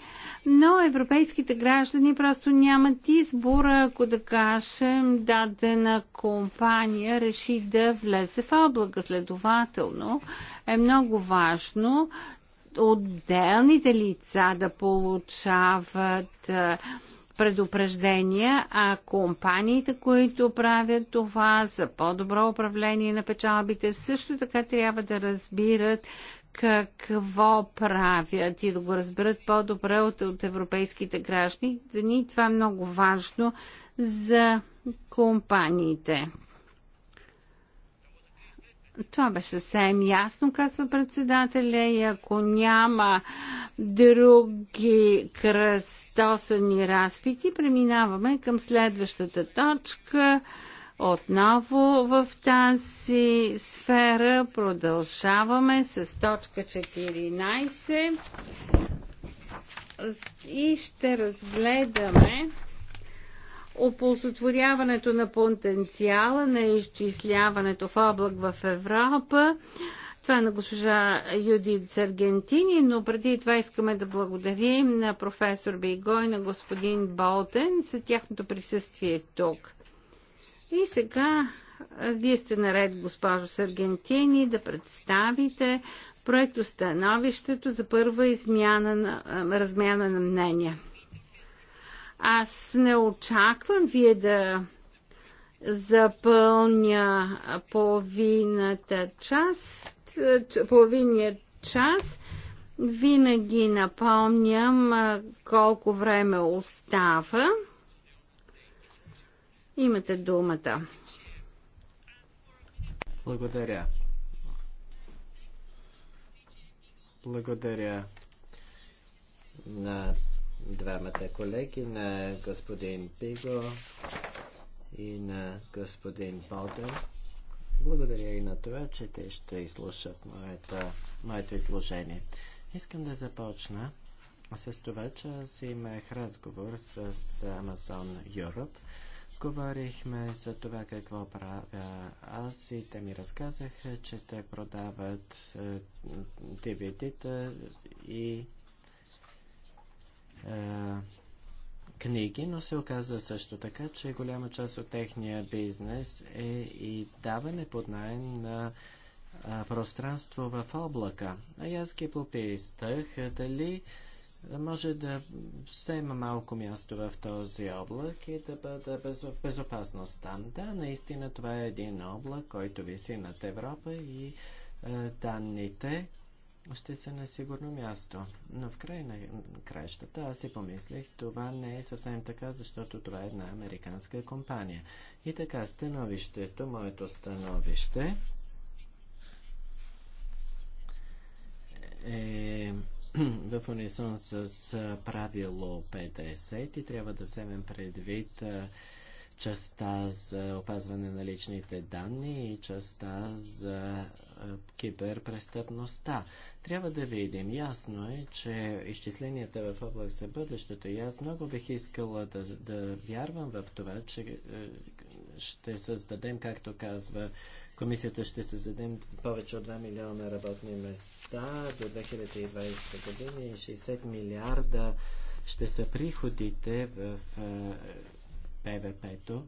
но европейските граждани просто нямат избора, ако да кажем дадена компания реши да влезе в облака. Следователно е много важно отделните лица да получават предупреждения, а компаниите, които правят това за по-добро управление на печалбите, също така трябва да разбират какво правят и да го разберат по-добре от, от европейските граждани. Това е много важно за компаниите. Това беше съвсем ясно, казва председателя, и ако няма други кръстосани разпити, преминаваме към следващата точка. Отново в тази сфера продължаваме с точка 14 и ще разгледаме оползотворяването на потенциала на изчисляването в облак в Европа. Това е на госпожа Юдит Саргентини, но преди това искаме да благодарим на професор Бейго и на господин Болтен за тяхното присъствие тук. И сега вие сте наред, госпожо Саргентини, да представите проекто становището за първа измяна на, размяна на мнения. Аз не очаквам вие да запълня половината част, е, половиния час. Винаги напомням е, колко време остава. Имате думата. Благодаря. Благодаря на двамата колеги, на господин Пиго и на господин Боден. Благодаря и на това, че те ще изслушат моето, моето изложение. Искам да започна с това, че аз имах разговор с Amazon Europe. Говорихме за това какво правя аз и те ми разказаха, че те продават DVD-та и е, книги, но се оказа също така, че голяма част от техния бизнес е и даване под найем на а, пространство в облака. А аз ги попитах е, дали може да взема малко място в този облак и да бъда без, в безопасност там. Да, наистина това е един облак, който виси над Европа и а, е, данните ще са на сигурно място. Но в край на краищата аз си помислих, това не е съвсем така, защото това е една американска компания. И така, становището, моето становище е в унисон с правило 50 и трябва да вземем предвид частта за опазване на личните данни и частта за киберпрестъпността. Трябва да видим. Ясно е, че изчисленията в област за бъдещето и аз много бих искала да, да вярвам в това, че е, ще създадем, както казва комисията, ще създадем повече от 2 милиона работни места до 2020 година и 60 милиарда ще са приходите в е, ПВП-то.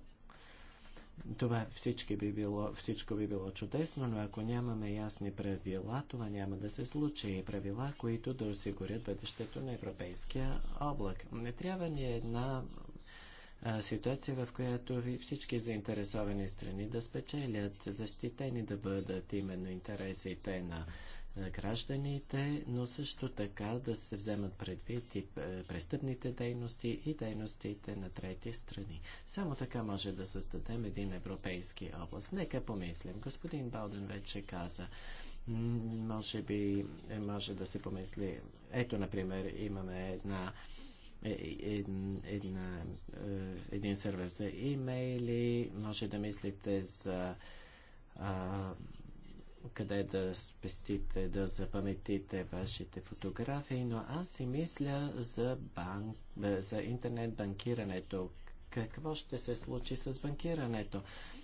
Това всички би било, всичко би било чудесно, но ако нямаме ясни правила, това няма да се случи. И правила, които да осигурят бъдещето на европейския облак. Не трябва ни една а, ситуация, в която всички заинтересовани страни да спечелят, защитени да бъдат именно интересите на гражданите, но също така да се вземат предвид и е, престъпните дейности и дейностите на трети страни. Само така може да създадем един европейски област. Нека помислим. Господин Балден вече каза, може би е, може да се помисли. Ето, например, имаме една е, един, една, един сервер за имейли, може да мислите за а, къде да спестите, да запаметите вашите фотографии, но аз си мисля за, банк, е, за интернет банкирането. Какво ще се случи с банкирането?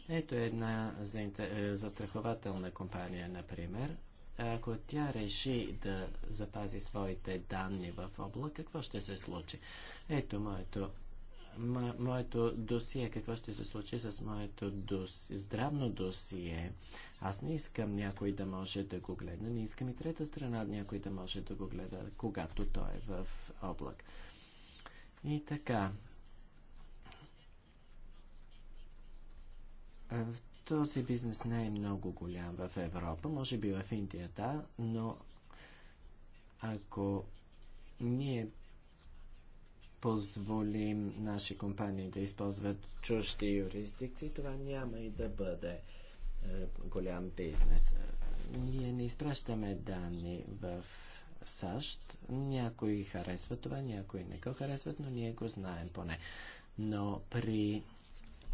Ето една е, застрахователна компания, например. Ако тя реши да запази своите данни в облак, какво ще се случи? Ето моето моето досие, какво ще се случи с моето досие, здравно досие. Аз не искам някой да може да го гледа, не искам и трета страна някой да може да го гледа, когато той е в облак. И така. Този бизнес не е много голям в Европа, може би в Индия, да, но ако ние позволим наши компании да използват чужди юрисдикции, това няма и да бъде е, голям бизнес. Ние не изпращаме данни в САЩ. Някои харесват това, някои не го харесват, но ние го знаем поне. Но при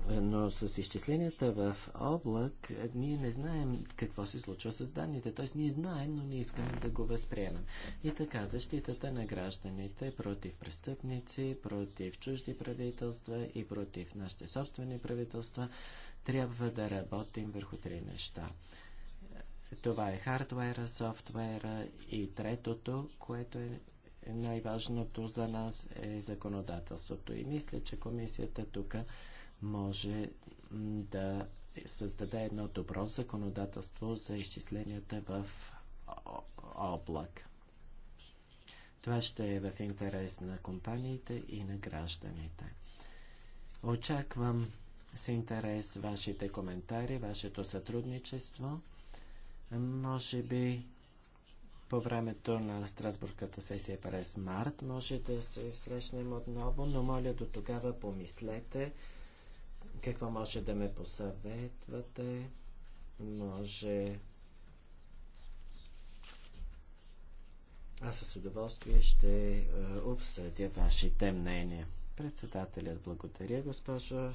но с изчисленията в облак ние не знаем какво се случва с данните. Т.е. ние знаем, но не искаме да го възприемем. И така, защитата на гражданите против престъпници, против чужди правителства и против нашите собствени правителства трябва да работим върху три неща. Това е хардвера, софтуера и третото, което е най-важното за нас е законодателството. И мисля, че комисията тук може да създаде едно добро законодателство за изчисленията в облак. Това ще е в интерес на компаниите и на гражданите. Очаквам с интерес вашите коментари, вашето сътрудничество. Може би по времето на Страсбургската сесия през март може да се срещнем отново, но моля до тогава помислете какво може да ме посъветвате? Може... Аз с удоволствие ще е, обсъдя вашите мнения. Председателят благодаря, госпожо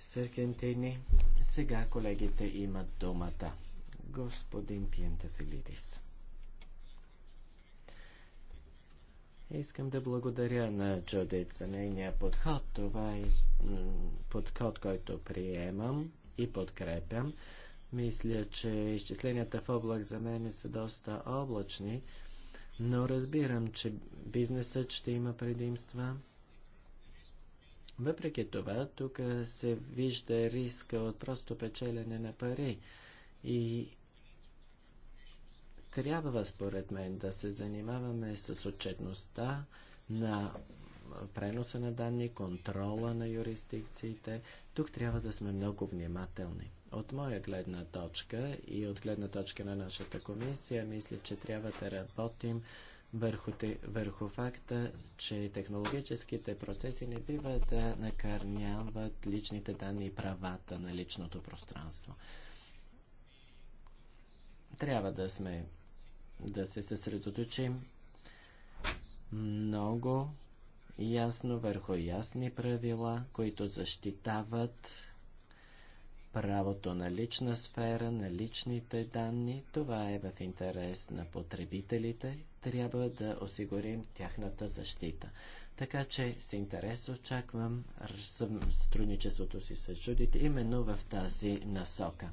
Сергентини. Сега колегите имат думата. Господин Пиентафилидис. Искам да благодаря на Джудит за нейния подход. Това е подход, който приемам и подкрепям. Мисля, че изчисленията в облак за мен са доста облачни, но разбирам, че бизнесът ще има предимства. Въпреки това, тук се вижда риска от просто печелене на пари и трябва, според мен, да се занимаваме с отчетността на преноса на данни, контрола на юрисдикциите. Тук трябва да сме много внимателни. От моя гледна точка и от гледна точка на нашата комисия, мисля, че трябва да работим върху, те, върху факта, че технологическите процеси не бива да накърняват личните данни и правата на личното пространство. Трябва да сме да се съсредоточим много ясно върху ясни правила, които защитават правото на лична сфера, на личните данни. Това е в интерес на потребителите. Трябва да осигурим тяхната защита. Така че с интерес очаквам сътрудничеството си с чудите именно в тази насока.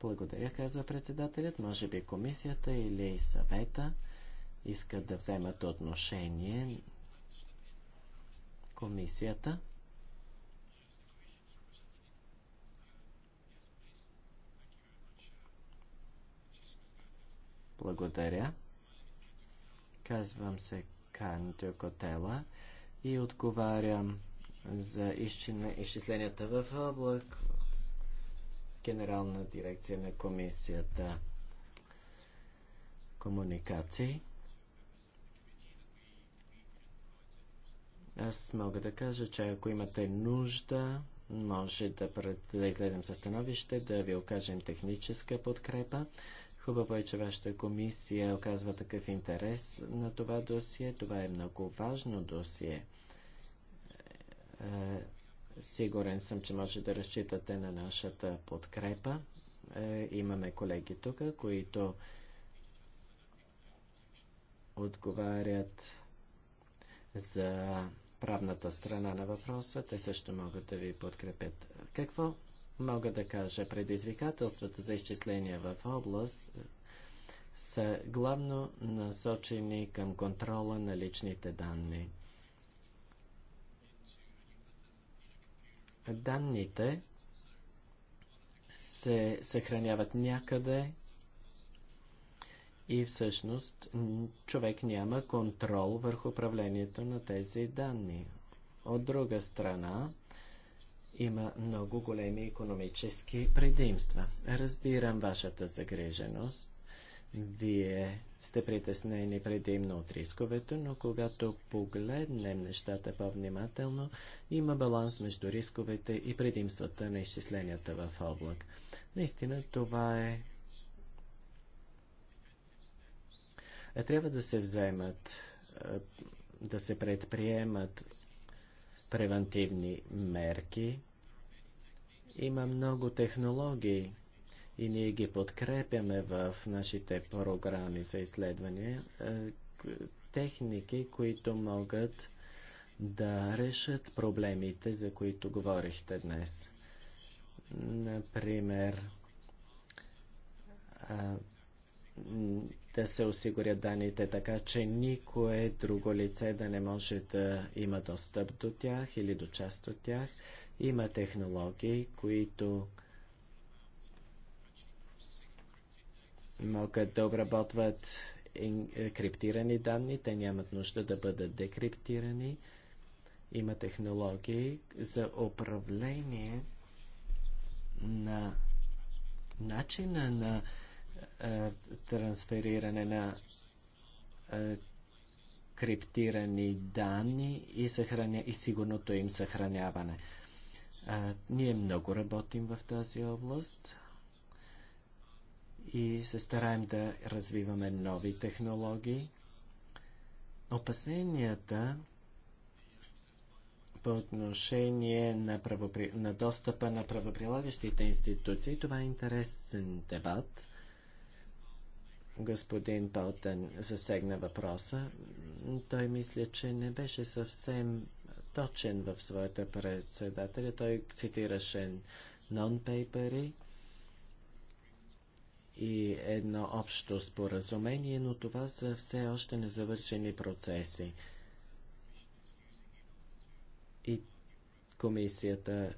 Благодаря, казва председателят. Може би комисията или съвета искат да вземат отношение. Комисията. Благодаря. Казвам се Кантио Котела и отговарям за изчисленията в облак, генерална дирекция на комисията комуникации. Аз мога да кажа, че ако имате нужда, може да, пред, да излезем със становище, да ви окажем техническа подкрепа. Хубаво е, че вашата комисия оказва такъв интерес на това досие. Това е много важно досие е, Сигурен съм, че може да разчитате на нашата подкрепа. Е, имаме колеги тук, които отговарят за правната страна на въпроса. Те също могат да ви подкрепят. Какво мога да кажа? Предизвикателствата за изчисления в област са главно насочени към контрола на личните данни. данните се съхраняват някъде и всъщност човек няма контрол върху управлението на тези данни. От друга страна, има много големи економически предимства. Разбирам вашата загриженост. Вие сте притеснени предимно от рисковете, но когато погледнем нещата по-внимателно, има баланс между рисковете и предимствата на изчисленията в облак. Наистина това е, е трябва да се вземат, е, да се предприемат превентивни мерки. Има много технологии, и ние ги подкрепяме в нашите програми за изследвания, е, техники, които могат да решат проблемите, за които говорихте днес. Например, да се осигурят данните така, че никое друго лице да не може да има достъп до тях или до част от тях. Има технологии, които могат да обработват е, криптирани данни, те нямат нужда да бъдат декриптирани. Има технологии за управление на начина на а, е, трансфериране на а, е, криптирани данни и, съхраня... и сигурното им съхраняване. А, ние много работим в тази област и се стараем да развиваме нови технологии. Опасенията по отношение на, правопри... на достъпа на правоприлагащите институции, това е интересен дебат. Господин Палтен засегна въпроса. Той мисля, че не беше съвсем точен в своята председателя. Той цитираше нон-пейпери и едно общо споразумение, но това са все още незавършени процеси. И комисията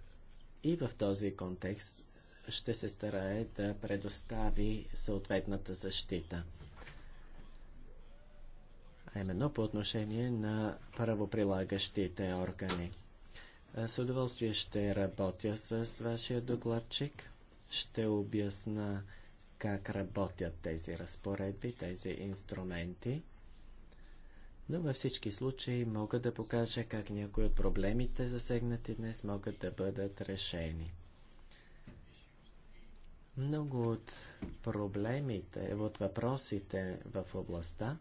и в този контекст ще се старае да предостави съответната защита. А именно по отношение на правоприлагащите органи. С удоволствие ще работя с вашия докладчик. Ще обясна как работят тези разпоредби, тези инструменти. Но във всички случаи мога да покажа как някои от проблемите засегнати днес могат да бъдат решени. Много от проблемите, от въпросите в областта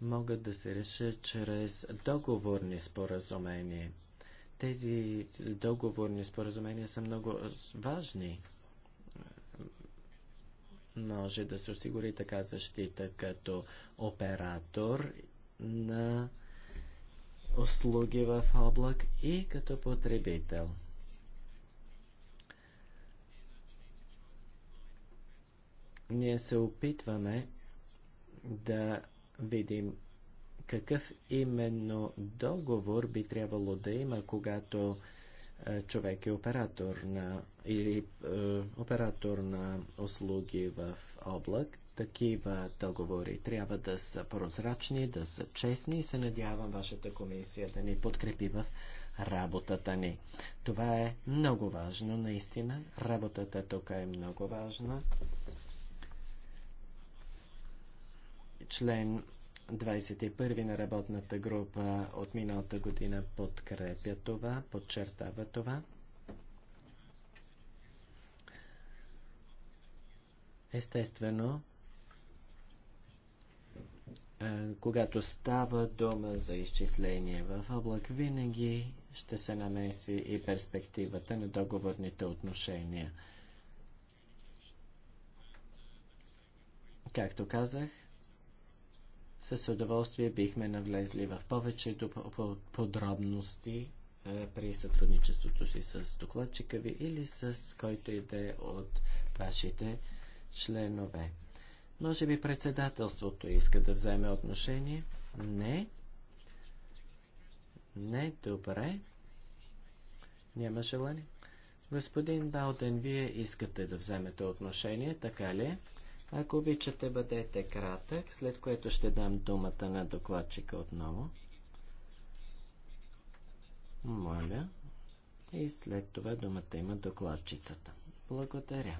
могат да се решат чрез договорни споразумения. Тези договорни споразумения са много важни може да се осигури така защита като оператор на услуги в облак и като потребител. Ние се опитваме да видим какъв именно договор би трябвало да има, когато е, човек е оператор на, или е, оператор на услуги в облак. Такива договори трябва да са прозрачни, да са честни и се надявам вашата комисия да ни подкрепи в работата ни. Това е много важно, наистина. Работата тук е много важна. Член 21 на работната група от миналата година подкрепя това, подчертава това. Естествено, когато става дума за изчисление в облак, винаги ще се намеси и перспективата на договорните отношения. Както казах, с удоволствие бихме навлезли в повечето подробности е, при сътрудничеството си с докладчика ви или с който и да е от вашите членове. Може би председателството иска да вземе отношение? Не. Не, добре. Няма желание. Господин Балден, вие искате да вземете отношение, така ли? Е? Ако обичате, бъдете кратък, след което ще дам думата на докладчика отново. Моля. И след това думата има докладчицата. Благодаря.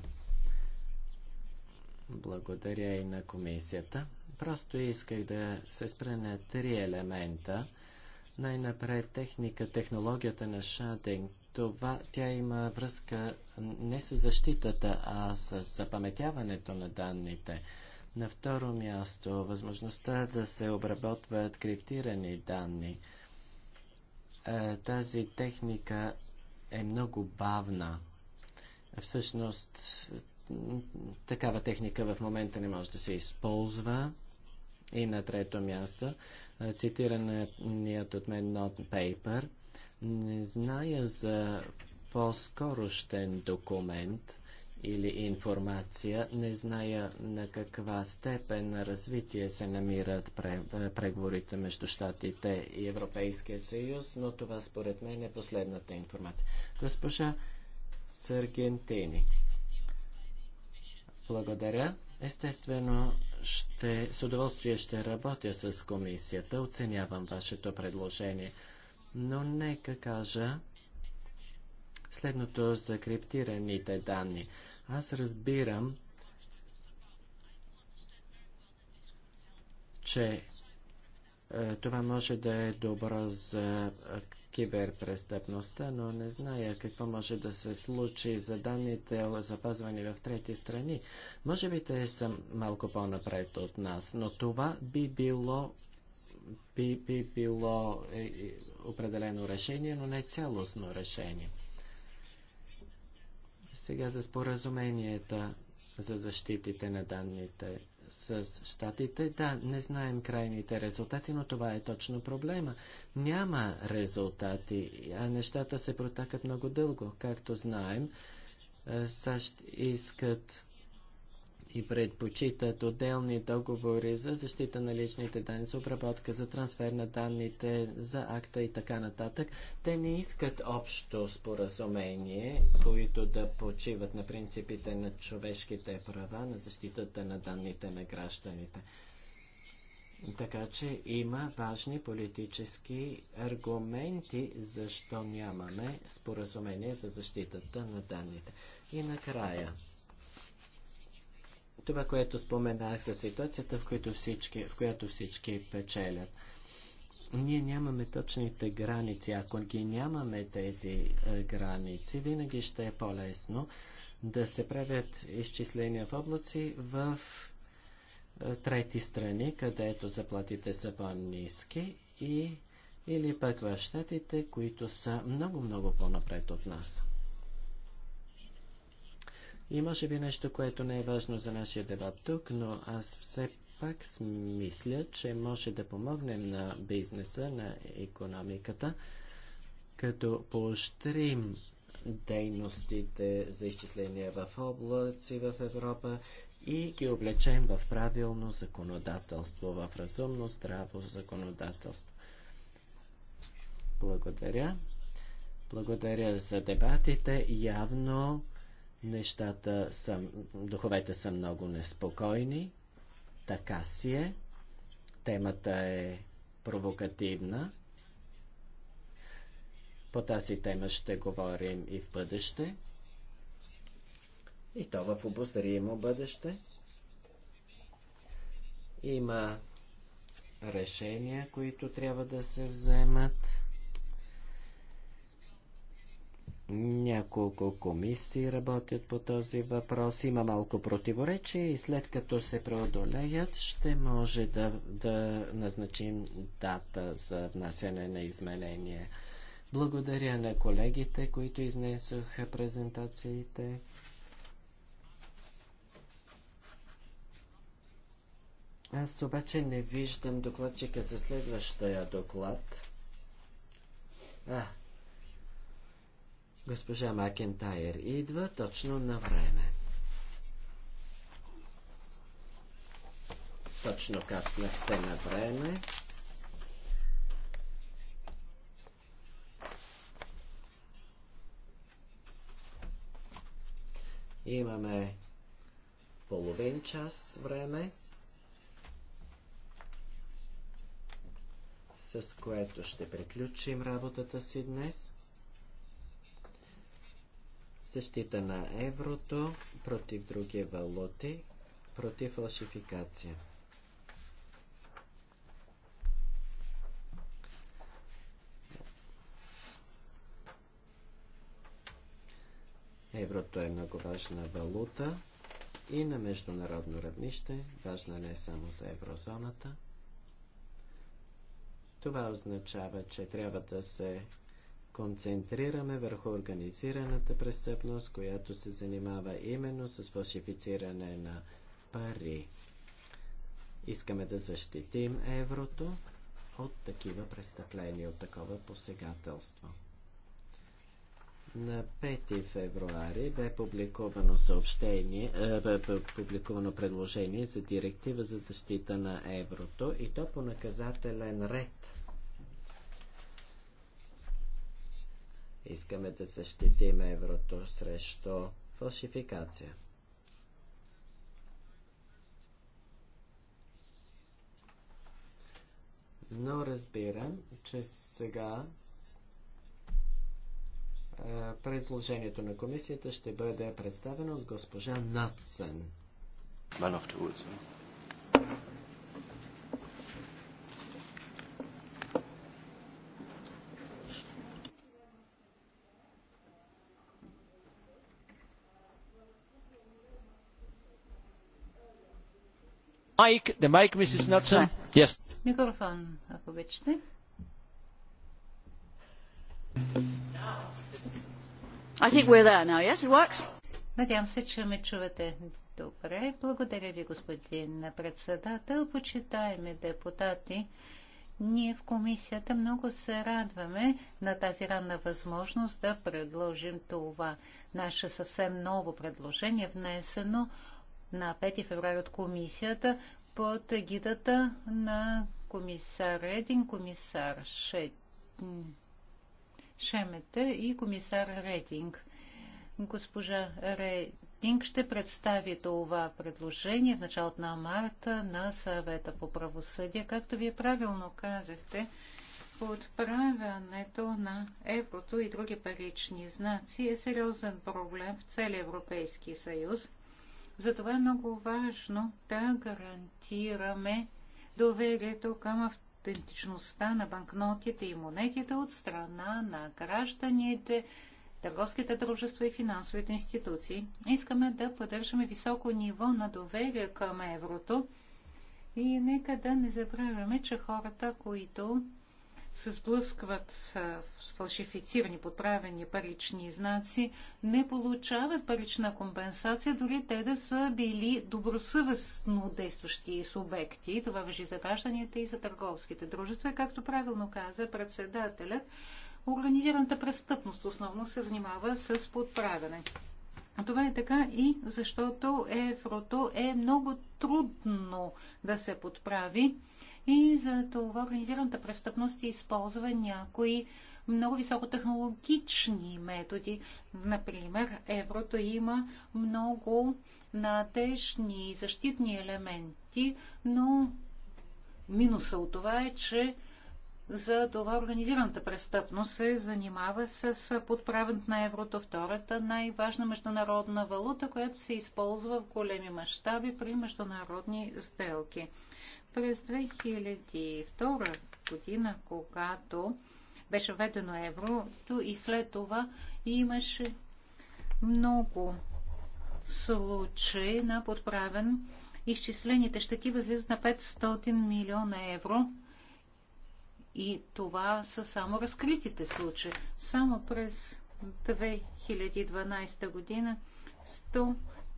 Благодаря и на комисията. Просто исках да се спре на три елемента. Най-напред техника, технологията на шадинг това тя има връзка не с защитата, а с запаметяването на данните. На второ място, възможността да се обработват криптирани данни. Е, тази техника е много бавна. Всъщност, такава техника в момента не може да се използва. И на трето място, е, цитираният от мен Paper. Не зная за по-скорощен документ или информация, не зная на каква степен на развитие се намират преговорите между Штатите и Европейския съюз, но това според мен е последната информация. Госпожа Саргентини. Благодаря. Естествено, ще, с удоволствие ще работя с комисията. Оценявам вашето предложение но нека кажа следното за криптираните данни. Аз разбирам, че е, това може да е добро за е, киберпрестъпността, но не зная какво може да се случи за данните, запазвани в трети страни. Може би те са малко по-напред от нас, но това би било би, би било е, е определено решение, но не цялостно решение. Сега за споразуменията за защитите на данните с щатите. Да, не знаем крайните резултати, но това е точно проблема. Няма резултати, а нещата се протакат много дълго. Както знаем, е, САЩ искат и предпочитат отделни договори за защита на личните данни, за обработка, за трансфер на данните, за акта и така нататък. Те не искат общо споразумение, които да почиват на принципите на човешките права, на защитата на данните на гражданите. Така че има важни политически аргументи, защо нямаме споразумение за защитата на данните. И накрая това, което споменах за ситуацията, в която всички, в която всички печелят. Ние нямаме точните граници. Ако ги нямаме тези е, граници, винаги ще е по-лесно да се правят изчисления в облаци в е, трети страни, където заплатите са по-низки и или пък в щатите, които са много-много по-напред от нас. И може би нещо, което не е важно за нашия дебат тук, но аз все пак мисля, че може да помогнем на бизнеса, на економиката, като поощрим дейностите за изчисления в облаци в Европа и ги облечем в правилно законодателство, в разумно здраво законодателство. Благодаря. Благодаря за дебатите. Явно Нещата са, духовете са много неспокойни. Така си е. Темата е провокативна. По тази тема ще говорим и в бъдеще. И то в обозримо бъдеще. Има решения, които трябва да се вземат. Няколко комисии работят по този въпрос. Има малко противоречие и след като се преодолеят, ще може да, да назначим дата за внасяне на изменение. Благодаря на колегите, които изнесоха презентациите. Аз обаче не виждам докладчика за следващия доклад. А, Госпожа Макентайер идва точно на време. Точно кацнахте на време. Имаме половин час време, с което ще приключим работата си днес защита на еврото против други валути, против фалшификация. Еврото е много важна валута и на международно равнище, важна не само за еврозоната. Това означава, че трябва да се концентрираме върху организираната престъпност, която се занимава именно с фалшифициране на пари. Искаме да защитим еврото от такива престъпления, от такова посегателство. На 5 февруари бе публикувано съобщение, е, бе публикувано предложение за директива за защита на еврото и то по наказателен ред Искаме да защитим еврото срещу фалшификация. Но разбирам, че сега предложението на комисията ще бъде представено от госпожа Натсен. Man of the woods, Майк, the mic, Mrs. Knudsen. Yes. Микрофон, ако обичате. I think we're there now. Yes, it works. Надявам се, че ме чувате добре. Благодаря ви, господин председател. Почитаеми депутати, ние в комисията много се радваме на тази ранна възможност да предложим това наше съвсем ново предложение, внесено на 5 февраля от комисията под гидата на комисар Редин, комисар Ше... Шемета и комисар Рединг. Госпожа Рединг ще представи това предложение в началото на марта на съвета по правосъдие. Както вие правилно казахте, Подправянето на еврото и други парични знаци е сериозен проблем в целия Европейски съюз – затова е много важно да гарантираме доверието към автентичността на банкнотите и монетите от страна на гражданите, търговските дружества и финансовите институции. Искаме да поддържаме високо ниво на доверие към еврото и нека да не забравяме, че хората, които се сблъскват с фалшифицирани, подправени парични знаци, не получават парична компенсация, дори те да са били добросъвестно действащи субекти. Това въжи за гражданите и за търговските дружества. Както правилно каза председателят, организираната престъпност основно се занимава с подправяне. Това е така и защото еврото е много трудно да се подправи и за това организираната престъпност използва някои много високотехнологични методи. Например, еврото има много и защитни елементи, но минуса от това е, че за това организираната престъпност се занимава с подправен на еврото, втората най-важна международна валута, която се използва в големи мащаби при международни сделки. През 2002 година, когато беше введено еврото и след това имаше много случаи на подправен. Изчислените щети възлизат на 500 милиона евро. И това са само разкритите случаи. Само през 2012 година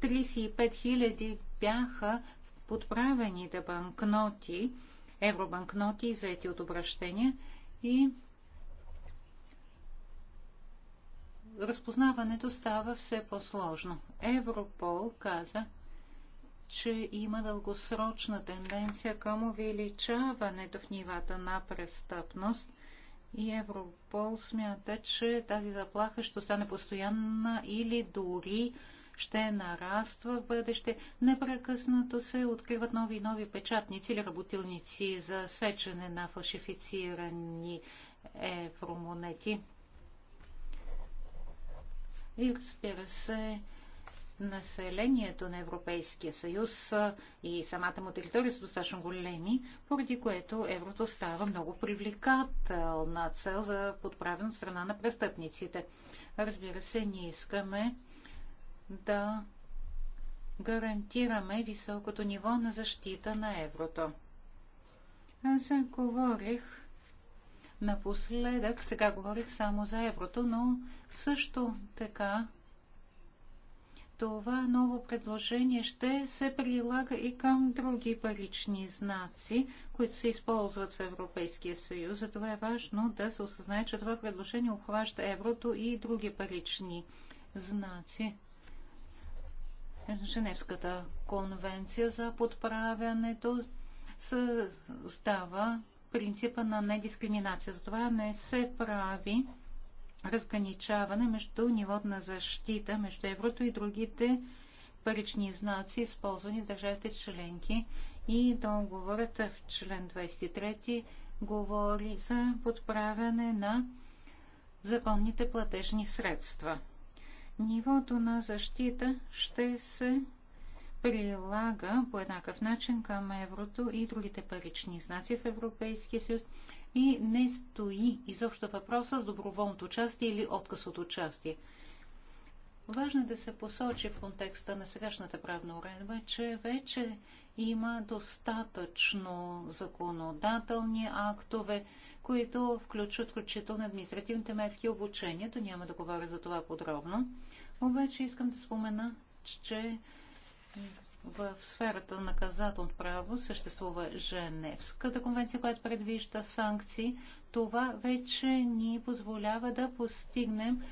135 хиляди бяха подправените банкноти, евробанкноти, заети от обращения и разпознаването става все по-сложно. Европол каза, че има дългосрочна тенденция към увеличаването в нивата на престъпност и Европол смята, че тази заплаха ще стане постоянна или дори ще нараства в бъдеще. Непрекъснато се откриват нови и нови печатници или работилници за сечене на фалшифицирани евромонети. И разбира се, населението на Европейския съюз и самата му територия са достатъчно големи, поради което еврото става много привлекателна цел за подправен страна на престъпниците. Разбира се, ние искаме да гарантираме високото ниво на защита на еврото. Аз говорих напоследък, сега говорих само за еврото, но също така това ново предложение ще се прилага и към други парични знаци, които се използват в Европейския съюз. Затова е важно да се осъзнае, че това предложение обхваща еврото и други парични знаци. Женевската конвенция за подправянето става принципа на недискриминация. Затова не се прави разграничаване между нивото на защита между еврото и другите парични знаци, използвани в държавите членки. И договорът в член 23 говори за подправяне на законните платежни средства нивото на защита ще се прилага по еднакъв начин към еврото и другите парични знаци в Европейския съюз и не стои изобщо въпроса с доброволното участие или отказ от участие. Важно е да се посочи в контекста на сегашната правна уредба, че вече има достатъчно законодателни актове, които включват включително административните мерки и обучението. Няма да говоря за това подробно. Обаче искам да спомена, че в сферата на наказателното право съществува Женевската конвенция, която предвижда санкции. Това вече ни позволява да постигнем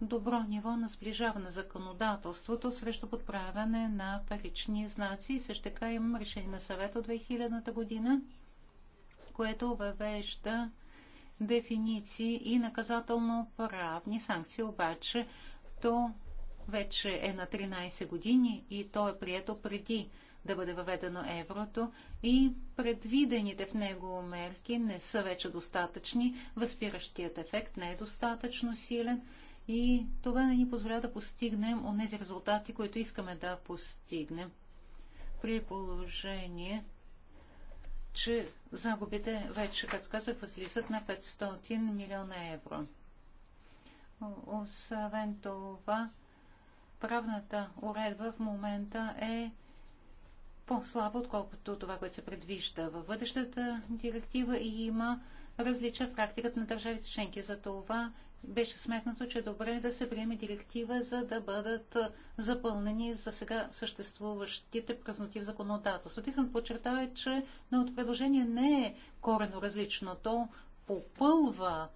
добро ниво на сближаване на законодателството срещу подправяне на парични знаци. също така имам решение на съвета от 2000 година, което въвежда дефиниции и наказателно-правни санкции, обаче то вече е на 13 години и то е прието преди да бъде въведено еврото и предвидените в него мерки не са вече достатъчни, възпиращият ефект не е достатъчно силен и това не ни позволя да постигнем онези резултати, които искаме да постигнем. При положение, че загубите вече, както казах, възлизат на 500 милиона евро. Освен това, правната уредба в момента е по-слаба, отколкото това, което се предвижда във бъдещата директива и има различа в практиката на държавите членки. За това беше сметнато, че е добре е да се приеме директива, за да бъдат запълнени за сега съществуващите празноти в законодателството. И съм подчертава, че новото предложение не е корено различно. То попълва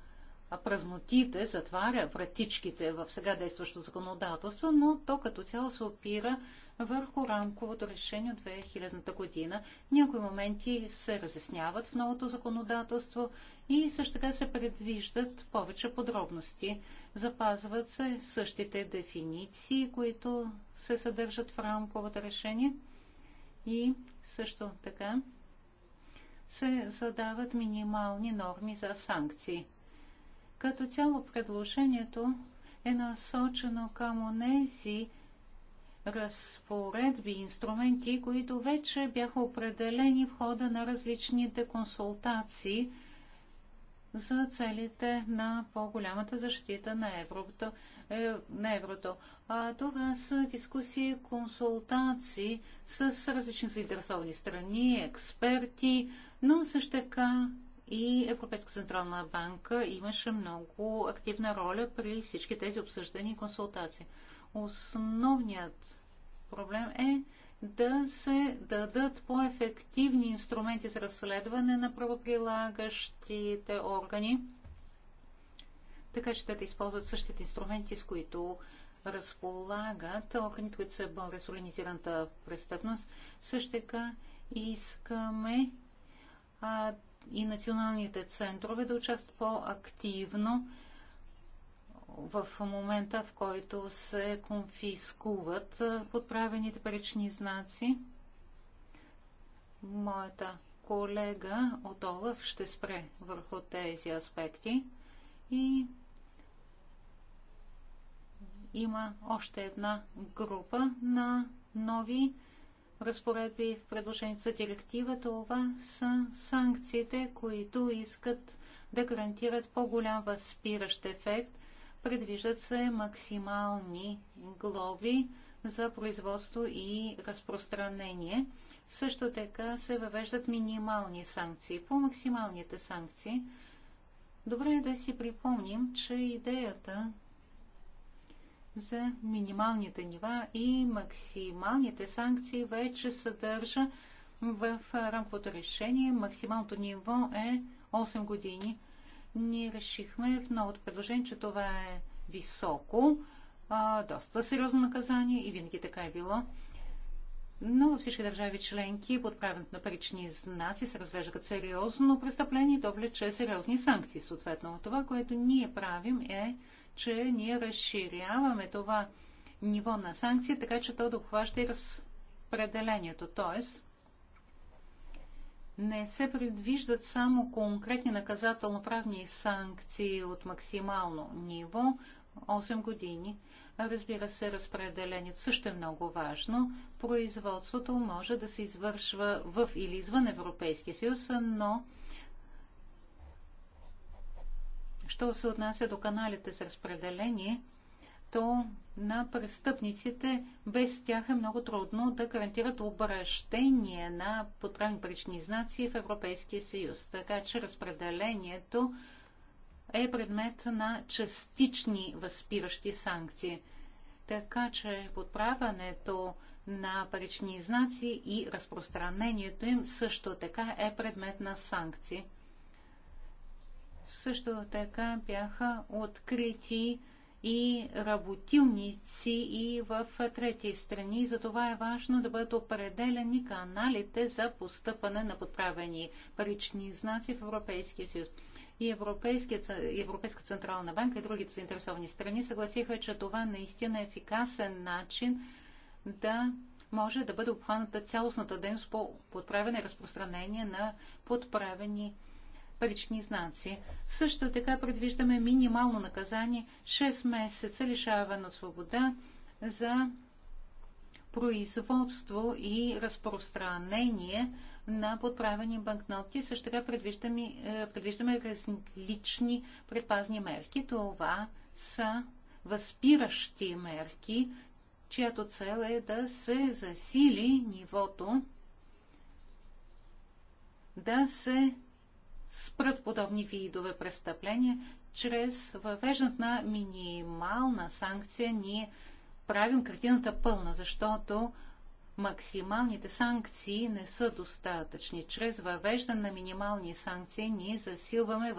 празнотите, затваря вратичките в сега действащото законодателство, но то като цяло се опира върху рамковото решение от 2000-та година. Някои моменти се разясняват в новото законодателство и също така се предвиждат повече подробности. Запазват се същите дефиниции, които се съдържат в рамковото решение и също така се задават минимални норми за санкции. Като цяло предложението е насочено към онези разпоредби и инструменти, които вече бяха определени в хода на различните консултации за целите на по-голямата защита на еврото. Е, на еврото. А, това са дискусии, консултации с различни заинтересовани страни, експерти, но също така и Европейска централна банка имаше много активна роля при всички тези обсъждания и консултации. Основният проблем е да се дадат по-ефективни инструменти за разследване на правоприлагащите органи, така че те да използват същите инструменти, с които разполагат органите, които се борят с организираната престъпност. Също така искаме а, и националните центрове да участват по-активно в момента, в който се конфискуват подправените парични знаци. Моята колега от Олаф ще спре върху тези аспекти и има още една група на нови разпоредби в предложението за директива. Това са санкциите, които искат да гарантират по-голям възпиращ ефект – Предвиждат се максимални глоби за производство и разпространение. Също така се въвеждат минимални санкции. По максималните санкции добре е да си припомним, че идеята за минималните нива и максималните санкции вече съдържа в рамковото решение. Максималното ниво е 8 години ние решихме в новото предложение, че това е високо, а, доста сериозно наказание и винаги така е било. Но във всички държави членки подправянето на парични знаци се разглежда като сериозно престъпление и то влече сериозни санкции. Съответно, това, което ние правим е, че ние разширяваме това ниво на санкции, така че то да обхваща и разпределението. Тоест, не се предвиждат само конкретни наказателно-правни санкции от максимално ниво 8 години. Разбира се, разпределението също е много важно. Производството може да се извършва в или извън Европейския съюз, но що се отнася до каналите с разпределение – то на престъпниците без тях е много трудно да гарантират обращение на подправни парични знаци в Европейския съюз. Така че разпределението е предмет на частични възпиращи санкции. Така че подправането на парични знаци и разпространението им също така е предмет на санкции. Също така бяха открити и работилници и в трети страни. Затова е важно да бъдат определени каналите за постъпане на подправени парични знаци в Европейския съюз. И Европейска централна банка и другите заинтересовани страни съгласиха, че това наистина е ефикасен начин да може да бъде обхваната цялостната дейност по подправяне и разпространение на подправени парични знаци. Също така предвиждаме минимално наказание 6 месеца лишаване от свобода за производство и разпространение на подправени банкноти. Също така предвиждаме, е, предвиждаме различни предпазни мерки. Това са възпиращи мерки, чиято цел е да се засили нивото, да се спрат подобни видове престъпления, чрез въвеждането на минимална санкция ние правим картината пълна, защото максималните санкции не са достатъчни. Чрез въвеждане на минимални санкции ние засилваме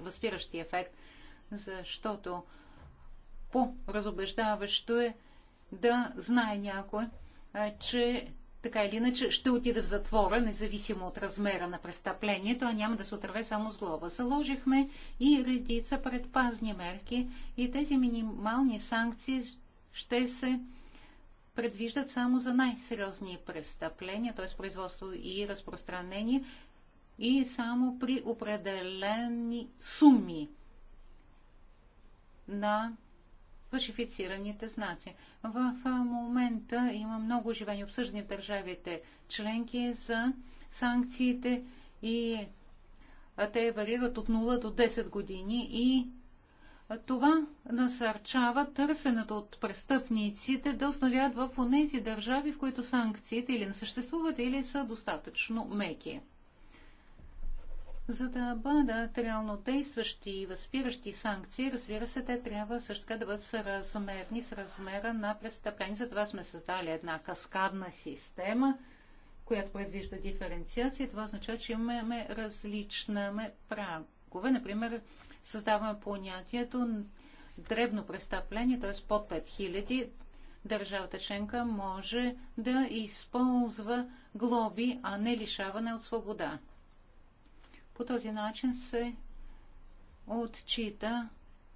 възпиращи ефект, защото по-разобеждаващо е да знае някой, че така или иначе ще отида в затвора, независимо от размера на престъплението, а няма да се отраве само с глоба. Заложихме и редица предпазни мерки и тези минимални санкции ще се предвиждат само за най-сериозни престъпления, т.е. производство и разпространение и само при определени суми на фашифицираните знаци. В момента има много оживени обсъждания в държавите членки за санкциите и те варират от 0 до 10 години и това насърчава търсенето от престъпниците да установят в тези държави, в които санкциите или не съществуват, или са достатъчно меки. За да бъдат реално действащи и възпиращи санкции, разбира се, те трябва също така да бъдат съразмерни с размера на престъпление. Затова сме създали една каскадна система, която предвижда диференциация. Това означава, че имаме различна прагове. Например, създаваме понятието дребно престъпление, т.е. под 5000, държавата членка може да използва глоби, а не лишаване от свобода. По този начин се отчита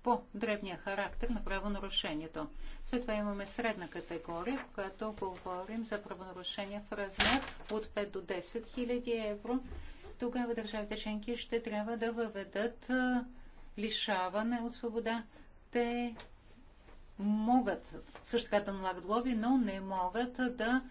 по древния характер на правонарушението. След това имаме средна категория, в която говорим за правонарушение в размер от 5 до 10 000 евро. Тогава държавите членки ще трябва да въведат лишаване от свобода. Те могат също така да налагат глоби, но не могат да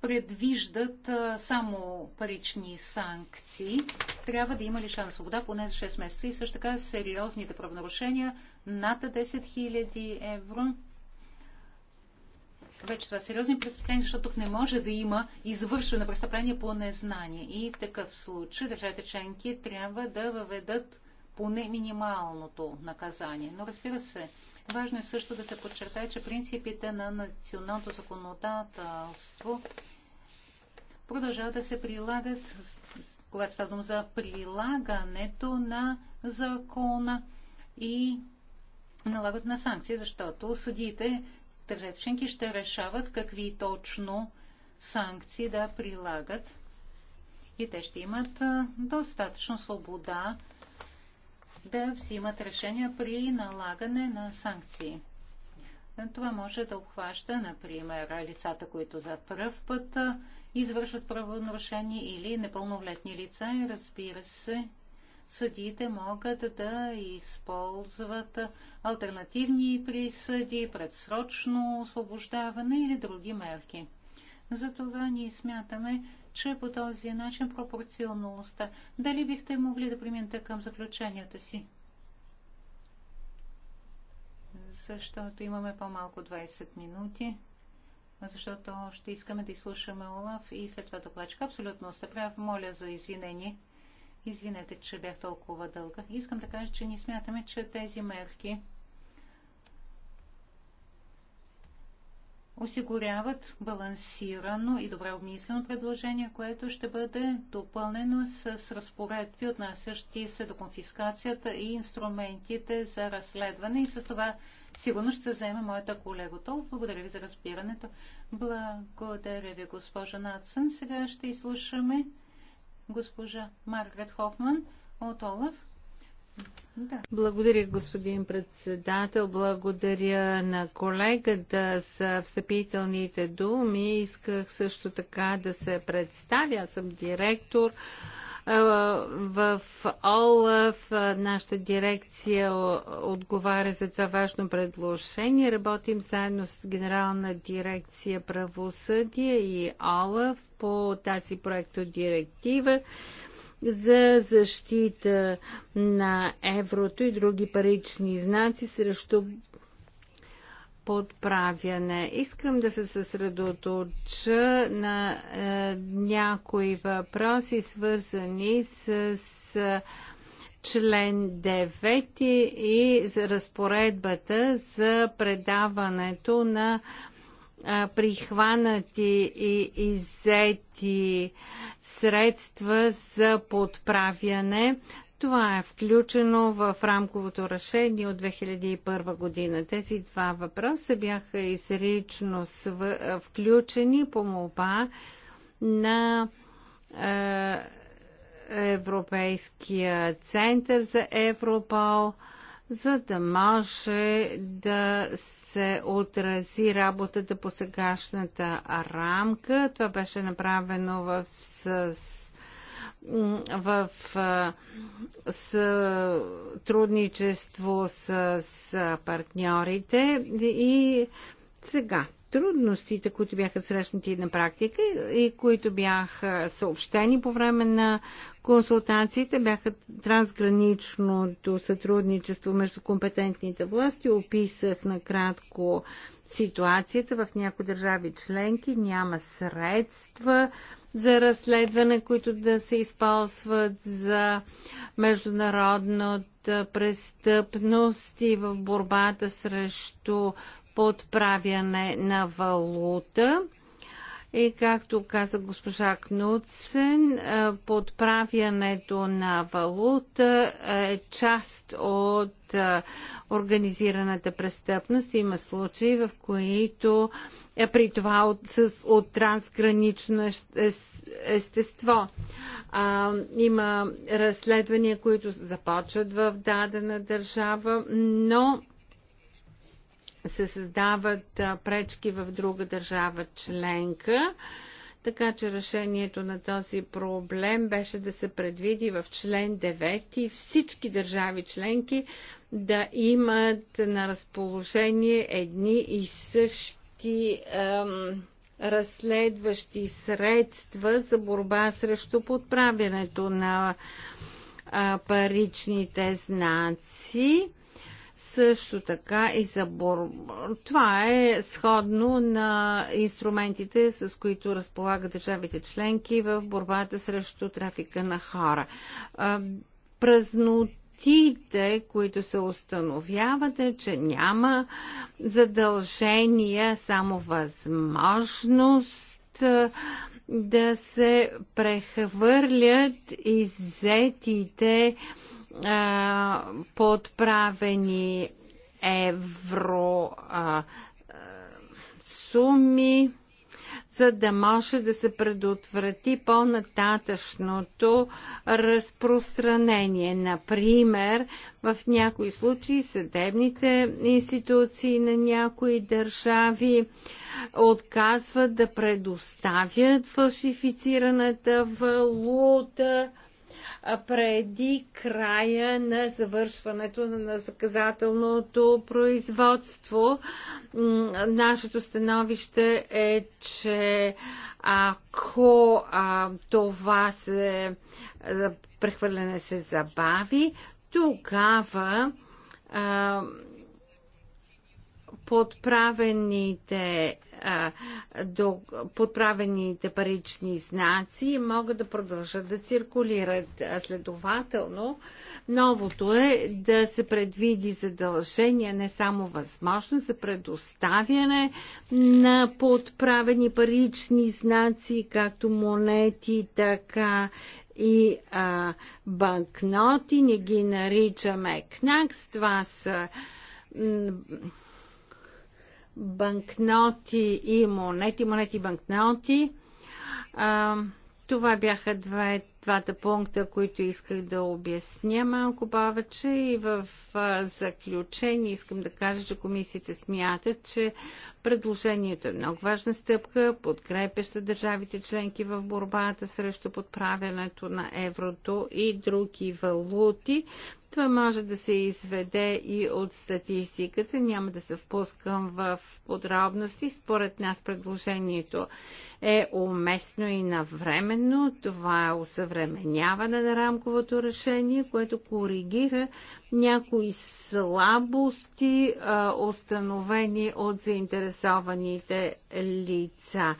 предвиждат само парични санкции. Трябва да има лишена свобода поне за 6 месеца и също така сериозните правонарушения над 10 000 евро. Вече това е сериозни престъпления, защото тук не може да има извършено престъпление по незнание. И в такъв случай държавите членки трябва да въведат поне минималното наказание. Но разбира се, Важно е също да се подчертае, че принципите на националното законодателство продължават да се прилагат, когато става дума за прилагането на закона и налагат на санкции, защото съдиите държавите членки ще решават какви точно санкции да прилагат и те ще имат достатъчно свобода да взимат решения при налагане на санкции. Това може да обхваща, например, лицата, които за първ път извършват правонарушение или непълнолетни лица и разбира се, съдиите могат да използват альтернативни присъди, предсрочно освобождаване или други мерки. Затова ние смятаме, че по този начин пропорционалността. Дали бихте могли да преминете към заключенията си? Защото имаме по-малко 20 минути, защото ще искаме да изслушаме Олаф и след това докладчик. Абсолютно сте прав. Моля за извинение. Извинете, че бях толкова дълга. Искам да кажа, че ние смятаме, че тези мерки осигуряват балансирано и добре обмислено предложение, което ще бъде допълнено с разпоредби, отнасящи се до конфискацията и инструментите за разследване. И с това сигурно ще се заеме моята колега Тол. Благодаря ви за разбирането. Благодаря ви, госпожа Натсън. Сега ще изслушаме госпожа Маргарет Хофман от Олаф. Да. Благодаря, господин председател. Благодаря на колегата за встъпителните думи. Исках също така да се представя. Аз съм директор в ОЛАФ. Нашата дирекция отговаря за това важно предложение. Работим заедно с Генерална дирекция правосъдие и ОЛАФ по тази проекто директива за защита на еврото и други парични знаци срещу подправяне. Искам да се съсредоточа на е, някои въпроси, свързани с, с член 9 и за разпоредбата за предаването на е, а, прихванати и иззети средства за подправяне. Това е включено в рамковото решение от 2001 година. Тези два въпроса бяха изрично свъ... включени по молба на е, Европейския център за Европол – за да може да се отрази работата по сегашната рамка. Това беше направено в, с, в с, трудничество с, с партньорите и сега трудностите, които бяха срещнати на практика и които бяха съобщени по време на консултациите, бяха трансграничното сътрудничество между компетентните власти. Описах накратко ситуацията в някои държави членки, няма средства за разследване, които да се използват за международната престъпност и в борбата срещу подправяне на валута. И както каза госпожа Кнуцен, подправянето на валута е част от организираната престъпност. Има случаи, в които е при това от, с, от трансгранично естество. А, има разследвания, които започват в дадена държава, но се създават пречки в друга държава членка. Така че решението на този проблем беше да се предвиди в член 9 всички държави членки да имат на разположение едни и същи ем, разследващи средства за борба срещу подправянето на а, паричните знаци също така и за борба. Това е сходно на инструментите, с които разполагат държавите членки в борбата срещу трафика на хора. Празнотите, които се установяват, е, че няма задължения, само възможност да се прехвърлят иззетите а, подправени евро а, суми, за да може да се предотврати по-нататъчното разпространение. Например, в някои случаи съдебните институции на някои държави отказват да предоставят фалшифицираната валута преди края на завършването на наказателното производство. Нашето становище е, че ако а, това се, а, прехвърляне се забави, тогава а, подправените до подправените парични знаци и могат да продължат да циркулират. Следователно, новото е да се предвиди задължение, не само възможност за предоставяне на подправени парични знаци, както монети, така и а, банкноти. Не ги наричаме кнакс. Това са банкноти и монети, монети и банкноти. А, това бяха две, двата пункта, които исках да обясня малко повече и в заключение искам да кажа, че комисията смята, че Предложението е много важна стъпка, подкрепяща държавите членки в борбата срещу подправянето на еврото и други валути. Това може да се изведе и от статистиката. Няма да се впускам в подробности. Според нас предложението е уместно и навременно. Това е усъвременяване на рамковото решение, което коригира някои слабости, установени от заинтересованите заинтересованите лица.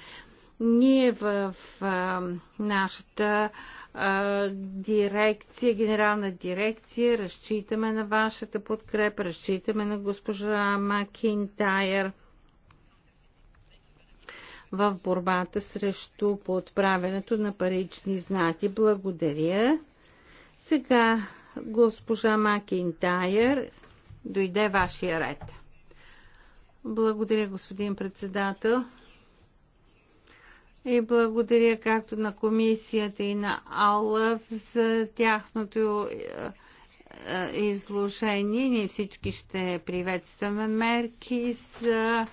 Ние в а, нашата а, дирекция, генерална дирекция, разчитаме на вашата подкрепа, разчитаме на госпожа Макинтайер в борбата срещу подправянето на парични знати. Благодаря. Сега госпожа Макинтайер дойде вашия ред. Благодаря, господин председател. И благодаря както на комисията и на АЛАВ за тяхното е, е, изложение. Ние всички ще приветстваме мерки за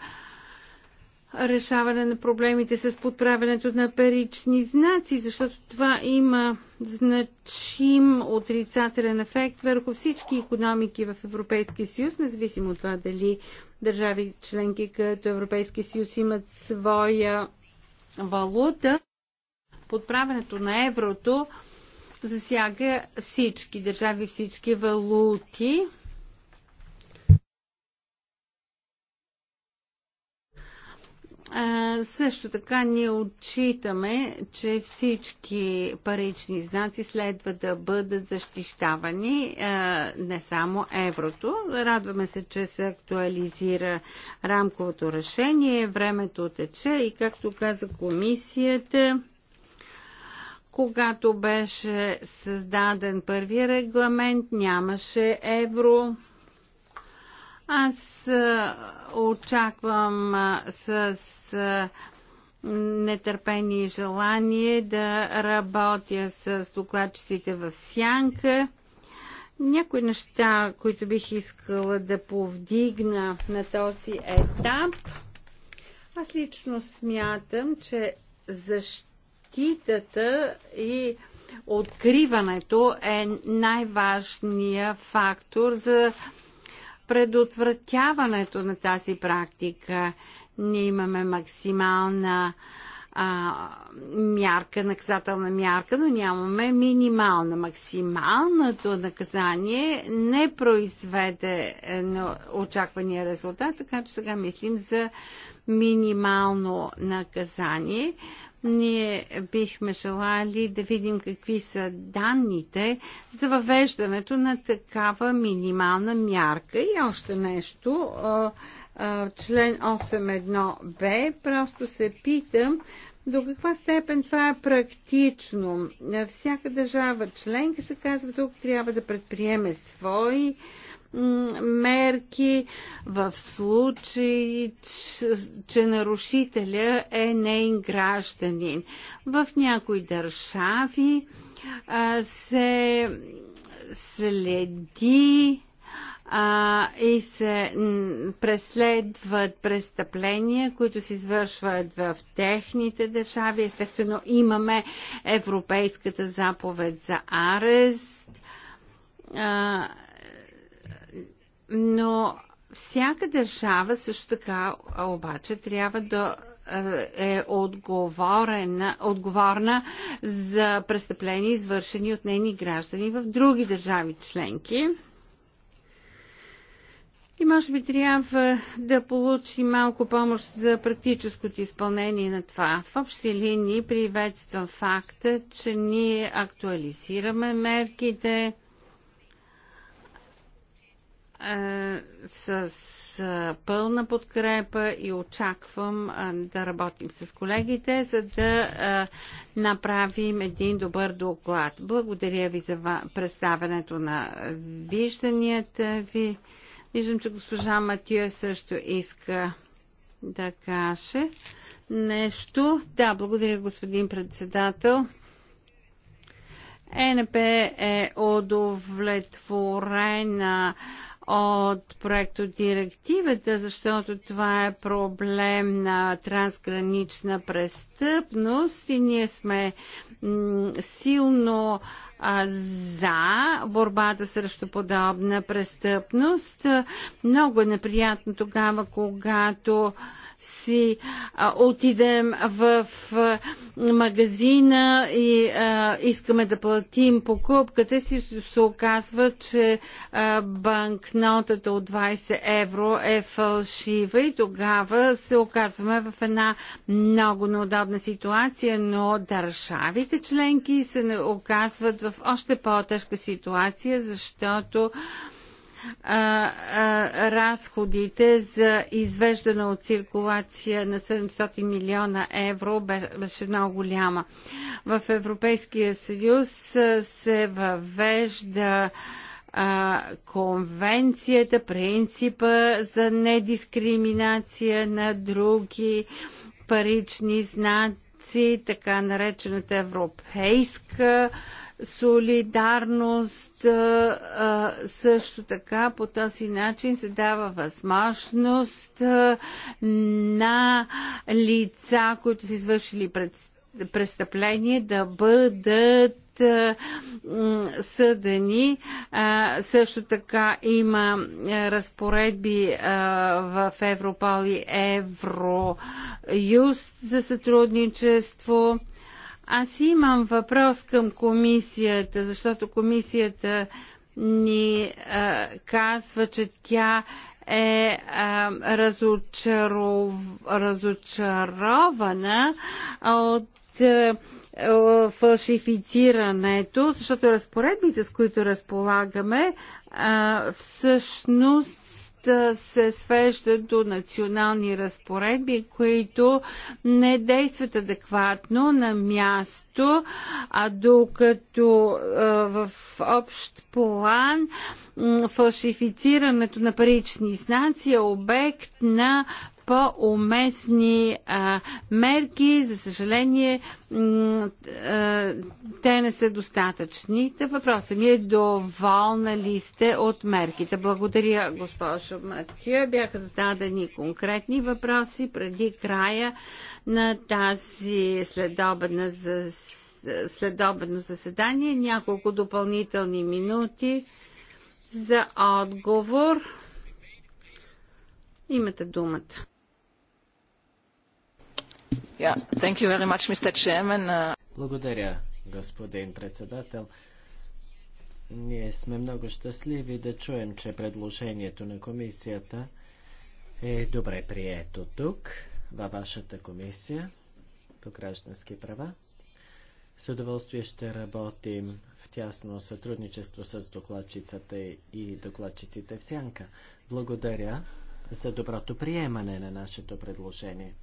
решаване на проблемите с подправянето на парични знаци, защото това има значим отрицателен ефект върху всички економики в Европейския съюз, независимо от това дали държави членки като Европейски съюз имат своя валута, подправенето на еврото засяга всички държави, всички валути. също така ние отчитаме, че всички парични знаци следва да бъдат защищавани, не само еврото. Радваме се, че се актуализира рамковото решение, времето тече и както каза комисията, когато беше създаден първия регламент, нямаше евро аз очаквам с нетърпение и желание да работя с докладчиците в Сянка. Някои неща, които бих искала да повдигна на този етап. Аз лично смятам, че защитата и откриването е най-важният фактор за предотвратяването на тази практика. Ние имаме максимална а, мярка, наказателна мярка, но нямаме минимална. Максималното наказание не произведе е, на очаквания резултат, така че сега мислим за минимално наказание. Ние бихме желали да видим какви са данните за въвеждането на такава минимална мярка. И още нещо, член 8.1b, просто се питам до каква степен това е практично. Всяка държава членка се казва тук трябва да предприеме свои мерки в случай, че нарушителя е нейн гражданин. В някои държави а, се следи а, и се преследват престъпления, които се извършват в техните държави. Естествено, имаме Европейската заповед за арест. А, но всяка държава също така обаче трябва да е отговорена, отговорна за престъпления, извършени от нейни граждани в други държави членки. И може би трябва да получи малко помощ за практическото изпълнение на това. В общи линии приветствам факта, че ние актуализираме мерките, с пълна подкрепа и очаквам да работим с колегите, за да направим един добър доклад. Благодаря ви за представянето на вижданията ви. Виждам, че госпожа Матия също иска да каже нещо. Да, благодаря, господин председател. ЕНП е удовлетворена от проекто директивата, защото това е проблем на трансгранична престъпност и ние сме силно за борбата срещу подобна престъпност. Много е неприятно тогава, когато си а, отидем в а, магазина и а, искаме да платим покупката си, се оказва, че а, банкнотата от 20 евро е фалшива и тогава се оказваме в една много неудобна ситуация, но държавите членки се оказват в още по-тежка ситуация, защото а, а, разходите за извеждане от циркулация на 700 милиона евро беше много голяма. В Европейския съюз се въвежда а, конвенцията, принципа за недискриминация на други парични знаци корупции, така наречената европейска солидарност. Също така по този начин се дава възможност на лица, които са извършили престъпление, да бъдат съдени. Също така има разпоредби в Европол и Евроюст за сътрудничество. Аз имам въпрос към комисията, защото комисията ни а, казва, че тя е а, разочаров... разочарована от а, е, фалшифицирането, защото разпоредбите, с които разполагаме, е, всъщност е, се свеждат до национални разпоредби, които не действат адекватно на място, а докато в общ план фалшифицирането на парични знаци е обект на по-уместни мерки. За съжаление, те не са достатъчни. Та въпросът ми е доволна ли сте от мерките? Благодаря, госпожо Матю. Бяха зададени конкретни въпроси преди края на тази следобедна следобедно заседание. Няколко допълнителни минути за отговор. Имате думата. Uh, Благодаря, господин председател. Ние сме много щастливи да чуем, че предложението на комисията е добре прието тук, във вашата комисия по граждански права. С удоволствие ще работим в тясно сътрудничество с докладчицата и докладчиците в Сянка. Благодаря за доброто приемане на нашето предложение.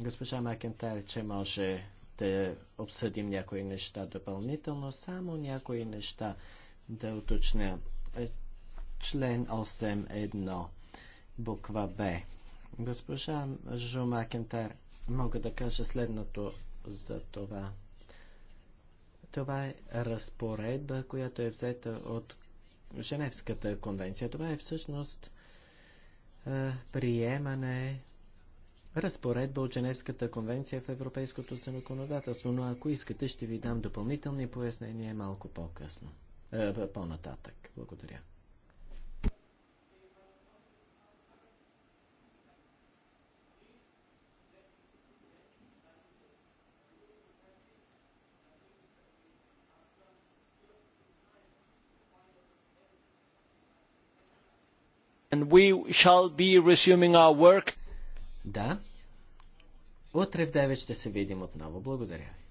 Госпожа Макентар, че може да обсъдим някои неща допълнително, само някои неща да уточня. Е, член 8.1, буква Б. Госпожа Жо Макентар, мога да кажа следното за това. Това е разпоредба, която е взета от Женевската конвенция. Това е всъщност е, приемане разпоредба от Женевската конвенция в европейското законодателство, но ако искате, ще ви дам допълнителни пояснения малко по-късно, е, по-нататък. Благодаря. and we shall be resuming our work. Да. Утре в 9 ще се видим отново. Благодаря ви.